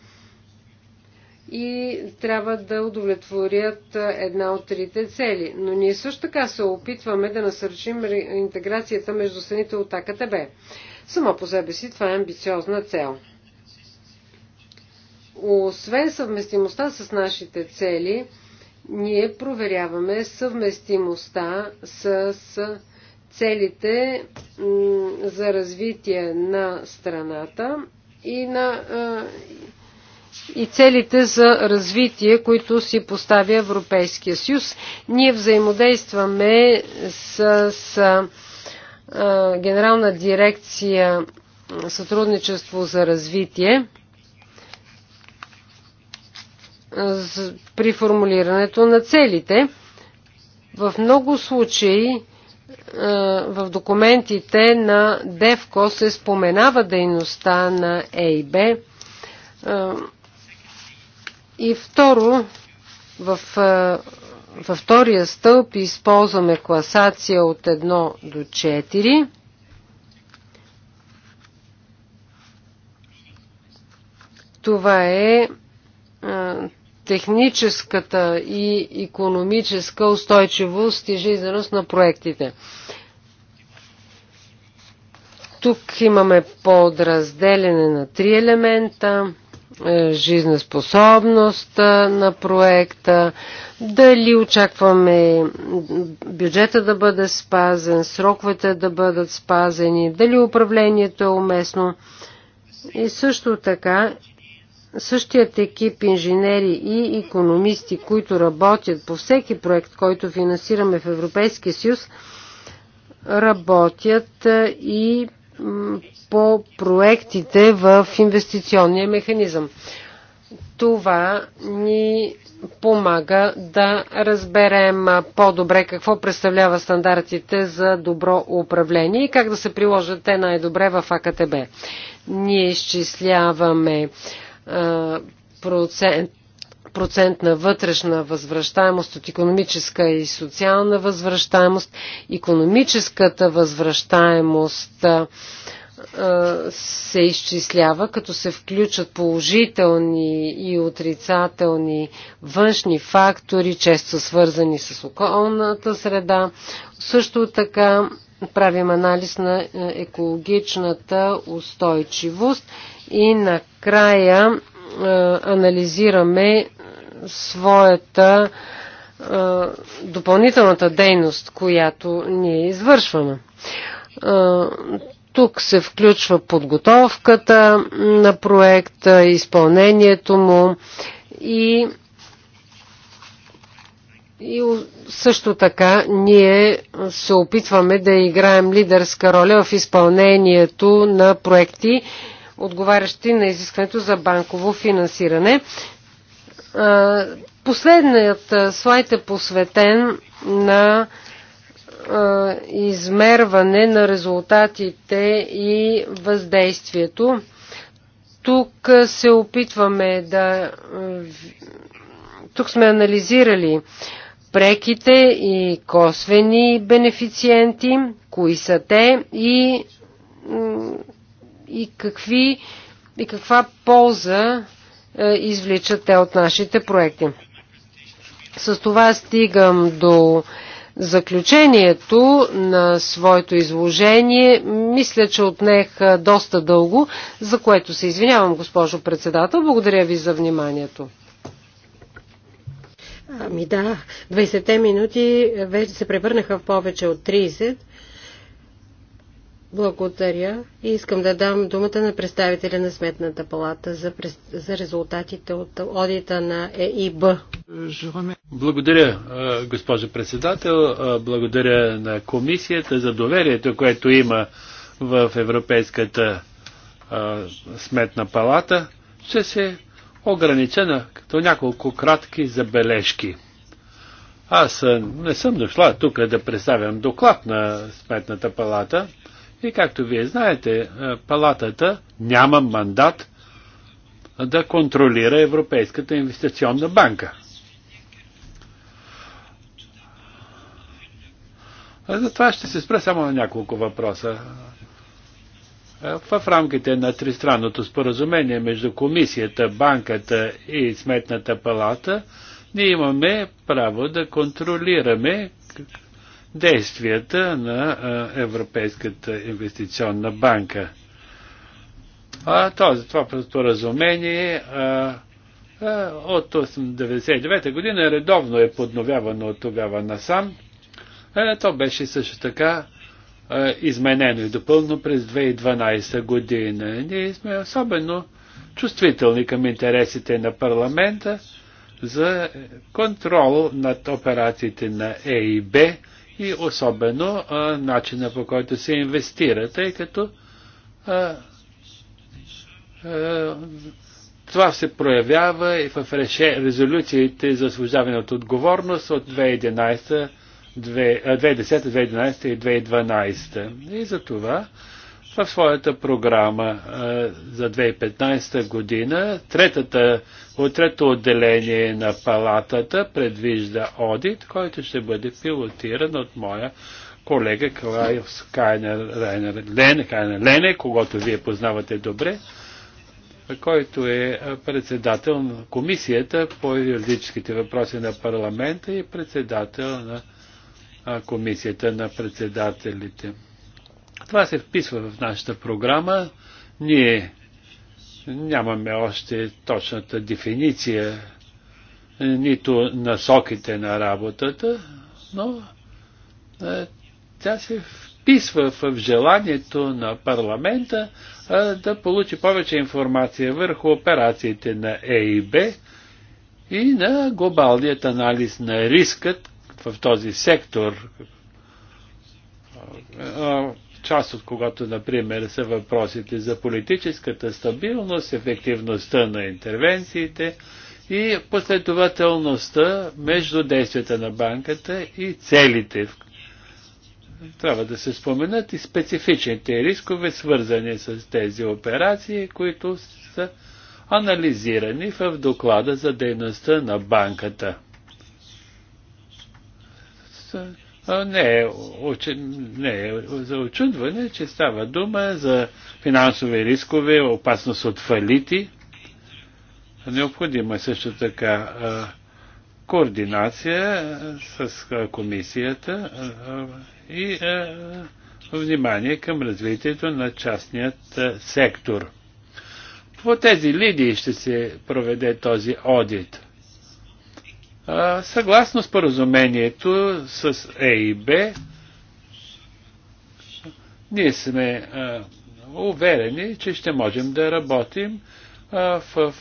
и трябва да удовлетворят една от трите цели. Но ние също така се опитваме да насърчим интеграцията между страните от АКТБ. Само по себе си това е амбициозна цел. Освен съвместимостта с нашите цели, ние проверяваме съвместимостта с целите за развитие на страната и на и целите за развитие, които си поставя Европейския съюз. Ние взаимодействаме с, с а, Генерална дирекция сътрудничество за развитие при формулирането на целите. В много случаи е, в документите на ДЕВКО се споменава дейността на ЕИБ. Е, и второ, в, е, във втория стълб използваме класация от 1 до 4. Това е техническата и економическа устойчивост и жизненост на проектите. Тук имаме подразделене на три елемента е, жизнеспособност е, на проекта, дали очакваме бюджета да бъде спазен, сроковете да бъдат спазени, дали управлението е уместно. И също така Същият екип инженери и економисти, които работят по всеки проект, който финансираме в Европейския съюз, работят и по проектите в инвестиционния механизъм. Това ни помага да разберем по-добре какво представлява стандартите за добро управление и как да се приложат те най-добре в АКТБ. Ние изчисляваме процент, процент на вътрешна възвръщаемост от економическа и социална възвръщаемост. Економическата възвръщаемост се изчислява, като се включат положителни и отрицателни външни фактори, често свързани с околната среда. Също така правим анализ на е, екологичната устойчивост и накрая е, анализираме своята е, допълнителната дейност, която ние извършваме. Тук се включва подготовката на проекта, изпълнението му и и също така ние се опитваме да играем лидерска роля в изпълнението на проекти, отговарящи на изискването за банково финансиране. Последният слайд е посветен на измерване на резултатите и въздействието. Тук се опитваме да. Тук сме анализирали преките и косвени бенефициенти, кои са те и, и, какви, и каква полза е, извличат те от нашите проекти. С това стигам до заключението на своето изложение. Мисля, че отнех е, доста дълго, за което се извинявам, госпожо председател. Благодаря ви за вниманието. Ами да, 20-те минути вече се превърнаха в повече от 30. Благодаря и искам да дам думата на представителя на Сметната палата за, за резултатите от одита на ЕИБ. Благодаря, госпожо председател. Благодаря на комисията за доверието, което има в Европейската Сметна палата. Ще се ограничена като няколко кратки забележки. Аз не съм дошла тук да представям доклад на Сметната палата и както вие знаете, палатата няма мандат да контролира Европейската инвестиционна банка. А за това ще се спра само на няколко въпроса. Е, в рамките на тристранното споразумение между комисията, банката и сметната палата, ние имаме право да контролираме действията на е, Европейската инвестиционна банка. А, този, това споразумение а, е, а, от 1999 година редовно е подновявано от тогава насам. А, то беше също така изменено и допълно през 2012 година. Ние сме особено чувствителни към интересите на парламента за контрол над операциите на Е и Б и особено а, начина по който се инвестира, тъй като а, а, това се проявява и в резолюциите за освобождаване от отговорност от 2011 2010, 2011 и 2012. И за това в своята програма за 2015 година третата, от трето отделение на палатата предвижда одит, който ще бъде пилотиран от моя колега Клайос Кайнер, Райнер, Лене, Кайнер Лене, когато вие познавате добре, който е председател на комисията по юридическите въпроси на парламента и председател на комисията на председателите. Това се вписва в нашата програма. Ние нямаме още точната дефиниция, е, нито насоките на работата, но е, тя се вписва в желанието на парламента е, да получи повече информация върху операциите на ЕИБ и на глобалният анализ на рискът, в този сектор, част от когато, например, са въпросите за политическата стабилност, ефективността на интервенциите и последователността между действията на банката и целите. Трябва да се споменат и специфичните рискове, свързани с тези операции, които са анализирани в доклада за дейността на банката не е, не е за очудване, че става дума за финансови рискове, опасност от фалити. Необходима е също така координация с комисията и внимание към развитието на частният сектор. По тези лидии ще се проведе този одит. Съгласно споразумението с е и Б, ние сме уверени, че ще можем да работим в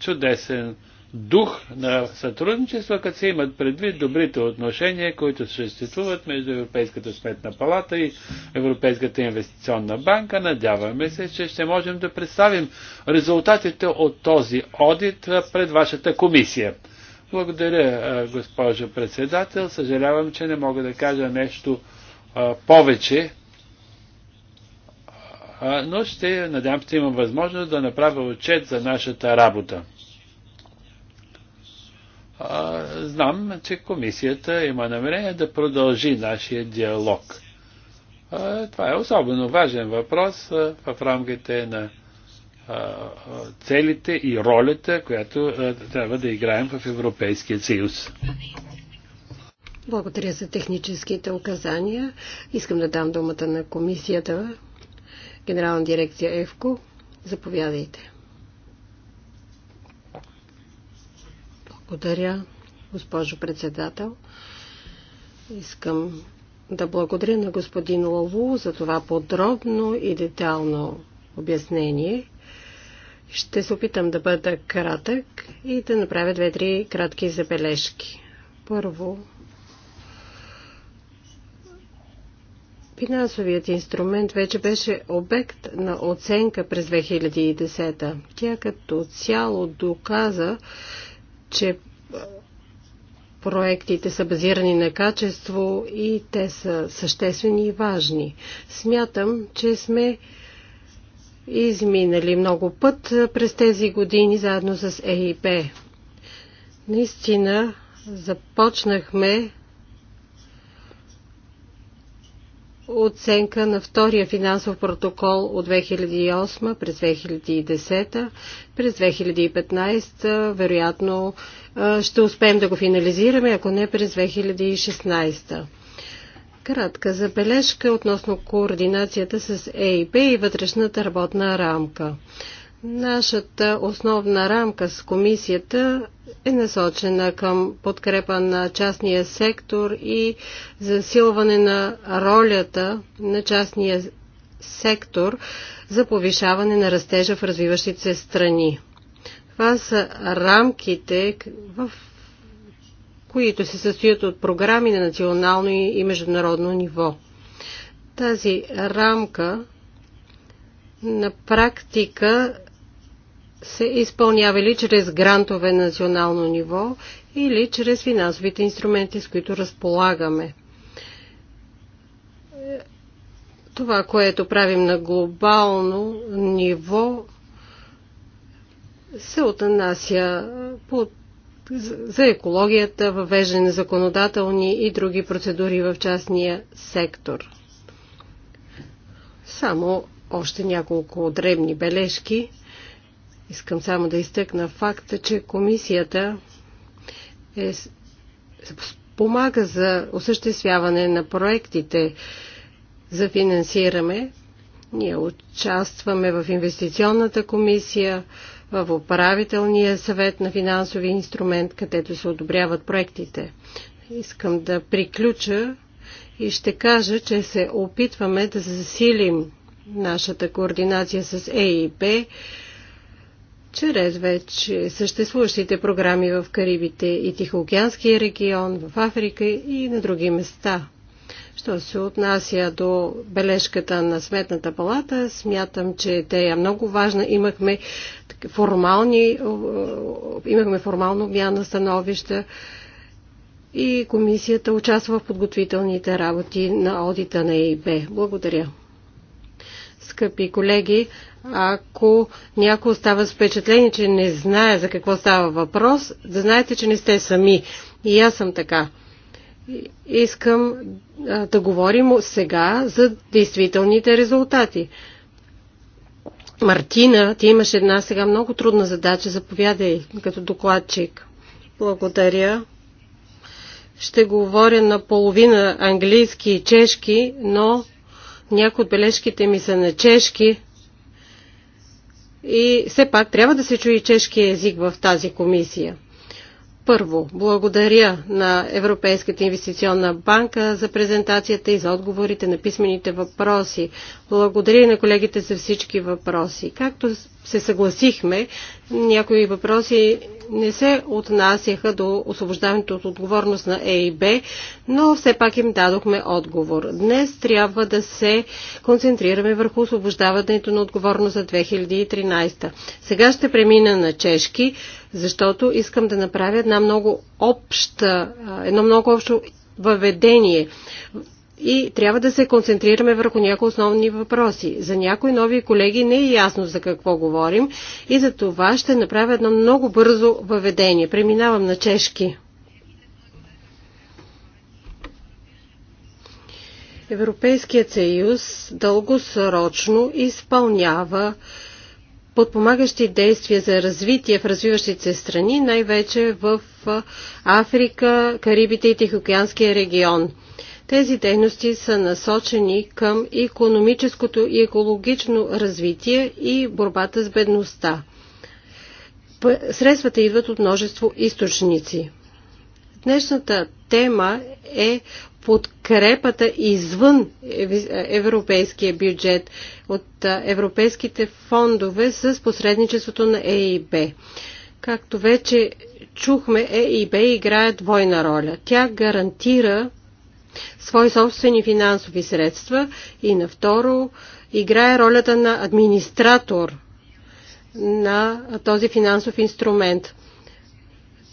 чудесен дух на сътрудничество, като се имат предвид добрите отношения, които съществуват между Европейската сметна палата и Европейската инвестиционна банка. Надяваме се, че ще можем да представим резултатите от този одит пред вашата комисия. Благодаря, госпожо председател. Съжалявам, че не мога да кажа нещо повече, но ще, надявам се, имам възможност да направя отчет за нашата работа. знам, че комисията има намерение да продължи нашия диалог. Това е особено важен въпрос в рамките на целите и ролята, която трябва да играем в Европейския съюз. Благодаря за техническите указания. Искам да дам думата на комисията, генерална дирекция ЕВКО. Заповядайте. Благодаря, госпожо председател. Искам да благодаря на господин Лаву за това подробно и детално обяснение. Ще се опитам да бъда кратък и да направя две-три кратки забележки. Първо, финансовият инструмент вече беше обект на оценка през 2010. Тя като цяло доказа, че проектите са базирани на качество и те са съществени и важни. Смятам, че сме изминали много път през тези години заедно с ЕИП. Наистина започнахме оценка на втория финансов протокол от 2008 през 2010, през 2015, вероятно ще успеем да го финализираме, ако не през 2016. Кратка забележка относно координацията с ЕИП и вътрешната работна рамка. Нашата основна рамка с комисията е насочена към подкрепа на частния сектор и засилване на ролята на частния сектор за повишаване на растежа в развиващите се страни. Това са рамките, в които се състоят от програми на национално и международно ниво. Тази рамка на практика се изпълнява или чрез грантове на национално ниво, или чрез финансовите инструменти, с които разполагаме. Това, което правим на глобално ниво, се отнася по за екологията, въвеждане на законодателни и други процедури в частния сектор. Само още няколко дребни бележки. Искам само да изтъкна факта, че комисията е, помага за осъществяване на проектите за финансиране. Ние участваме в инвестиционната комисия, в управителния съвет на финансови инструмент, където се одобряват проектите. Искам да приключа и ще кажа, че се опитваме да засилим нашата координация с ЕИБ чрез вече съществуващите програми в Карибите и Тихоокеанския регион, в Африка и на други места. Що се отнася до бележката на Сметната палата, смятам, че те е много важна. Имахме, формални, е, имахме формално обмяна становища и комисията участва в подготвителните работи на одита на ЕИБ. Благодаря. Скъпи колеги, ако някой остава с впечатление, че не знае за какво става въпрос, да знаете, че не сте сами. И аз съм така. Искам да говорим сега за действителните резултати. Мартина, ти имаш една сега много трудна задача. Заповядай като докладчик. Благодаря. Ще говоря на половина английски и чешки, но някои от бележките ми са на чешки. И все пак трябва да се чуи чешки език в тази комисия. Първо, благодаря на Европейската инвестиционна банка за презентацията и за отговорите на писмените въпроси. Благодаря и на колегите за всички въпроси. Както се съгласихме, някои въпроси не се отнасяха до освобождаването от отговорност на е и Б, но все пак им дадохме отговор. Днес трябва да се концентрираме върху освобождаването на отговорност за 2013. Сега ще премина на чешки, защото искам да направя една много обща, едно много общо въведение и трябва да се концентрираме върху някои основни въпроси. За някои нови колеги не е ясно за какво говорим и за това ще направя едно много бързо въведение. Преминавам на чешки. Европейският съюз дългосрочно изпълнява подпомагащи действия за развитие в развиващите страни, най-вече в Африка, Карибите и Тихоокеанския регион. Тези дейности са насочени към економическото и екологично развитие и борбата с бедността. Средствата идват от множество източници. Днешната тема е подкрепата извън европейския бюджет от европейските фондове с посредничеството на ЕИБ. Както вече чухме, ЕИБ играе двойна роля. Тя гарантира свои собствени финансови средства и на второ играе ролята на администратор на този финансов инструмент.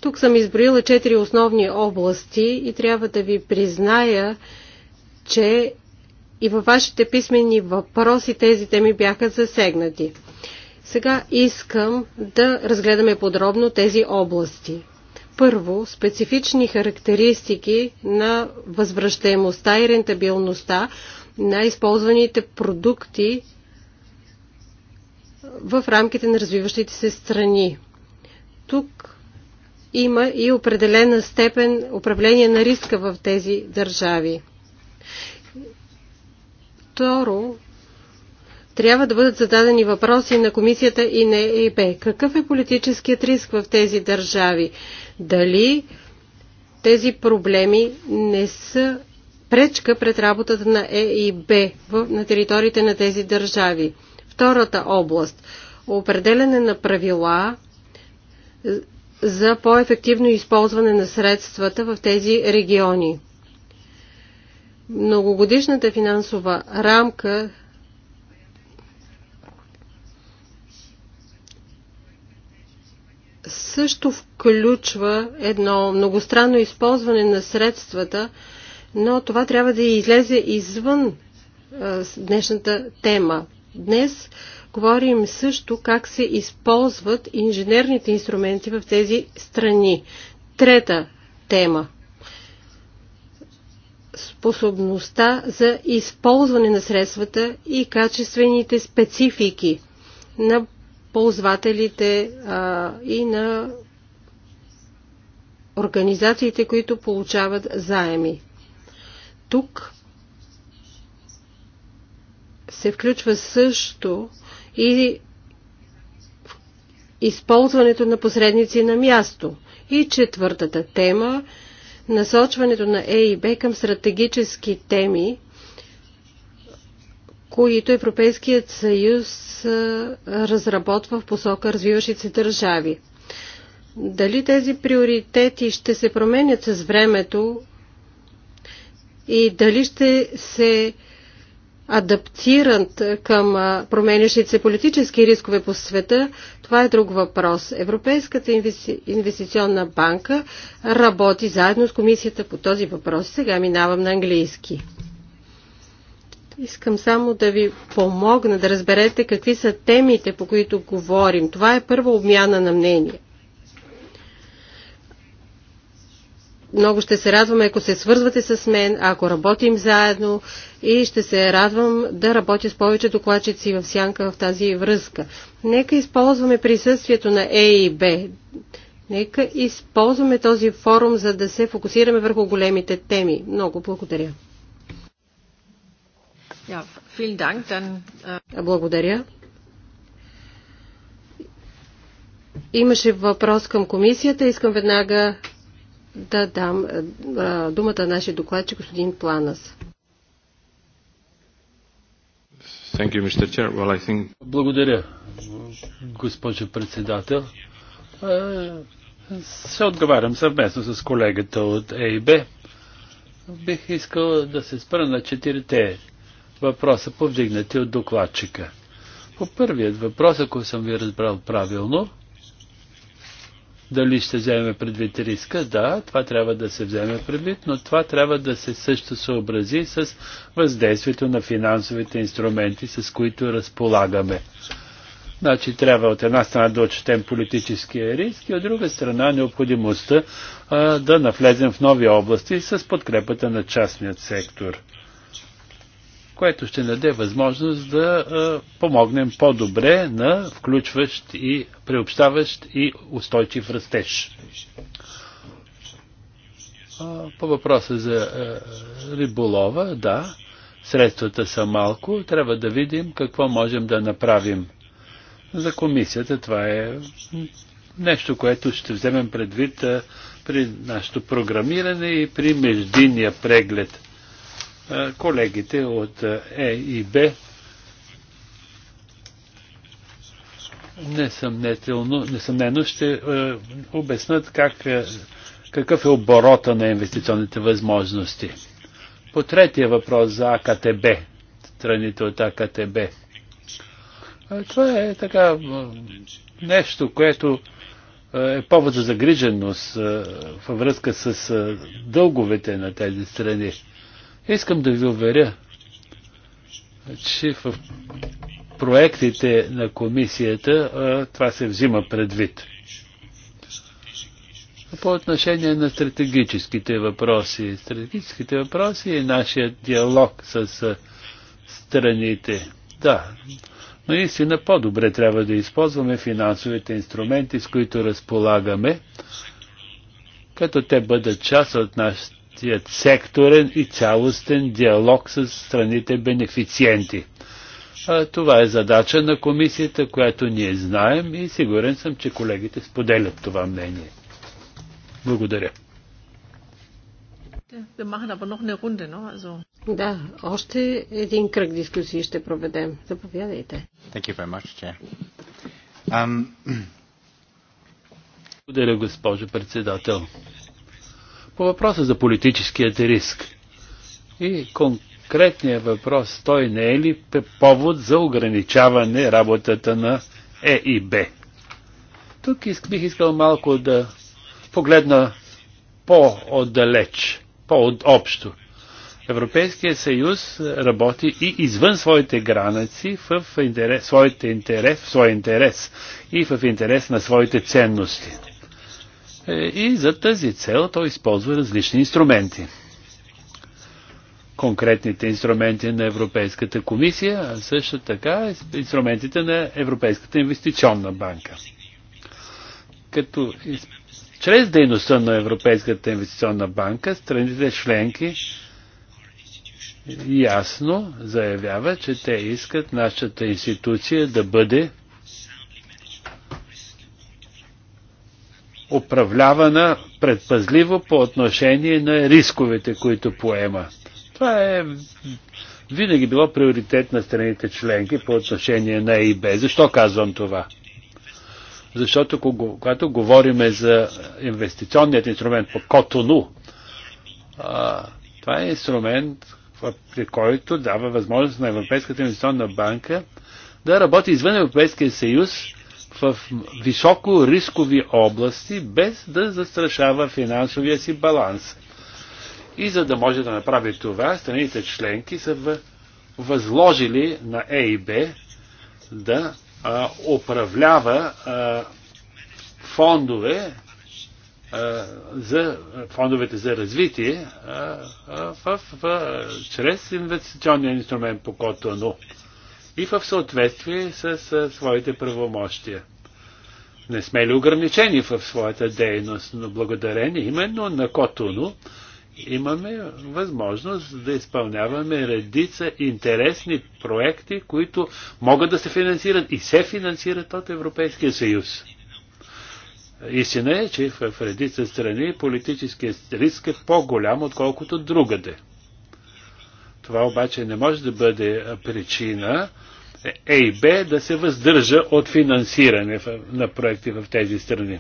Тук съм изброила четири основни области и трябва да ви призная, че и във вашите писмени въпроси тези теми бяха засегнати. Сега искам да разгледаме подробно тези области. Първо, специфични характеристики на възвръщаемостта и рентабилността на използваните продукти в рамките на развиващите се страни. Тук има и определена степен управление на риска в тези държави. Второ, трябва да бъдат зададени въпроси на комисията и на ЕИБ. Какъв е политическият риск в тези държави? дали тези проблеми не са пречка пред работата на Е и Б на териториите на тези държави. Втората област – определене на правила е, за по-ефективно използване на средствата в тези региони. Многогодишната финансова рамка също включва едно многостранно използване на средствата, но това трябва да излезе извън днешната тема. Днес говорим също как се използват инженерните инструменти в тези страни. Трета тема способността за използване на средствата и качествените специфики на ползвателите а, и на организациите, които получават заеми. Тук се включва също и използването на посредници на място. И четвъртата тема насочването на ЕИБ към стратегически теми, които Европейският съюз разработва в посока развиващите се държави. Дали тези приоритети ще се променят с времето и дали ще се адаптират към променящите се политически рискове по света, това е друг въпрос. Европейската инвестиционна банка работи заедно с комисията по този въпрос. Сега минавам на английски. Искам само да ви помогна да разберете какви са темите, по които говорим. Това е първа обмяна на мнение. Много ще се радвам, ако се свързвате с мен, ако работим заедно и ще се радвам да работя с повече докладчици в сянка в тази връзка. Нека използваме присъствието на Е и Б. Нека използваме този форум, за да се фокусираме върху големите теми. Много благодаря. Äh, Благодаря. Имаше въпрос към комисията. Искам веднага да дам е, е, думата на нашия докладчик, господин Планас. Thank you, Mr. Chair. Well, I think... Благодаря, госпожо председател. Е, се отговарям съвместно с колегата от ЕИБ. Бих искал да се спра на четирите въпроса, повдигнати от докладчика. По първият въпрос, ако съм ви разбрал правилно, дали ще вземе предвид риска, да, това трябва да се вземе предвид, но това трябва да се също съобрази с въздействието на финансовите инструменти, с които разполагаме. Значи трябва от една страна да отчетем политическия риск и от друга страна необходимостта а, да навлезем в нови области с подкрепата на частният сектор което ще даде възможност да а, помогнем по-добре на включващ и приобщаващ и устойчив растеж. А, по въпроса за а, риболова, да, средствата са малко, трябва да видим какво можем да направим. За комисията това е нещо, което ще вземем предвид при нашето програмиране и при междинния преглед колегите от Е и Б несъмнително, несъмнено ще обяснат как, какъв е оборота на инвестиционните възможности. По третия въпрос за АКТБ, страните от АКТБ. Това е така нещо, което е повод за загриженост във връзка с дълговете на тези страни. Искам да ви уверя, че в проектите на комисията това се взима предвид. По отношение на стратегическите въпроси. Стратегическите въпроси и нашия диалог с страните. Да, но истина по-добре трябва да използваме финансовите инструменти, с които разполагаме, като те бъдат част от нашата тият секторен и цялостен диалог с страните бенефициенти. А, това е задача на комисията, която ние знаем и сигурен съм, че колегите споделят това мнение. Благодаря. Да, още един кръг дискусии ще проведем. Заповядайте. Um, Благодаря, госпожо председател. По въпроса за политическият риск и конкретният въпрос, той не е ли повод за ограничаване работата на Е и Б? Тук бих искал малко да погледна по-отдалеч, по-общо. Европейският съюз работи и извън своите граници в интерес, своите интерес, в своя интерес и в интерес на своите ценности. Е, и за тази цел той използва различни инструменти. Конкретните инструменти на Европейската комисия, а също така инструментите на Европейската инвестиционна банка. Като чрез дейността на Европейската инвестиционна банка, страните членки ясно заявяват, че те искат нашата институция да бъде управлявана предпазливо по отношение на рисковете, които поема. Това е винаги било приоритет на страните членки по отношение на ЕИБ. Защо казвам това? Защото когато говорим за инвестиционният инструмент по Котону, това е инструмент, при който дава възможност на Европейската инвестиционна банка да работи извън Европейския съюз в високо рискови области, без да застрашава финансовия си баланс. И за да може да направи това, страните членки са възложили на ЕИБ да а, управлява а, фондове а, за фондовете за развитие а, а, в, в, в, чрез инвестиционния инструмент по Котону и в съответствие с своите правомощия. Не сме ли ограничени в своята дейност, но благодарение именно на Котуно имаме възможност да изпълняваме редица интересни проекти, които могат да се финансират и се финансират от Европейския съюз. Истина е, че в редица страни политическият риск е по-голям, отколкото другаде. Това обаче не може да бъде причина Е и Б да се въздържа от финансиране на проекти в тези страни.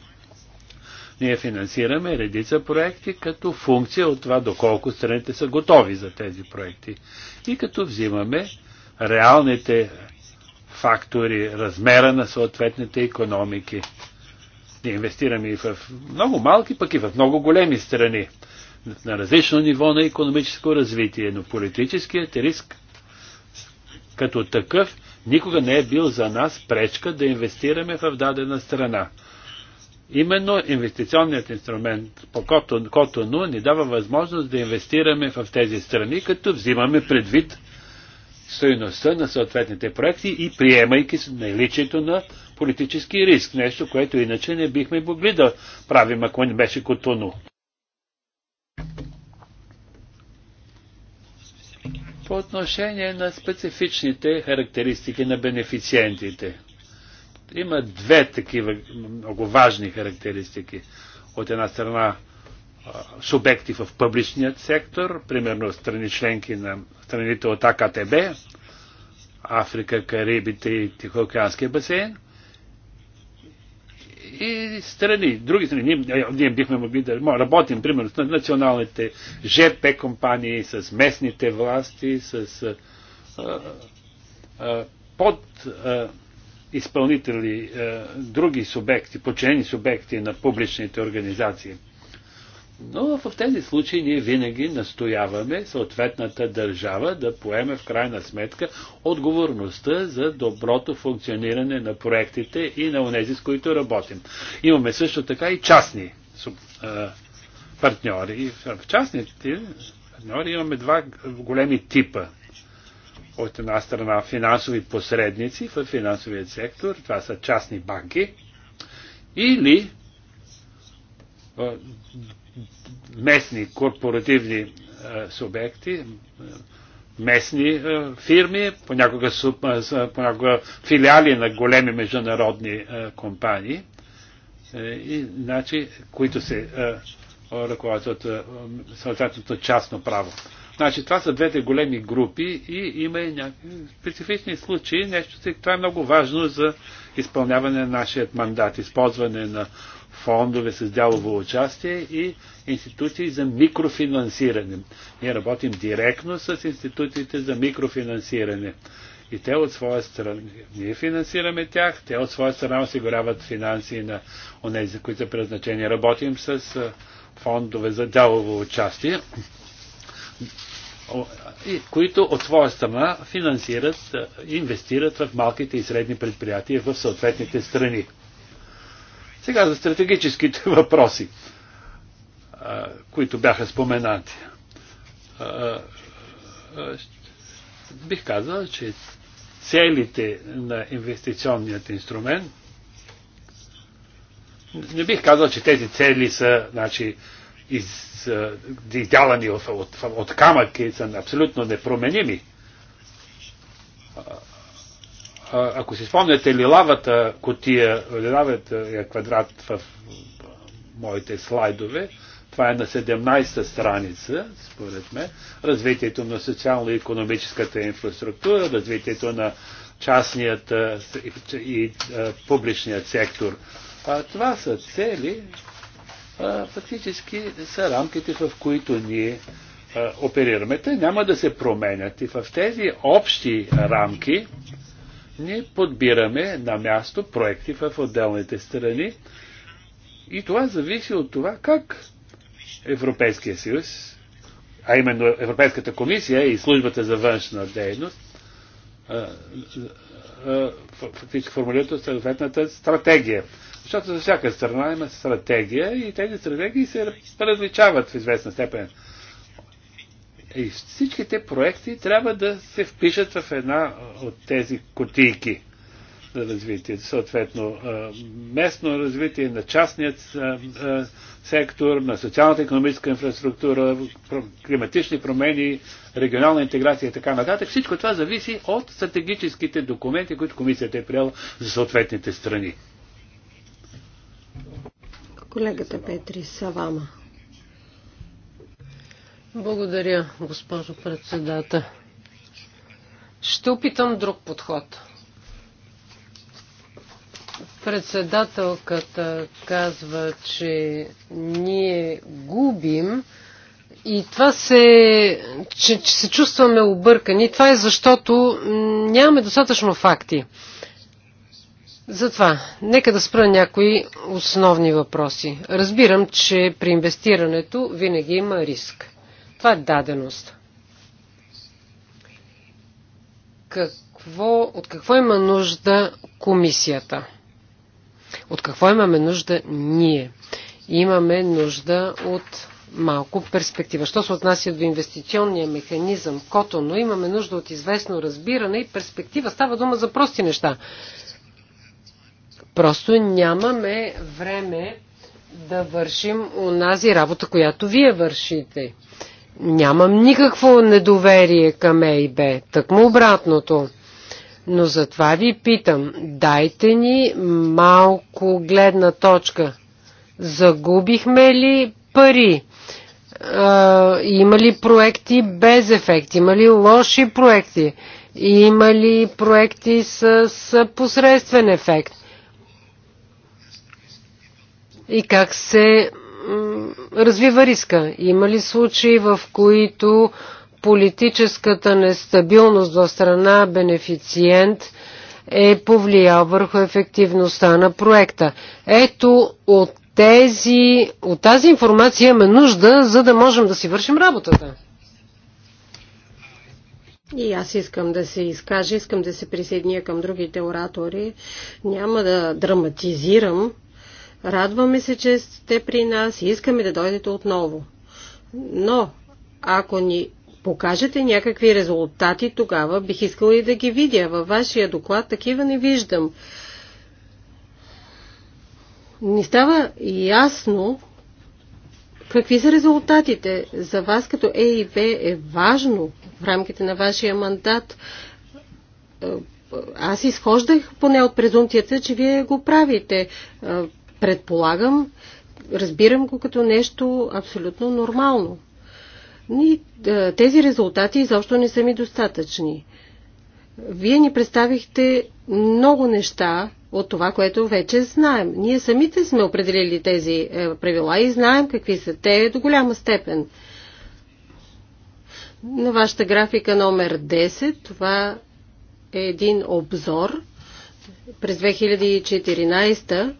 Ние финансираме редица проекти като функция от това доколко страните са готови за тези проекти. И като взимаме реалните фактори, размера на съответните економики. Ние инвестираме и в много малки, пък и в много големи страни на различно ниво на економическо развитие, но политическият риск като такъв никога не е бил за нас пречка да инвестираме в дадена страна. Именно инвестиционният инструмент по Котону ни дава възможност да инвестираме в тези страни, като взимаме предвид стоеността на съответните проекти и приемайки наличието на политически риск, нещо, което иначе не бихме могли да правим, ако не беше Котону. По отношение на специфичните характеристики на бенефициентите. Има две такива много важни характеристики. От една страна субекти в публичният сектор, примерно страни членки на страните от АКТБ, Африка, Карибите и Тихоокеанския басейн – и страни, други страни. Ние, е, ние бихме могли да работим, примерно, с националните ЖП компании, с местните власти, с а, е, а, е, под а, изпълнители, а, други субекти, подчинени субекти на публичните организации. Но в тези случаи ние винаги настояваме съответната държава да поеме в крайна сметка отговорността за доброто функциониране на проектите и на онези, с които работим. Имаме също така и частни партньори. В частните партньори имаме два големи типа. От една страна финансови посредници в финансовия сектор, това са частни банки, или местни корпоративни е, субекти, е, местни е, фирми, понякога, понякога филиали на големи международни компании, и, значи, които се ръководят съответното частно право. Значи, това са двете големи групи и има и някакви специфични случаи. Нещо, това е много важно за изпълняване на нашия мандат, използване на фондове с дялово участие и институции за микрофинансиране. Ние работим директно с институциите за микрофинансиране. И те от своя страна, ние финансираме тях, те от своя страна осигуряват финанси на онези, които са предназначени. Работим с фондове за дялово участие, които от своя страна финансират, инвестират в малките и средни предприятия в съответните страни. Сега за стратегическите въпроси, които бяха споменати. Бих казал, че целите на инвестиционният инструмент не бих казал, че тези цели са значи, из, издялани от, от, от камък и са абсолютно непроменими ако си спомняте лилавата котия, лилавата е, квадрат в моите слайдове, това е на 17-та страница, според мен, развитието на социално-економическата инфраструктура, развитието на частният и публичният сектор. Това са цели, фактически са рамките, в които ние оперираме. Те няма да се променят. И в тези общи рамки ние подбираме на място проекти в отделните страни и това зависи от това как Европейския съюз, а именно Европейската комисия и службата за външна дейност, фактически формулират съответната стратегия. Защото за всяка страна има стратегия и тези стратегии се различават в известна степен. И всичките проекти трябва да се впишат в една от тези котийки за развитие. Съответно, местно развитие на частният сектор, на социалната економическа инфраструктура, климатични промени, регионална интеграция и така нататък. Всичко това зависи от стратегическите документи, които комисията е приела за съответните страни. Колегата Петри Савама. Благодаря, госпожо председател. Ще опитам друг подход. Председателката казва, че ние губим и това се, че, че се чувстваме объркани. Това е защото нямаме достатъчно факти. Затова, нека да спра някои основни въпроси. Разбирам, че при инвестирането винаги има риск. Това е даденост. Какво, от какво има нужда комисията? От какво имаме нужда ние? Имаме нужда от малко перспектива. Що се отнася до инвестиционния механизъм, кото, но имаме нужда от известно разбиране и перспектива. Става дума за прости неща. Просто нямаме време да вършим унази работа, която вие вършите. Нямам никакво недоверие към ЕИБ, тъкмо обратното. Но затова ви питам, дайте ни малко гледна точка. Загубихме ли пари? А, има ли проекти без ефект? Има ли лоши проекти? Има ли проекти с, с посредствен ефект? И как се развива риска. Има ли случаи, в които политическата нестабилност в страна бенефициент е повлиял върху ефективността на проекта? Ето от, тези, от тази информация имаме нужда, за да можем да си вършим работата. И аз искам да се изкажа, искам да се присъединя към другите оратори. Няма да драматизирам Радваме се, че сте при нас и искаме да дойдете отново. Но, ако ни покажете някакви резултати, тогава бих искала и да ги видя. Във вашия доклад такива не виждам. Не става ясно какви са резултатите. За вас като е Б е важно в рамките на вашия мандат. Аз изхождах поне от презумцията, че вие го правите предполагам, разбирам го като нещо абсолютно нормално. И е, тези резултати изобщо не са ми достатъчни. Вие ни представихте много неща от това, което вече знаем. Ние самите сме определили тези е, правила и знаем какви са те до голяма степен. На вашата графика номер 10, това е един обзор през 2014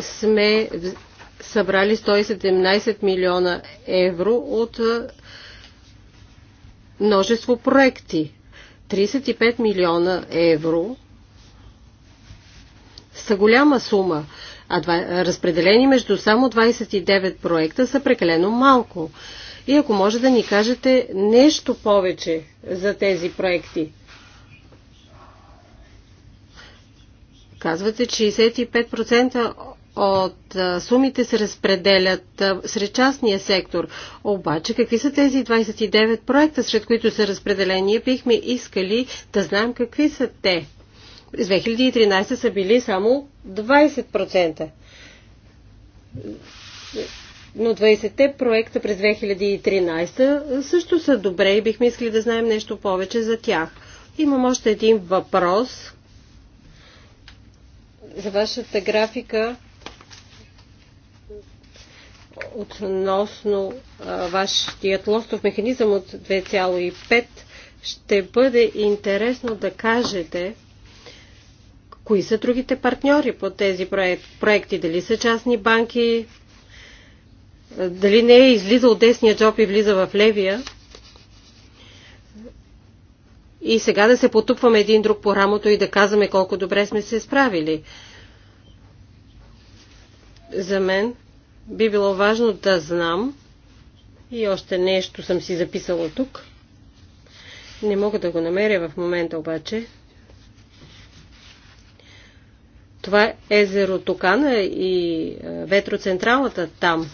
сме събрали 117 милиона евро от множество проекти. 35 милиона евро са голяма сума, а разпределени между само 29 проекта са прекалено малко. И ако може да ни кажете нещо повече за тези проекти. Казвате, 65% от сумите се разпределят сред частния сектор. Обаче, какви са тези 29 проекта, сред които са разпределени? Бихме искали да знаем какви са те. През 2013 са били само 20%. Но 20-те проекта през 2013 също са добре и бихме искали да знаем нещо повече за тях. Имам още един въпрос за вашата графика относно вашият лостов механизъм от 2,5, ще бъде интересно да кажете кои са другите партньори по тези проекти. Дали са частни банки, дали не е излиза от десния джоб и влиза в левия. И сега да се потупваме един друг по рамото и да казваме колко добре сме се справили. За мен би било важно да знам и още нещо съм си записала тук. Не мога да го намеря в момента обаче. Това е езеро Токана и е, ветроцентралата там.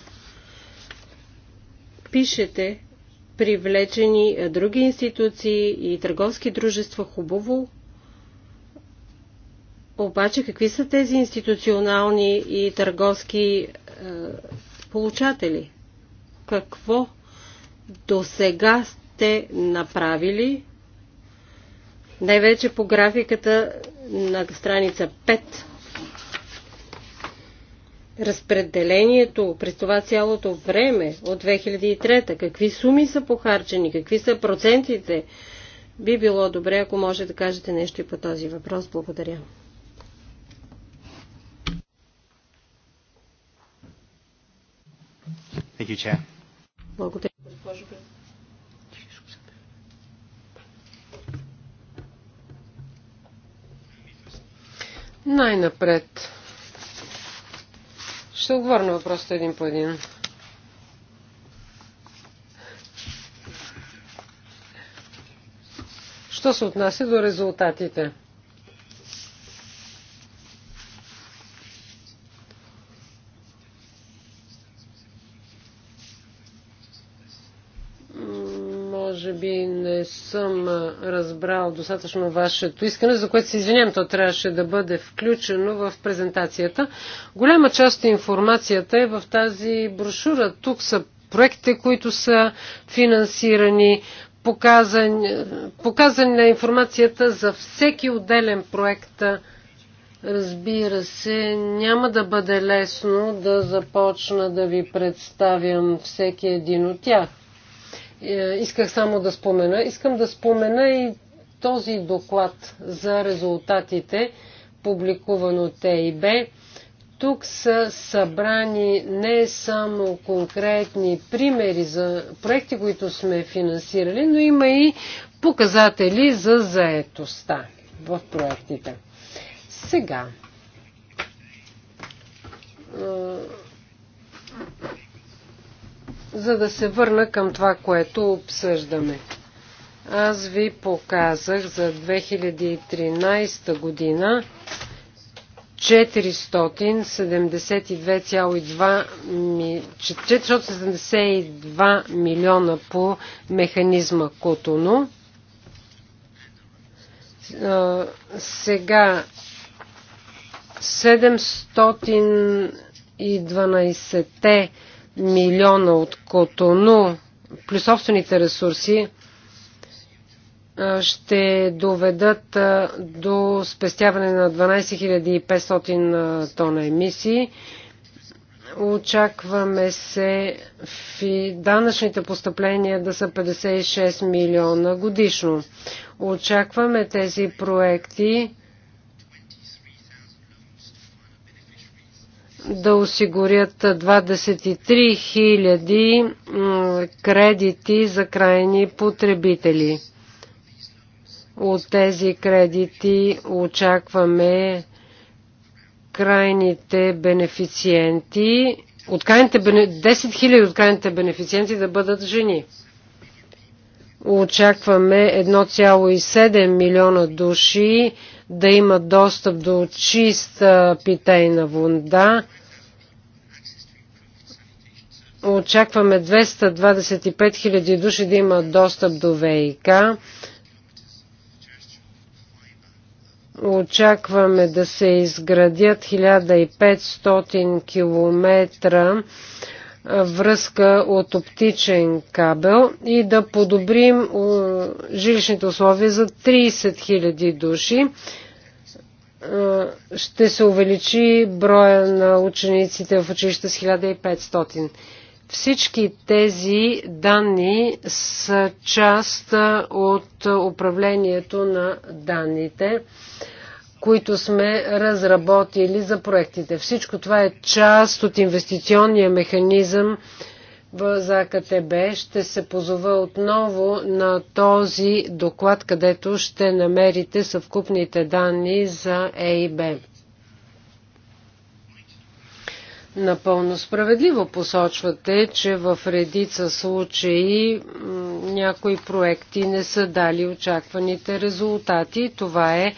Пишете привлечени е, други институции и търговски дружества хубаво. Обаче какви са тези институционални и търговски е, получатели. Какво до сега сте направили? Най-вече по графиката на страница 5. Разпределението през това цялото време от 2003, какви суми са похарчени, какви са процентите, би било добре, ако може да кажете нещо и по този въпрос. Благодаря. Thank you, Chair. Благодаря, госпожо Най-напред ще отговоря на въпросите един по един. Що се отнася до резултатите? би не съм разбрал достатъчно вашето искане, за което се извинявам, то трябваше да бъде включено в презентацията. Голяма част от информацията е в тази брошура. Тук са проектите, които са финансирани, показани, показани на е информацията за всеки отделен проект. Разбира се, няма да бъде лесно да започна да ви представям всеки един от тях. Е, исках само да спомена. Искам да спомена и този доклад за резултатите, публикуван от ЕИБ. Тук са събрани не само конкретни примери за проекти, които сме финансирали, но има и показатели за заетостта в проектите. Сега за да се върна към това, което обсъждаме. Аз ви показах за 2013 година 472 милиона по механизма Котоно. Сега 712 милиона от Котону плюс собствените ресурси ще доведат до спестяване на 12 500 тона емисии. Очакваме се фи... данъчните постъпления да са 56 милиона годишно. Очакваме тези проекти да осигурят 23 000 кредити за крайни потребители. От тези кредити очакваме крайните бенефициенти, от крайните, 10 000 от крайните бенефициенти да бъдат жени. Очакваме 1,7 милиона души да имат достъп до чиста питейна вода Очакваме 225 000 души да имат достъп до ВИК. Очакваме да се изградят 1500 км връзка от оптичен кабел и да подобрим жилищните условия за 30 000 души. Ще се увеличи броя на учениците в училище с 1500. Всички тези данни са част от управлението на данните, които сме разработили за проектите. Всичко това е част от инвестиционния механизъм за АКТБ. Ще се позова отново на този доклад, където ще намерите съвкупните данни за ЕИБ. Напълно справедливо посочвате, че в редица случаи някои проекти не са дали очакваните резултати. Това е, е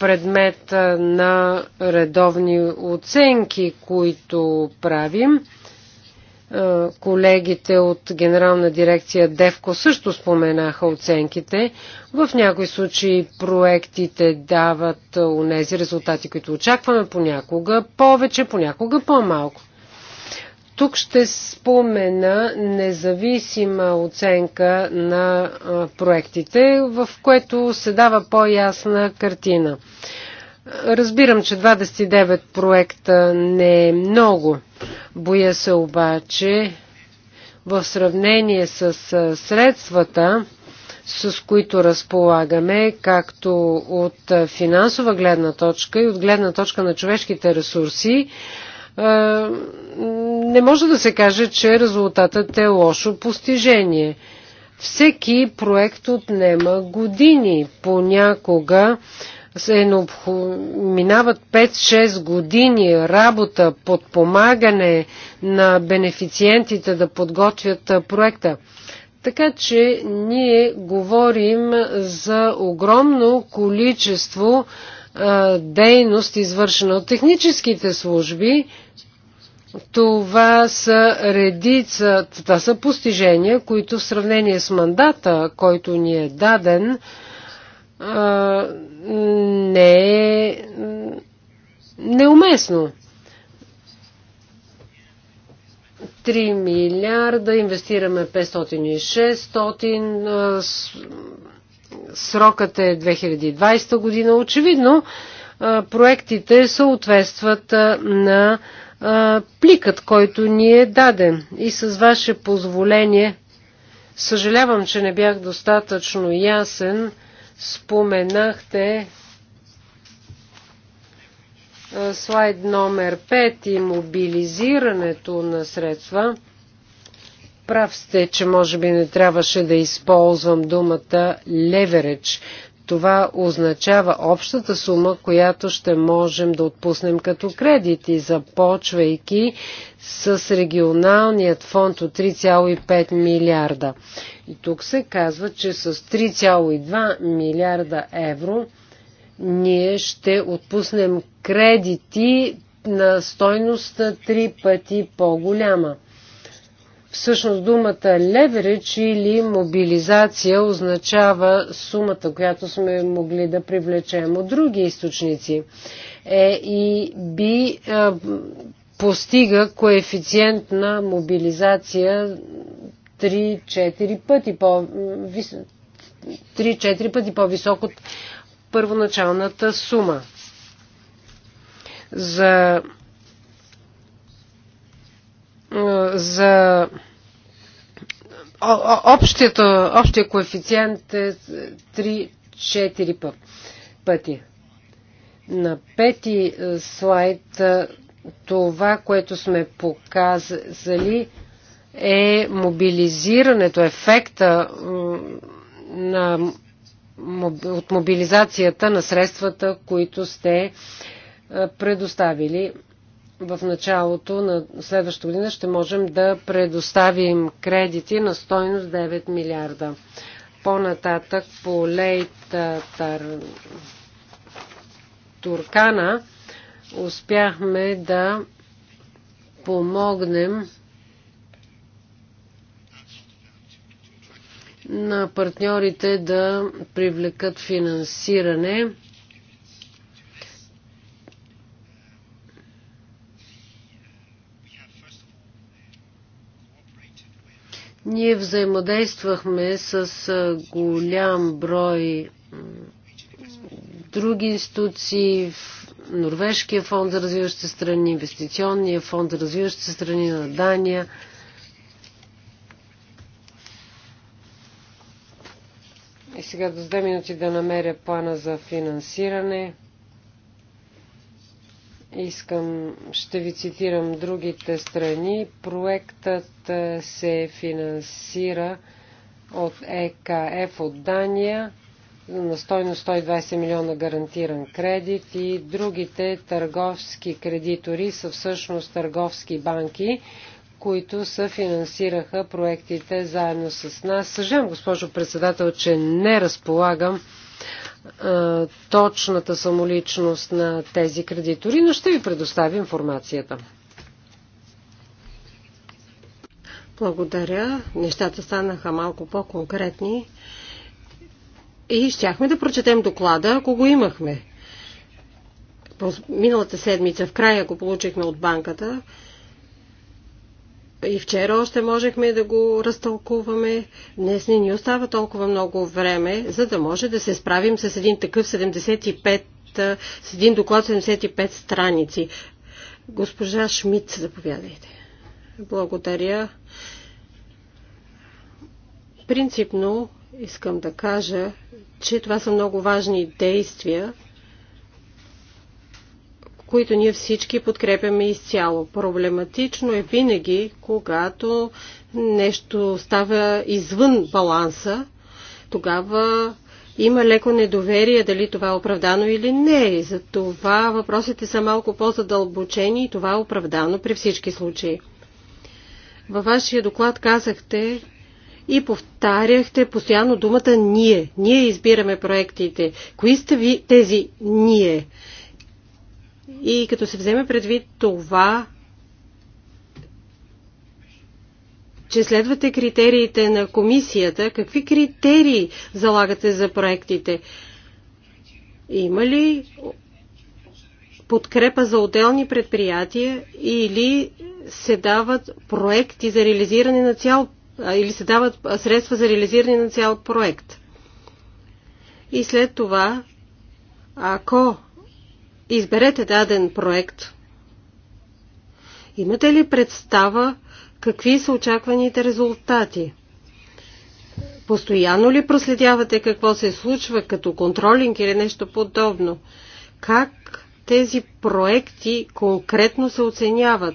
предмет на редовни оценки, които правим. Е, колегите от Генерална дирекция ДЕВКО също споменаха оценките. В някои случаи проектите дават унези е, резултати, които очакваме, понякога повече, понякога по-малко. Тук ще спомена независима оценка на е, проектите, в което се дава по-ясна картина. Разбирам, че 29 проекта не е много. Боя се обаче в сравнение с средствата, с които разполагаме, както от финансова гледна точка и от гледна точка на човешките ресурси, не може да се каже, че резултатът е лошо постижение. Всеки проект отнема години. Понякога се е необх... минават 5-6 години работа, подпомагане на бенефициентите да подготвят проекта. Така че ние говорим за огромно количество а, дейност, извършена от техническите служби. Това са редица, това са постижения, които в сравнение с мандата, който ни е даден, не е неуместно. 3 милиарда, инвестираме 500 и 600, срокът е 2020 година. Очевидно, проектите съответстват на пликът, който ни е даден. И с ваше позволение, съжалявам, че не бях достатъчно ясен, Споменахте слайд номер 5 и мобилизирането на средства. Прав сте, че може би не трябваше да използвам думата леверидж. Това означава общата сума, която ще можем да отпуснем като кредити, започвайки с регионалният фонд от 3,5 милиарда. И тук се казва, че с 3,2 милиарда евро ние ще отпуснем кредити на стойност три пъти по-голяма. Всъщност думата leverage или мобилизация означава сумата, която сме могли да привлечем от други източници. Е и би постига коефициент на мобилизация 3-4 пъти по 3-4 пъти по-висок от първоначалната сума. За, за общията, общия коефициент е 3-4 пъти. На пети слайд това, което сме показали, е мобилизирането, ефекта на, от мобилизацията на средствата, които сте е, предоставили. В началото на следващата година ще можем да предоставим кредити на стойност 9 милиарда. По-нататък по лейта Туркана успяхме да помогнем на партньорите да привлекат финансиране. Ние взаимодействахме с голям брой други институции, в Норвежкия фонд за развиващи страни, Инвестиционния фонд за развиващи страни на Дания. И сега до 2 минути да намеря плана за финансиране. Искам, ще ви цитирам другите страни. Проектът е, се финансира от ЕКФ от Дания на стойност 120 милиона гарантиран кредит и другите търговски кредитори са всъщност търговски банки, които се финансираха проектите заедно с нас. Съжалявам, госпожо председател, че не разполагам точната самоличност на тези кредитори, но ще ви предоставя информацията. Благодаря. Нещата станаха малко по-конкретни и щяхме да прочетем доклада, ако го имахме. Миналата седмица, в края го получихме от банката и вчера още можехме да го разтълкуваме. Днес не ни остава толкова много време, за да може да се справим с един такъв 75, с един доклад 75 страници. Госпожа Шмидт, заповядайте. Благодаря. Принципно искам да кажа, че това са много важни действия, които ние всички подкрепяме изцяло. Проблематично е винаги, когато нещо става извън баланса, тогава има леко недоверие дали това е оправдано или не. И за това въпросите са малко по-задълбочени и това е оправдано при всички случаи. Във вашия доклад казахте, и повтаряхте постоянно думата ние. Ние избираме проектите. Кои сте ви тези ние? И като се вземе предвид това, че следвате критериите на комисията, какви критерии залагате за проектите? Има ли подкрепа за отделни предприятия или се дават проекти за реализиране на цял или се дават средства за реализиране на цял проект. И след това, ако изберете даден проект, имате ли представа какви са очакваните резултати? Постоянно ли проследявате какво се случва като контролинг или нещо подобно? Как тези проекти конкретно се оценяват?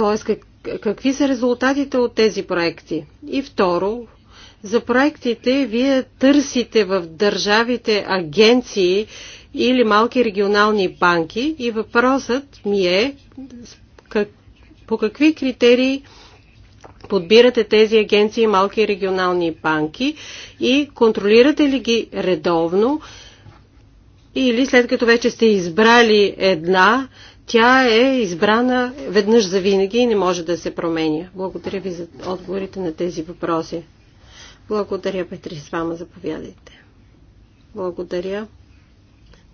Т.е. как, какви са резултатите от тези проекти? И второ, за проектите вие търсите в държавите агенции или малки регионални банки и въпросът ми е как, по какви критерии подбирате тези агенции и малки регионални банки и контролирате ли ги редовно или след като вече сте избрали една, тя е избрана веднъж за винаги и не може да се променя. Благодаря ви за отговорите на тези въпроси. Благодаря, Петри, с вама заповядайте. Благодаря.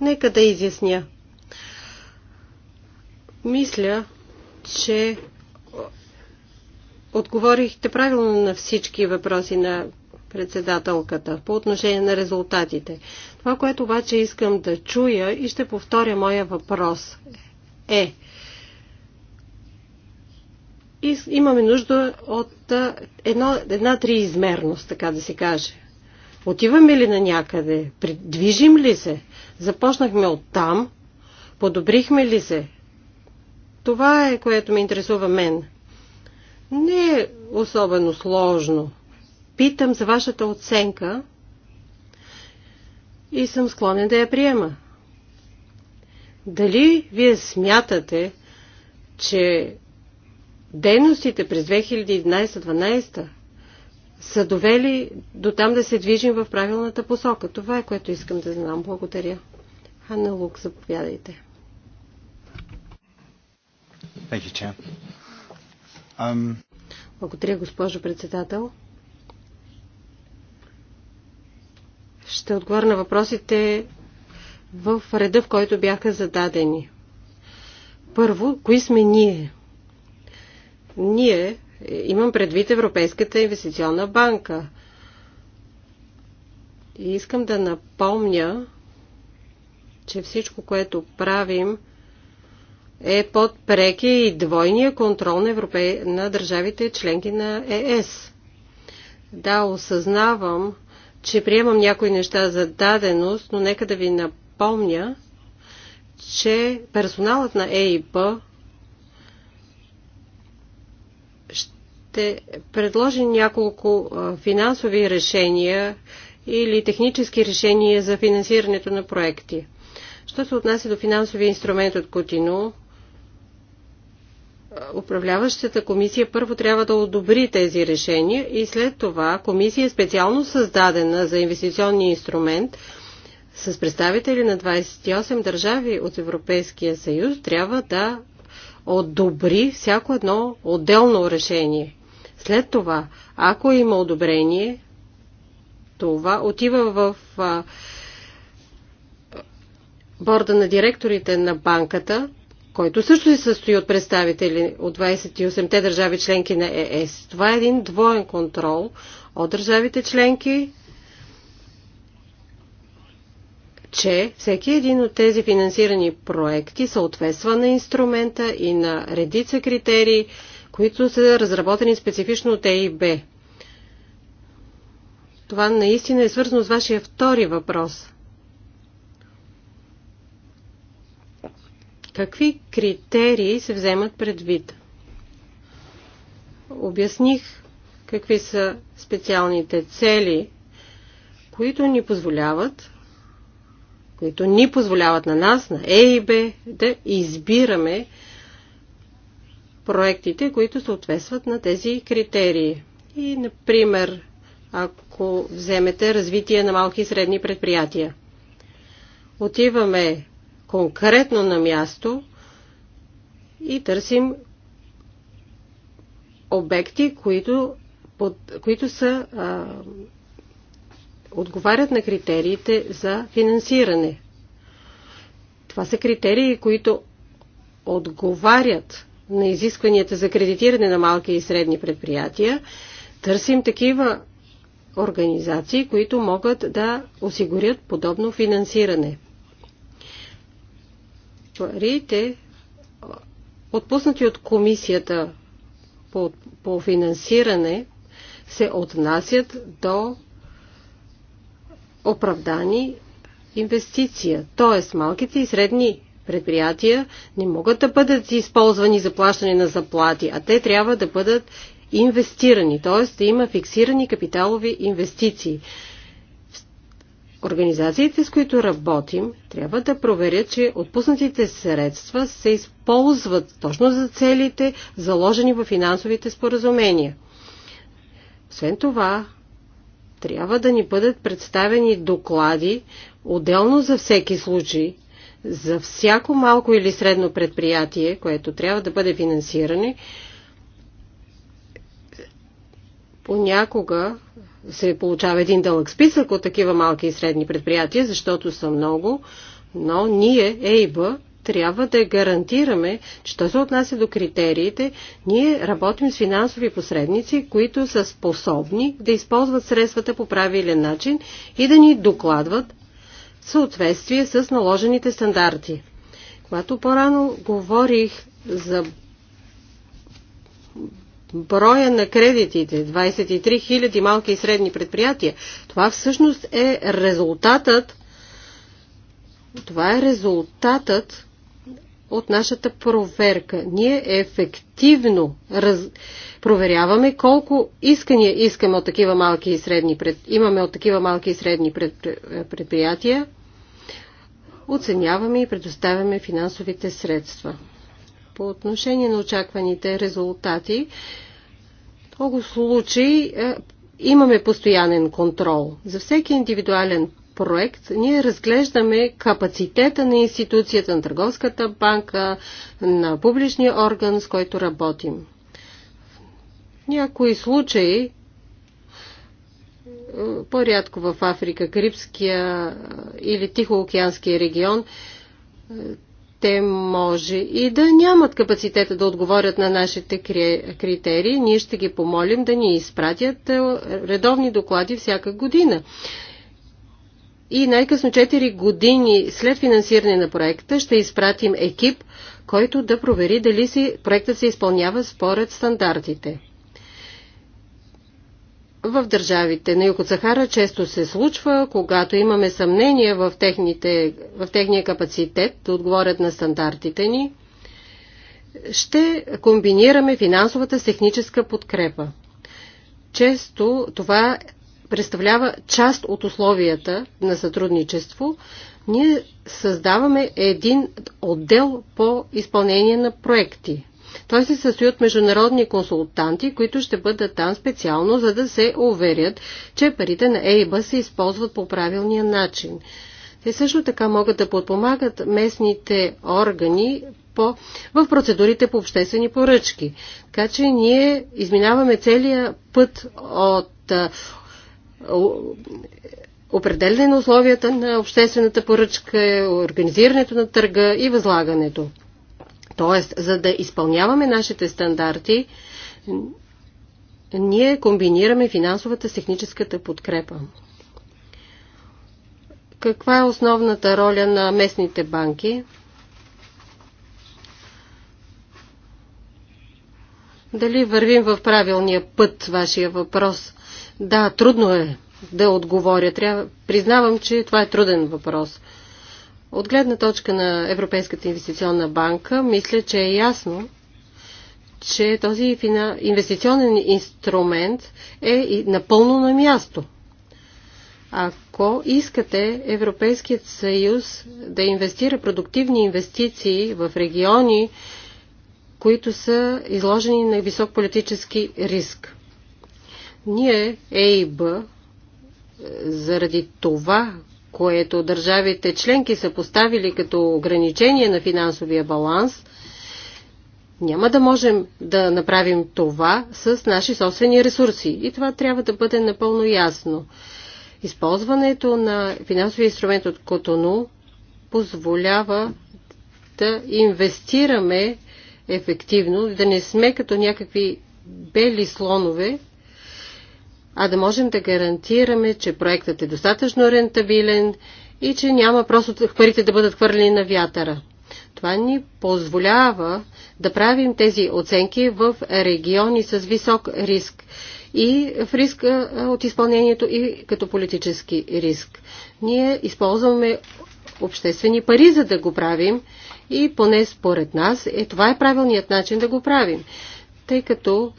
Нека да изясня. Мисля, че отговорихте правилно на всички въпроси на председателката по отношение на резултатите. Това, което обаче искам да чуя и ще повторя моя въпрос е е. И имаме нужда от едно, една триизмерност, така да се каже. Отиваме ли на някъде? Придвижим ли се? Започнахме от там? Подобрихме ли се? Това е, което ме интересува мен. Не е особено сложно. Питам за вашата оценка и съм склонен да я приема. Дали вие смятате, че дейностите през 2011-2012 са довели до там да се движим в правилната посока? Това е което искам да знам. Благодаря. Ханна Лук, заповядайте. Um, Благодаря, госпожо председател. Ще отговоря на въпросите в реда, в който бяха зададени. Първо, кои сме ние? Ние, е, имам предвид Европейската инвестиционна банка. И искам да напомня, че всичко, което правим, е под преки и двойния контрол на, Европе... на държавите членки на ЕС. Да, осъзнавам, че приемам някои неща за даденост, но нека да ви напомня, припомня, че персоналът на ЕИП ще предложи няколко финансови решения или технически решения за финансирането на проекти. Що се отнася до финансовия инструмент от Котино, управляващата комисия първо трябва да одобри тези решения и след това комисия е специално създадена за инвестиционния инструмент – с представители на 28 държави от Европейския съюз трябва да одобри всяко едно отделно решение. След това, ако има одобрение, това отива в а, борда на директорите на банката, който също се състои от представители от 28-те държави членки на ЕС. Това е един двоен контрол от държавите членки че всеки един от тези финансирани проекти съответства на инструмента и на редица критерии, които са разработени специфично от ЕИБ. Това наистина е свързано с вашия втори въпрос. Какви критерии се вземат предвид? Обясних какви са специалните цели, които ни позволяват които ни позволяват на нас, на ЕИБ, да избираме проектите, които съответстват на тези критерии. И, например, ако вземете развитие на малки и средни предприятия. Отиваме конкретно на място и търсим обекти, които, под, които са а, отговарят на критериите за финансиране. Това са критерии, които отговарят на изискванията за кредитиране на малки и средни предприятия. Търсим такива организации, които могат да осигурят подобно финансиране. Парите, отпуснати от комисията по, по финансиране, се отнасят до оправдани инвестиция. Тоест, малките и средни предприятия не могат да бъдат използвани за плащане на заплати, а те трябва да бъдат инвестирани, т.е. да има фиксирани капиталови инвестиции. Организациите, с които работим, трябва да проверят, че отпуснатите средства се използват точно за целите, заложени в финансовите споразумения. Освен това, трябва да ни бъдат представени доклади отделно за всеки случай, за всяко малко или средно предприятие, което трябва да бъде финансиране. Понякога се получава един дълъг списък от такива малки и средни предприятия, защото са много, но ние, ЕИБ, трябва да гарантираме, че що се отнася до критериите, ние работим с финансови посредници, които са способни да използват средствата по правилен начин и да ни докладват в съответствие с наложените стандарти. Когато по-рано говорих за броя на кредитите, 23 000 малки и средни предприятия, това всъщност е резултатът това е резултатът от нашата проверка. Ние ефективно раз... проверяваме колко искания искаме от такива малки и средни пред... имаме от такива малки и средни пред... предприятия. Оценяваме и предоставяме финансовите средства. По отношение на очакваните резултати, в много случаи е, имаме постоянен контрол. За всеки индивидуален проект ние разглеждаме капацитета на институцията, на Търговската банка, на публичния орган, с който работим. В някои случаи, е, по-рядко в Африка, Карибския е, или Тихоокеанския регион, е, те може и да нямат капацитета да отговорят на нашите критерии. Ние ще ги помолим да ни изпратят редовни доклади всяка година и най-късно 4 години след финансиране на проекта ще изпратим екип, който да провери дали си, проектът се изпълнява според стандартите. В държавите на Юкот Сахара често се случва, когато имаме съмнение в, техните, в техния капацитет да отговорят на стандартите ни, ще комбинираме финансовата с техническа подкрепа. Често това представлява част от условията на сътрудничество, ние създаваме един отдел по изпълнение на проекти. Той се състои от международни консултанти, които ще бъдат там специално, за да се уверят, че парите на ЕИБА се използват по правилния начин. Те също така могат да подпомагат местните органи по, в процедурите по обществени поръчки. Така че ние изминаваме целия път от определяне на условията на обществената поръчка, организирането на търга и възлагането. Тоест, за да изпълняваме нашите стандарти, ние комбинираме финансовата с техническата подкрепа. Каква е основната роля на местните банки? Дали вървим в правилния път, вашия въпрос? Да, трудно е да отговоря. Трябва, признавам, че това е труден въпрос. От гледна точка на Европейската инвестиционна банка, мисля, че е ясно, че този инвестиционен инструмент е напълно на място. Ако искате Европейският съюз да инвестира продуктивни инвестиции в региони, които са изложени на висок политически риск, ние, Б, е, заради това, което държавите членки са поставили като ограничение на финансовия баланс, няма да можем да направим това с наши собствени ресурси. И това трябва да бъде напълно ясно. Използването на финансовия инструмент от Котону позволява да инвестираме ефективно, да не сме като някакви бели слонове, а да можем да гарантираме, че проектът е достатъчно рентабилен и че няма просто парите да бъдат хвърлени на вятъра. Това ни позволява да правим тези оценки в региони с висок риск и в риск от изпълнението и като политически риск. Ние използваме обществени пари, за да го правим и поне според нас е, това е правилният начин да го правим, тъй като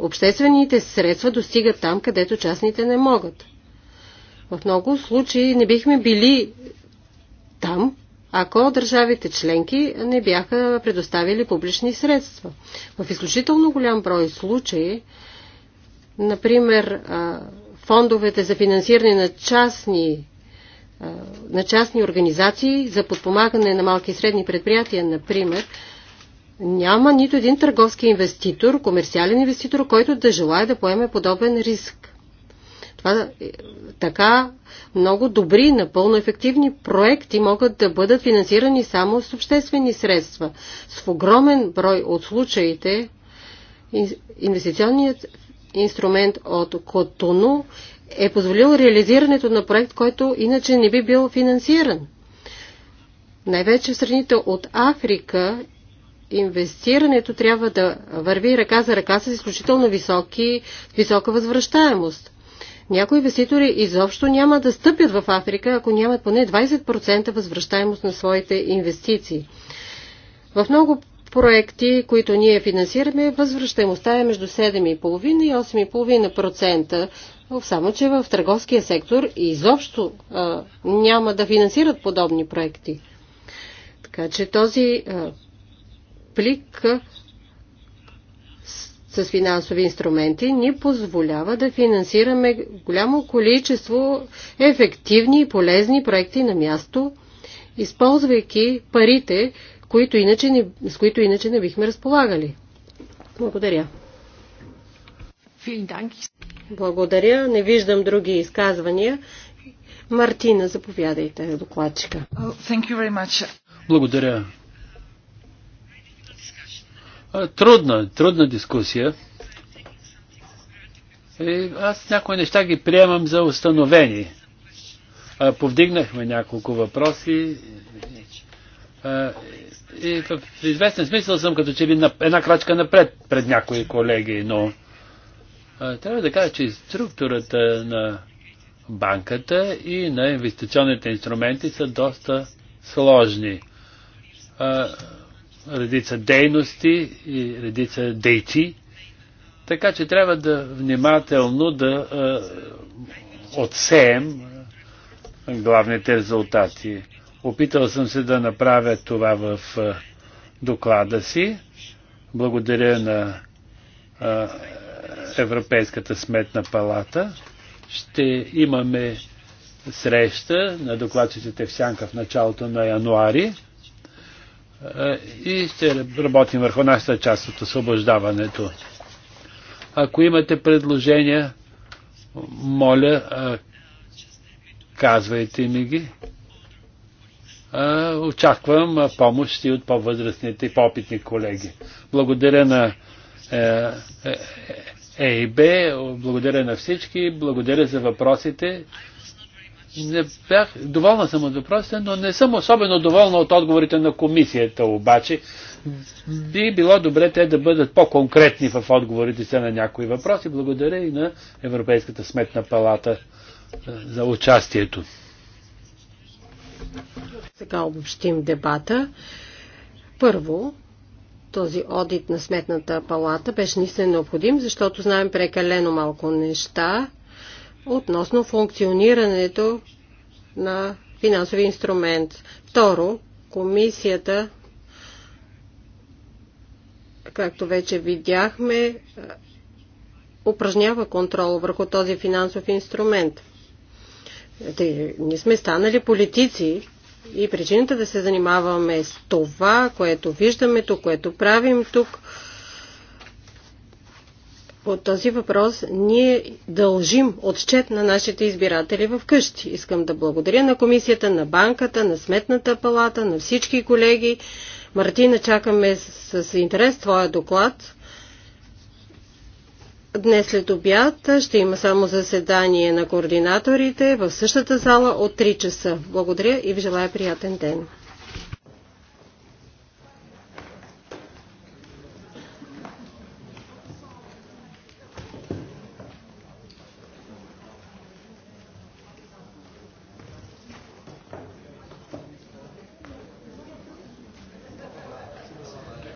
обществените средства достигат там, където частните не могат. В много случаи не бихме били там, ако държавите членки не бяха предоставили публични средства. В изключително голям брой случаи, например, фондовете за финансиране на частни, на частни организации за подпомагане на малки и средни предприятия, например, няма нито един търговски инвеститор, комерциален инвеститор, който да желая да поеме подобен риск. Това, е, така много добри, напълно ефективни проекти могат да бъдат финансирани само с обществени средства. С огромен брой от случаите инвестиционният инструмент от Котуно е позволил реализирането на проект, който иначе не би бил финансиран. Най-вече в страните от Африка инвестирането трябва да върви ръка за ръка с изключително високи, висока възвръщаемост. Някои инвеститори изобщо няма да стъпят в Африка, ако нямат поне 20% възвръщаемост на своите инвестиции. В много проекти, които ние финансираме, възвръщаемостта е между 7,5 и 8,5%. Само, че в търговския сектор изобщо а, няма да финансират подобни проекти. Така че този а, плик с финансови инструменти ни позволява да финансираме голямо количество ефективни и полезни проекти на място, използвайки парите, които иначе не, с които иначе не бихме разполагали. Благодаря. Благодаря. Не виждам други изказвания. Мартина, заповядайте, докладчика. Oh, Благодаря, трудна, трудна дискусия. И аз някои неща ги приемам за установени. Повдигнахме няколко въпроси и в известен смисъл съм като че ли една крачка напред пред някои колеги, но трябва да кажа, че структурата на банката и на инвестиционните инструменти са доста сложни редица дейности и редица дейци, така че трябва да внимателно да е, отсеем главните резултати. Опитал съм се да направя това в е, доклада си. Благодаря на е, Европейската сметна палата. Ще имаме среща на докладчиците в Сянка в началото на януари и ще работим върху нашата част от освобождаването. Ако имате предложения, моля, казвайте ми ги. Очаквам помощ и от по-възрастните и по-опитни колеги. Благодаря на ЕИБ, благодаря на всички, благодаря за въпросите. Не бях, доволна съм от въпросите, но не съм особено доволна от отговорите на комисията обаче. Би било добре те да бъдат по-конкретни в отговорите си на някои въпроси. Благодаря и на Европейската сметна палата е, за участието. Сега обобщим дебата. Първо, този одит на Сметната палата беше наистина необходим, защото знаем прекалено малко неща относно функционирането на финансови инструмент. Второ, комисията, както вече видяхме, е, упражнява контрол върху този финансов инструмент. ние сме станали политици и причината да се занимаваме с това, което виждаме тук, което правим тук, по този въпрос ние дължим отчет на нашите избиратели в къщи. Искам да благодаря на комисията, на банката, на сметната палата, на всички колеги. Мартина, чакаме с, с интерес твоя доклад. Днес след обяд ще има само заседание на координаторите в същата зала от 3 часа. Благодаря и ви желая приятен ден.